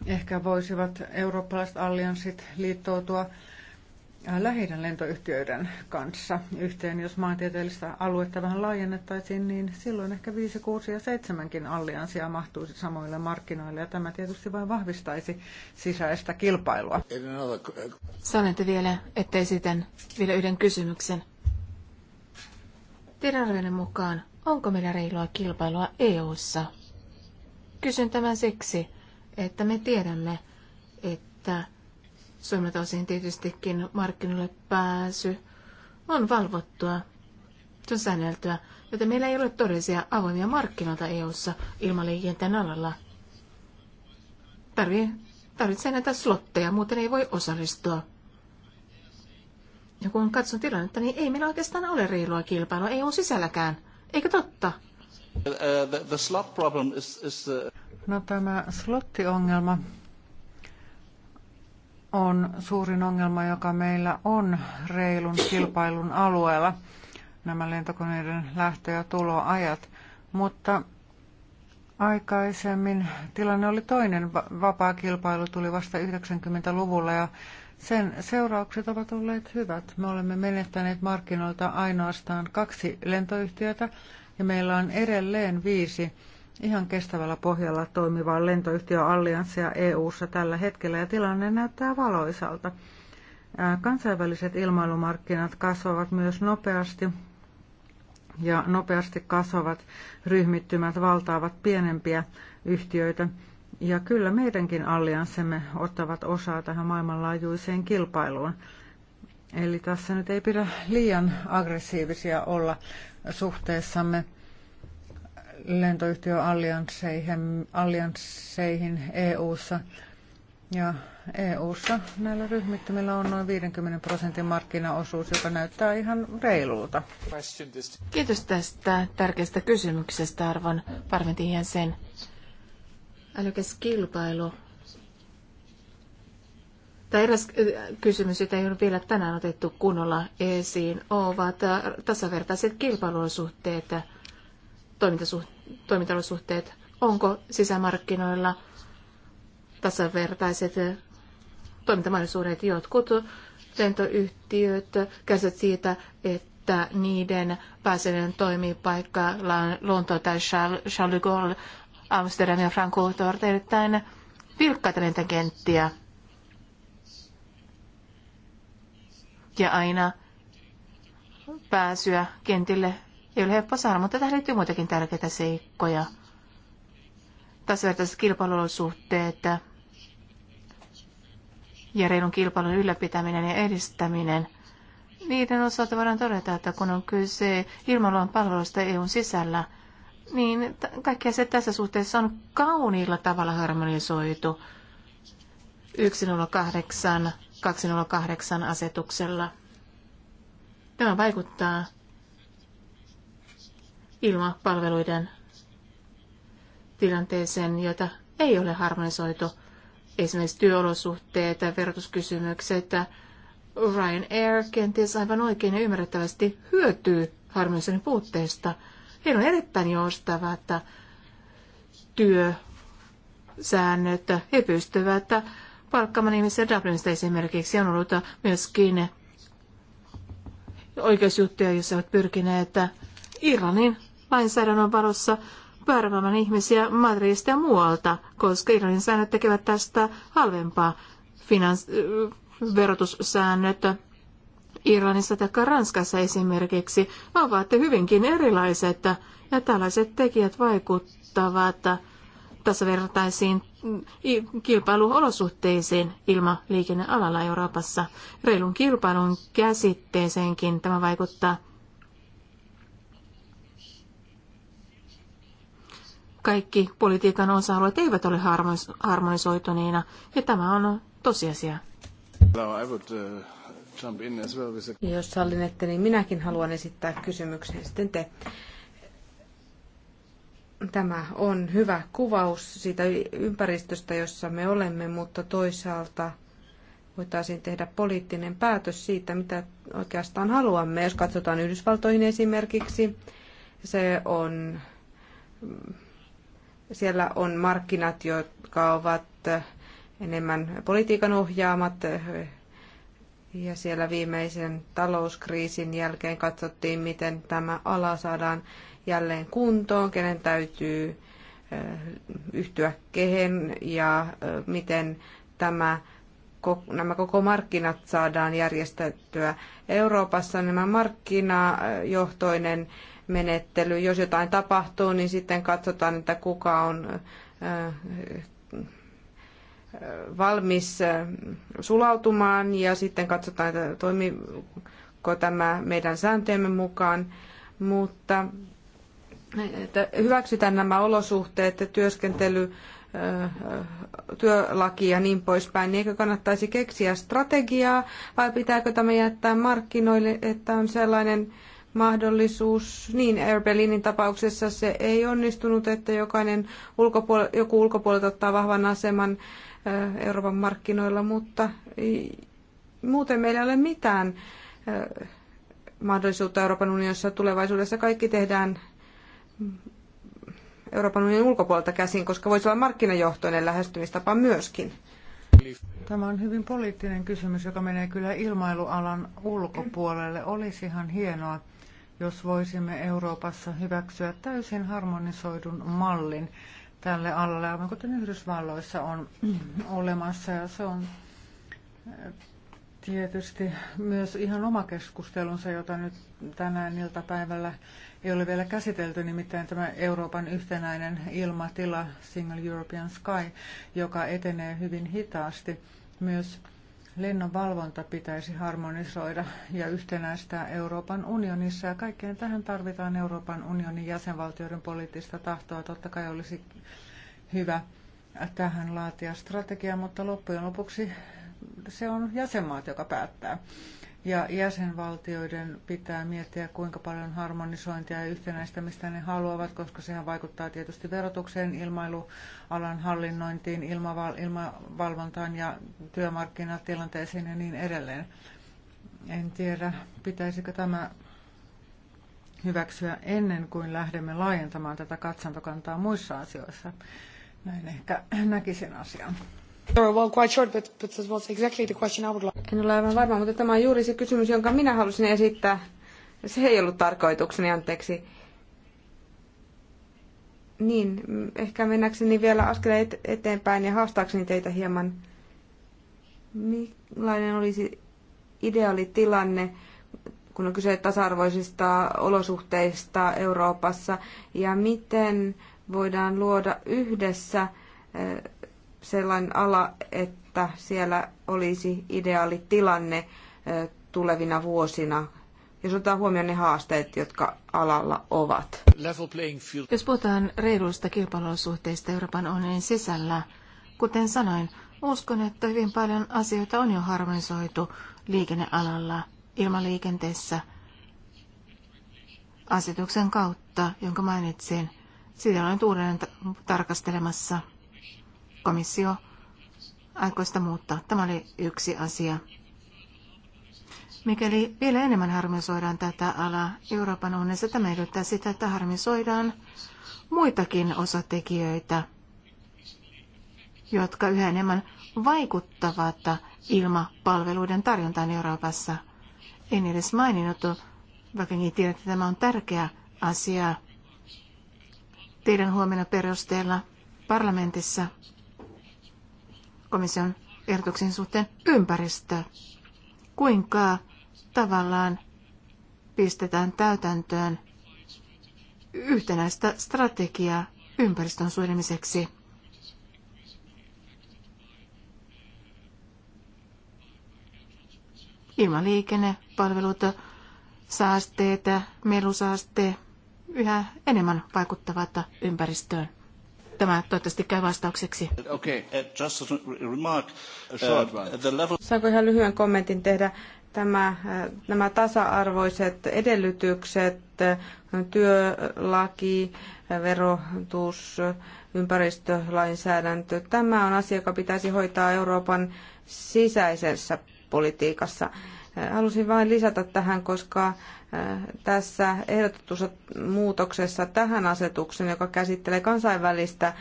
Ehkä voisivat eurooppalaiset allianssit liittoutua Äh, lähi lentoyhtiöiden kanssa yhteen. Jos maantieteellistä aluetta vähän laajennettaisiin, niin silloin ehkä 5, 6 ja 7 allianssia mahtuisi samoille markkinoille, ja tämä tietysti vain vahvistaisi sisäistä kilpailua. Sanette vielä, että esitän vielä yhden kysymyksen. Tiedonarvioiden mukaan, onko meillä reilua kilpailua EU:ssa? Kysyn tämän siksi, että me tiedämme, että suomalaisilta osin tietystikin markkinoille pääsy on valvottua, se on säänneltyä, joten meillä ei ole todellisia avoimia markkinoita EU-ssa ilmaliikenteen alalla. Tarvii, tarvitsee näitä slotteja, muuten ei voi osallistua. Ja kun katson tilannetta, niin ei meillä oikeastaan ole reilua kilpailua EUn sisälläkään. Eikö totta? Uh, no tämä slottiongelma on suurin ongelma, joka meillä on reilun kilpailun alueella, nämä lentokoneiden lähtö- ja tuloajat. Mutta aikaisemmin tilanne oli toinen. Vapaa kilpailu tuli vasta 90-luvulla ja sen seuraukset ovat olleet hyvät. Me olemme menettäneet markkinoilta ainoastaan kaksi lentoyhtiötä ja meillä on edelleen viisi ihan kestävällä pohjalla toimivaa lentoyhtiöallianssia EU-ssa tällä hetkellä ja tilanne näyttää valoisalta. Kansainväliset ilmailumarkkinat kasvavat myös nopeasti ja nopeasti kasvavat ryhmittymät valtaavat pienempiä yhtiöitä. Ja kyllä meidänkin allianssemme ottavat osaa tähän maailmanlaajuiseen kilpailuun. Eli tässä nyt ei pidä liian aggressiivisia olla suhteessamme lentoyhtiöalliansseihin alliansseihin EU-ssa. Ja EU-ssa näillä ryhmittymillä on noin 50 prosentin markkinaosuus, joka näyttää ihan reilulta. Kiitos tästä tärkeästä kysymyksestä, arvon parlamentin sen. Älykäs kilpailu. Tai eräs kysymys, jota ei ole vielä tänään otettu kunnolla esiin, ovat äh, tasavertaiset kilpailuolosuhteet – toimintasuhteet? Onko sisämarkkinoilla tasavertaiset toimintamahdollisuudet? Jotkut lentoyhtiöt käsivät siitä, että niiden pääseminen toimipaikka Lonto tai Charles de Gaulle, Amsterdam ja Frankfurt ovat erittäin vilkkaita lentokenttiä. Ja aina pääsyä kentille ei ole helppo saada, mutta tähän liittyy muitakin tärkeitä seikkoja. Tasavertaiset kilpailuolosuhteet ja reilun kilpailun ylläpitäminen ja edistäminen. Niiden osalta voidaan todeta, että kun on kyse ilmailualan palveluista EUn sisällä, niin kaikki se tässä suhteessa on kauniilla tavalla harmonisoitu 108-208 asetuksella. Tämä vaikuttaa ilmapalveluiden tilanteeseen, jota ei ole harmonisoitu. Esimerkiksi työolosuhteet, verotuskysymykset, Ryanair kenties aivan oikein ja ymmärrettävästi hyötyy harmonisoinnin puutteesta. Heillä on erittäin että työsäännöt. He pystyvät palkkaamaan ihmisiä Dublinista esimerkiksi. On ollut myöskin oikeusjuttuja, joissa ovat pyrkineet Irlannin lainsäädännön valossa värvämään ihmisiä Madridista ja muualta, koska Irlannin säännöt tekevät tästä halvempaa. Finans- äh, verotussäännöt Irlannissa tai Ranskassa esimerkiksi ovat hyvinkin erilaiset ja tällaiset tekijät vaikuttavat tässä mm, kilpailuolosuhteisiin ilmaliikennealalla Euroopassa. Reilun kilpailun käsitteeseenkin tämä vaikuttaa kaikki politiikan osa-alueet eivät ole harmonisoituneina, ja tämä on tosiasia. Uh, Jos sallinette, niin minäkin haluan esittää kysymyksen sitten te. Tämä on hyvä kuvaus siitä ympäristöstä, jossa me olemme, mutta toisaalta voitaisiin tehdä poliittinen päätös siitä, mitä oikeastaan haluamme. Jos katsotaan Yhdysvaltoihin esimerkiksi, se on siellä on markkinat, jotka ovat enemmän politiikan ohjaamat, ja siellä viimeisen talouskriisin jälkeen katsottiin, miten tämä ala saadaan jälleen kuntoon, kenen täytyy yhtyä kehen ja miten tämä, nämä koko markkinat saadaan järjestettyä. Euroopassa nämä markkinajohtoinen menettely. Jos jotain tapahtuu, niin sitten katsotaan, että kuka on äh, valmis äh, sulautumaan ja sitten katsotaan, että toimiko tämä meidän sääntöjemme mukaan. Mutta että hyväksytään nämä olosuhteet, työskentely, äh, työlaki ja niin poispäin, niin eikö kannattaisi keksiä strategiaa vai pitääkö tämä jättää markkinoille, että on sellainen mahdollisuus. Niin, Air Berlinin tapauksessa se ei onnistunut, että jokainen ulkopuol- joku ulkopuolelta ottaa vahvan aseman eh, Euroopan markkinoilla, mutta muuten meillä ei ole mitään eh, mahdollisuutta Euroopan unionissa tulevaisuudessa. Kaikki tehdään mm, Euroopan unionin ulkopuolelta käsin, koska voisi olla markkinajohtoinen lähestymistapa myöskin. Tämä on hyvin poliittinen kysymys, joka menee kyllä ilmailualan ulkopuolelle. Olisi ihan hienoa, jos voisimme Euroopassa hyväksyä täysin harmonisoidun mallin tälle alalle, aivan kuten Yhdysvalloissa on olemassa. Ja se on eh, tietysti myös ihan oma keskustelunsa, jota nyt tänään iltapäivällä ei ole vielä käsitelty, nimittäin tämä Euroopan yhtenäinen ilmatila, Single European Sky, joka etenee hyvin hitaasti. Myös valvonta pitäisi harmonisoida ja yhtenäistää Euroopan unionissa. Ja kaikkeen tähän tarvitaan Euroopan unionin jäsenvaltioiden poliittista tahtoa. Totta kai olisi hyvä tähän laatia strategia, mutta loppujen lopuksi se on jäsenmaat, joka päättää. Ja jäsenvaltioiden pitää miettiä, kuinka paljon harmonisointia ja yhtenäistämistä ne haluavat, koska sehän vaikuttaa tietysti verotukseen, ilmailualan hallinnointiin, ilmaval- ilmavalvontaan ja työmarkkinatilanteeseen ja niin edelleen. En tiedä, pitäisikö tämä hyväksyä ennen kuin lähdemme laajentamaan tätä katsantokantaa muissa asioissa. Näin ehkä näkisin asian. En ole aivan varma, mutta tämä on juuri se kysymys, jonka minä halusin esittää. Se ei ollut tarkoitukseni, anteeksi. Niin, ehkä mennäkseni vielä askeleen eteenpäin ja haastaakseni teitä hieman. Millainen olisi tilanne, kun on kyse tasa-arvoisista olosuhteista Euroopassa, ja miten voidaan luoda yhdessä eh, sellainen ala, että siellä olisi ideaali tilanne tulevina vuosina, jos otetaan huomioon ne haasteet, jotka alalla ovat. Jos puhutaan reiluista kilpailusuhteista Euroopan unionin sisällä, kuten sanoin, uskon, että hyvin paljon asioita on jo harmonisoitu liikennealalla, ilmaliikenteessä, asetuksen kautta, jonka mainitsin. Sitä olen uudelleen tarkastelemassa komissio aikoo sitä muuttaa. Tämä oli yksi asia. Mikäli vielä enemmän harmisoidaan tätä alaa Euroopan unessa, tämä edellyttää sitä, että harmisoidaan muitakin osatekijöitä, jotka yhä enemmän vaikuttavat ilmapalveluiden tarjontaan Euroopassa. En edes maininnut, niin tiedän, että tämä on tärkeä asia teidän huomenna perusteella parlamentissa komission ehdotuksen suhteen ympäristö. Kuinka tavallaan pistetään täytäntöön yhtenäistä strategiaa ympäristön suojelemiseksi. Ilmaliikenne, palvelut, saasteet, melusaaste yhä enemmän vaikuttavat ympäristöön. Tämä toivottavasti käy vastaukseksi. Okay, uh, just a remark, uh, the level... Saanko ihan lyhyen kommentin tehdä? Tämä, uh, nämä tasa-arvoiset edellytykset, työlaki, verotus, ympäristölainsäädäntö, tämä on asia, joka pitäisi hoitaa Euroopan sisäisessä politiikassa. Halusin vain lisätä tähän, koska tässä ehdotetussa muutoksessa tähän asetukseen, joka käsittelee kansainvälistä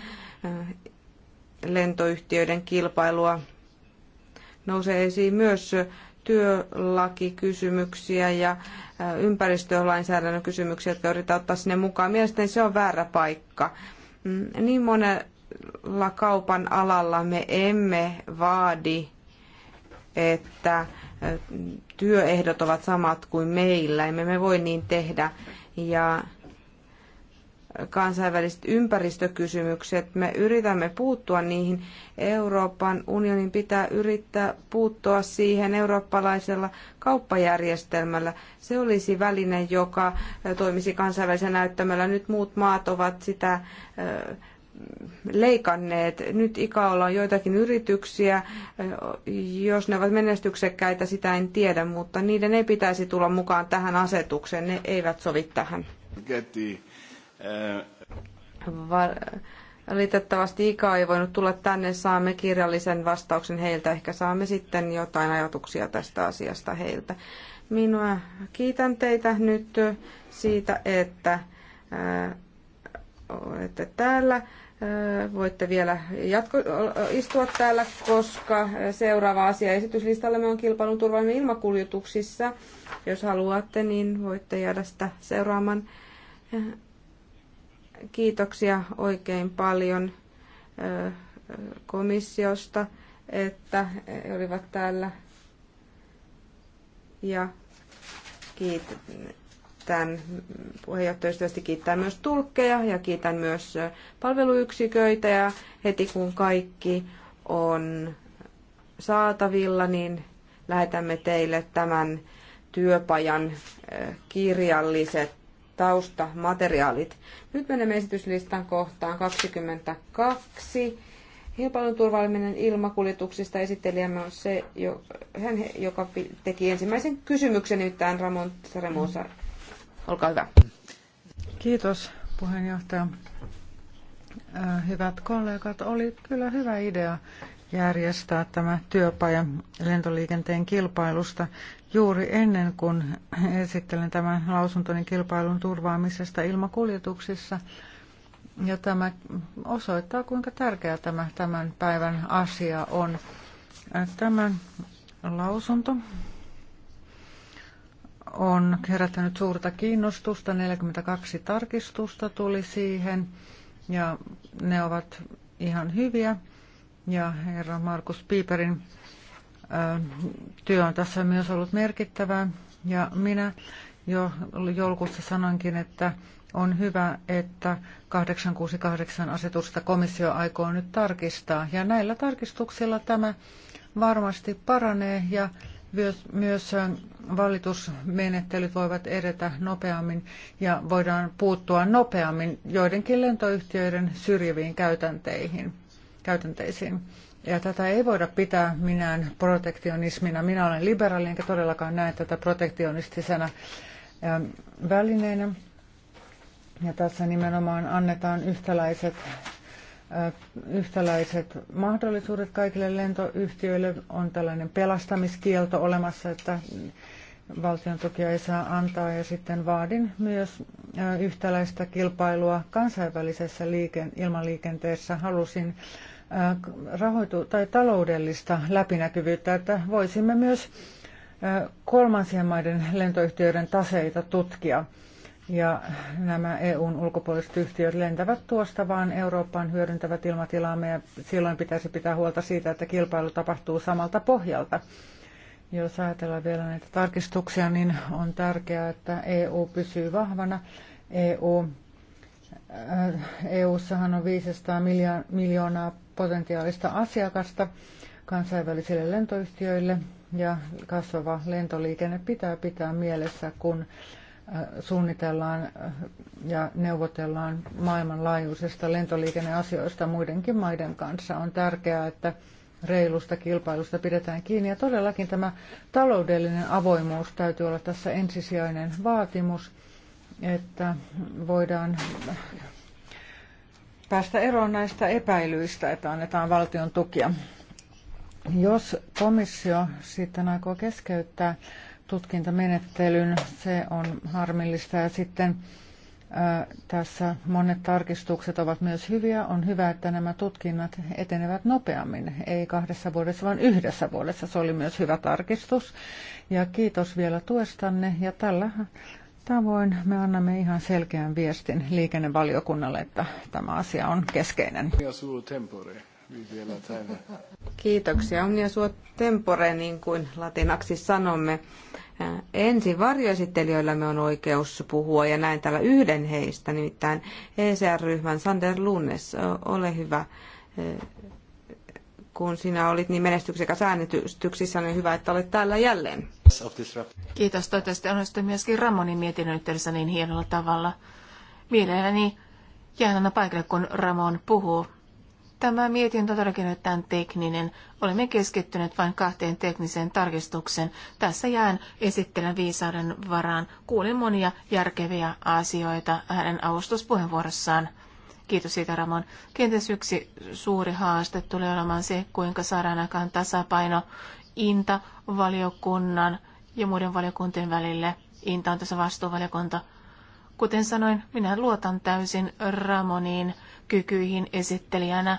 lentoyhtiöiden kilpailua, nousee esiin myös työlakikysymyksiä ja ympäristölainsäädännön kysymyksiä, jotka yritetään ottaa sinne mukaan. Mielestäni se on väärä paikka. Mm, niin monella kaupan alalla me emme vaadi, että työehdot ovat samat kuin meillä. Emme me voi niin tehdä. Ja kansainväliset ympäristökysymykset, me yritämme puuttua niihin. Euroopan unionin pitää yrittää puuttua siihen eurooppalaisella kauppajärjestelmällä. Se olisi väline, joka toimisi kansainvälisenä näyttämällä. Nyt muut maat ovat sitä äh, leikanneet. Nyt ikäolla on joitakin yrityksiä, jos ne ovat menestyksekkäitä, sitä en tiedä, mutta niiden ei pitäisi tulla mukaan tähän asetukseen, ne eivät sovi tähän. Eh, valitettavasti Ika ei voinut tulla tänne, saamme kirjallisen vastauksen heiltä, ehkä saamme sitten jotain ajatuksia tästä asiasta heiltä. Minua kiitän teitä nyt siitä, että eh, olette täällä. Voitte vielä jatko, istua täällä, koska seuraava asia esityslistallamme on kilpailun turvallinen ilmakuljetuksissa. Jos haluatte, niin voitte jäädä sitä seuraamaan. Kiitoksia oikein paljon komissiosta, että olivat täällä. Ja kiitos kiitän puheenjohtajistosti, kiittää myös tulkkeja ja kiitän myös palveluyksiköitä ja heti kun kaikki on saatavilla, niin lähetämme teille tämän työpajan eh, kirjalliset taustamateriaalit. Nyt menemme esityslistan kohtaan 22. Hilpailun turvallinen ilmakuljetuksista esittelijämme on se, jo, hän, joka teki ensimmäisen kysymyksen nyt tämän Ramon Tremosa Olkaa hyvä. Kiitos puheenjohtaja. Äh, hyvät kollegat, oli kyllä hyvä idea järjestää tämä työpaja lentoliikenteen kilpailusta juuri ennen kuin esittelen tämän lausuntoni kilpailun turvaamisesta ilmakuljetuksissa. Ja tämä osoittaa, kuinka tärkeä tämä tämän päivän asia on. Äh, tämän lausunto on herättänyt suurta kiinnostusta. 42 tarkistusta tuli siihen ja ne ovat ihan hyviä. Ja herra Markus Piiperin työ on tässä myös ollut merkittävää. Ja minä jo joulukuussa sanoinkin, että on hyvä, että 868 asetusta komissio aikoo nyt tarkistaa. Ja näillä tarkistuksilla tämä varmasti paranee ja myös, myös ähm, valitusmenettelyt voivat edetä nopeammin ja voidaan puuttua nopeammin joidenkin lentoyhtiöiden syrjiviin käytänteihin, käytänteisiin. Ja tätä ei voida pitää minään protektionismina. Minä olen liberaali enkä todellakaan näe tätä protektionistisena ähm, välineenä. Ja tässä nimenomaan annetaan yhtäläiset yhtäläiset mahdollisuudet kaikille lentoyhtiöille. On tällainen pelastamiskielto olemassa, että valtion tukia ei saa antaa ja sitten vaadin myös yhtäläistä kilpailua kansainvälisessä liike- ilmaliikenteessä. Halusin rahoitu- tai taloudellista läpinäkyvyyttä, että voisimme myös kolmansien maiden lentoyhtiöiden taseita tutkia. Ja nämä EUn ulkopuoliset yhtiöt lentävät tuosta vaan Eurooppaan hyödyntävät ilmatilaamme ja silloin pitäisi pitää huolta siitä, että kilpailu tapahtuu samalta pohjalta. Jos ajatellaan vielä näitä tarkistuksia, niin on tärkeää, että EU pysyy vahvana. EU, äh, EUssahan on 500 miljoonaa potentiaalista asiakasta kansainvälisille lentoyhtiöille ja kasvava lentoliikenne pitää pitää mielessä, kun Äh, suunnitellaan äh, ja neuvotellaan maailmanlaajuisesta lentoliikenneasioista muidenkin maiden kanssa. On tärkeää, että reilusta kilpailusta pidetään kiinni. Ja todellakin tämä taloudellinen avoimuus täytyy olla tässä ensisijainen vaatimus, että voidaan äh, päästä eroon näistä epäilyistä, että annetaan valtion tukia. Jos komissio sitten aikoo keskeyttää tutkintamenettelyn. Se on harmillista. Ja sitten ää, tässä monet tarkistukset ovat myös hyviä. On hyvä, että nämä tutkinnat etenevät nopeammin, ei kahdessa vuodessa, vaan yhdessä vuodessa. Se oli myös hyvä tarkistus. Ja kiitos vielä tuestanne. Ja tällä tavoin me annamme ihan selkeän viestin liikennevaliokunnalle, että tämä asia on keskeinen. Kiitoksia. Omnia suo tempore, niin kuin latinaksi sanomme. Ensin varjoesittelijöillämme on oikeus puhua ja näen täällä yhden heistä, nimittäin ECR-ryhmän Sander Lunnes. Ole hyvä. Kun sinä olit niin menestyksekäs äänestyksissä, niin hyvä, että olet täällä jälleen. Kiitos. Toivottavasti onnistuin myöskin Ramonin mietinnön yhteydessä niin hienolla tavalla. Mielelläni jään aina paikalle, kun Ramon puhuu. Tämä mietintö on todellakin nyt tämän tekninen. Olemme keskittyneet vain kahteen tekniseen tarkistukseen. Tässä jään esittelen viisauden varaan. Kuulin monia järkeviä asioita hänen avustuspuheenvuorossaan. Kiitos siitä, Ramon. Kenties yksi suuri haaste tulee olemaan se, kuinka saadaan aikaan tasapaino INTA-valiokunnan ja muiden valiokuntien välille. INTA on tässä vastuuvaliokunta. Kuten sanoin, minä luotan täysin Ramoniin kykyihin esittelijänä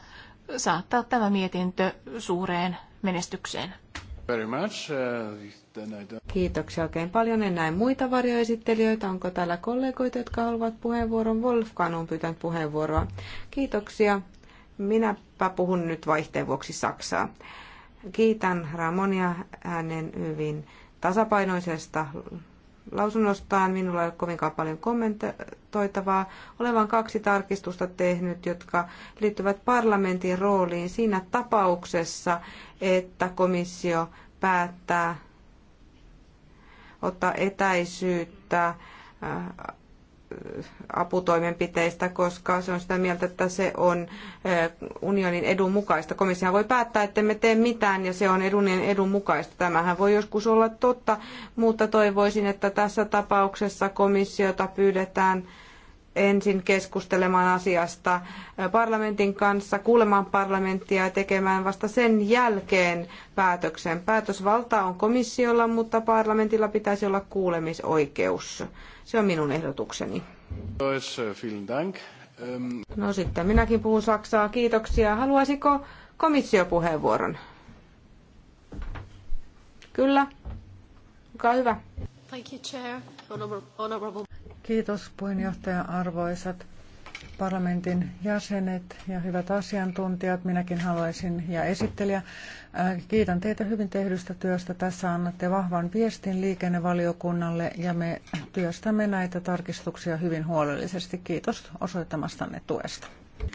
saattaa tämä mietintö suureen menestykseen. Very much. Uh, Kiitoksia oikein paljon. En näe muita varjoesittelijöitä. Onko täällä kollegoita, jotka haluavat puheenvuoron? Wolfgang on pyytänyt puheenvuoroa. Kiitoksia. Minäpä puhun nyt vaihteen vuoksi Saksaa. Kiitän Ramonia hänen hyvin tasapainoisesta lausunnostaan. Minulla ei ole kovinkaan paljon kommentoitavaa. Olen vain kaksi tarkistusta tehnyt, jotka liittyvät parlamentin rooliin siinä tapauksessa, että komissio päättää ottaa etäisyyttä äh, aputoimenpiteistä, koska se on sitä mieltä, että se on eh, unionin edun mukaista. Komissio voi päättää, että me tee mitään ja se on unionin edun mukaista. Tämähän voi joskus olla totta, mutta toivoisin, että tässä tapauksessa komissiota pyydetään ensin keskustelemaan asiasta parlamentin kanssa, kuulemaan parlamenttia ja tekemään vasta sen jälkeen päätöksen. Päätösvalta on komissiolla, mutta parlamentilla pitäisi olla kuulemisoikeus. Se on minun ehdotukseni. No sitten minäkin puhun Saksaa. Kiitoksia. Haluaisiko komissio puheenvuoron? Kyllä. Olkaa hyvä. Thank you, Chair. Honorable, honorable. Kiitos puheenjohtaja arvoisat parlamentin jäsenet ja hyvät asiantuntijat. Minäkin haluaisin ja esittelijä. Äh, kiitän teitä hyvin tehdystä työstä. Tässä annatte vahvan viestin liikennevaliokunnalle ja me työstämme näitä tarkistuksia hyvin huolellisesti. Kiitos osoittamastanne tuesta. Uh,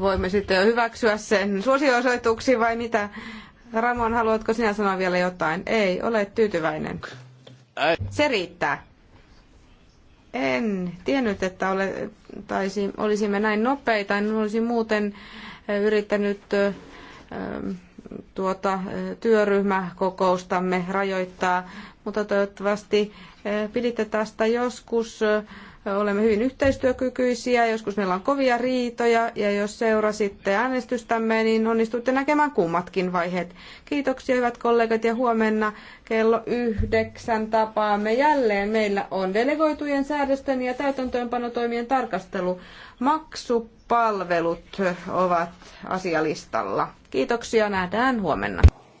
Voimme sitten hyväksyä sen suosiosoituksi vai mitä? Ramon, haluatko sinä sanoa vielä jotain? Ei, ole tyytyväinen. Se riittää. En tiennyt, että ole, taisi, olisimme näin nopeita. En olisi muuten eh, yrittänyt eh, tuota eh, työryhmäkokoustamme rajoittaa, mutta toivottavasti piditte tästä joskus olemme hyvin yhteistyökykyisiä, joskus meillä on kovia riitoja ja jos seurasitte äänestystämme, niin onnistuitte näkemään kummatkin vaiheet. Kiitoksia hyvät kollegat ja huomenna kello yhdeksän tapaamme jälleen. Meillä on delegoitujen säädösten ja täytäntöönpanotoimien tarkastelu. Maksupalvelut ovat asialistalla. Kiitoksia, nähdään huomenna.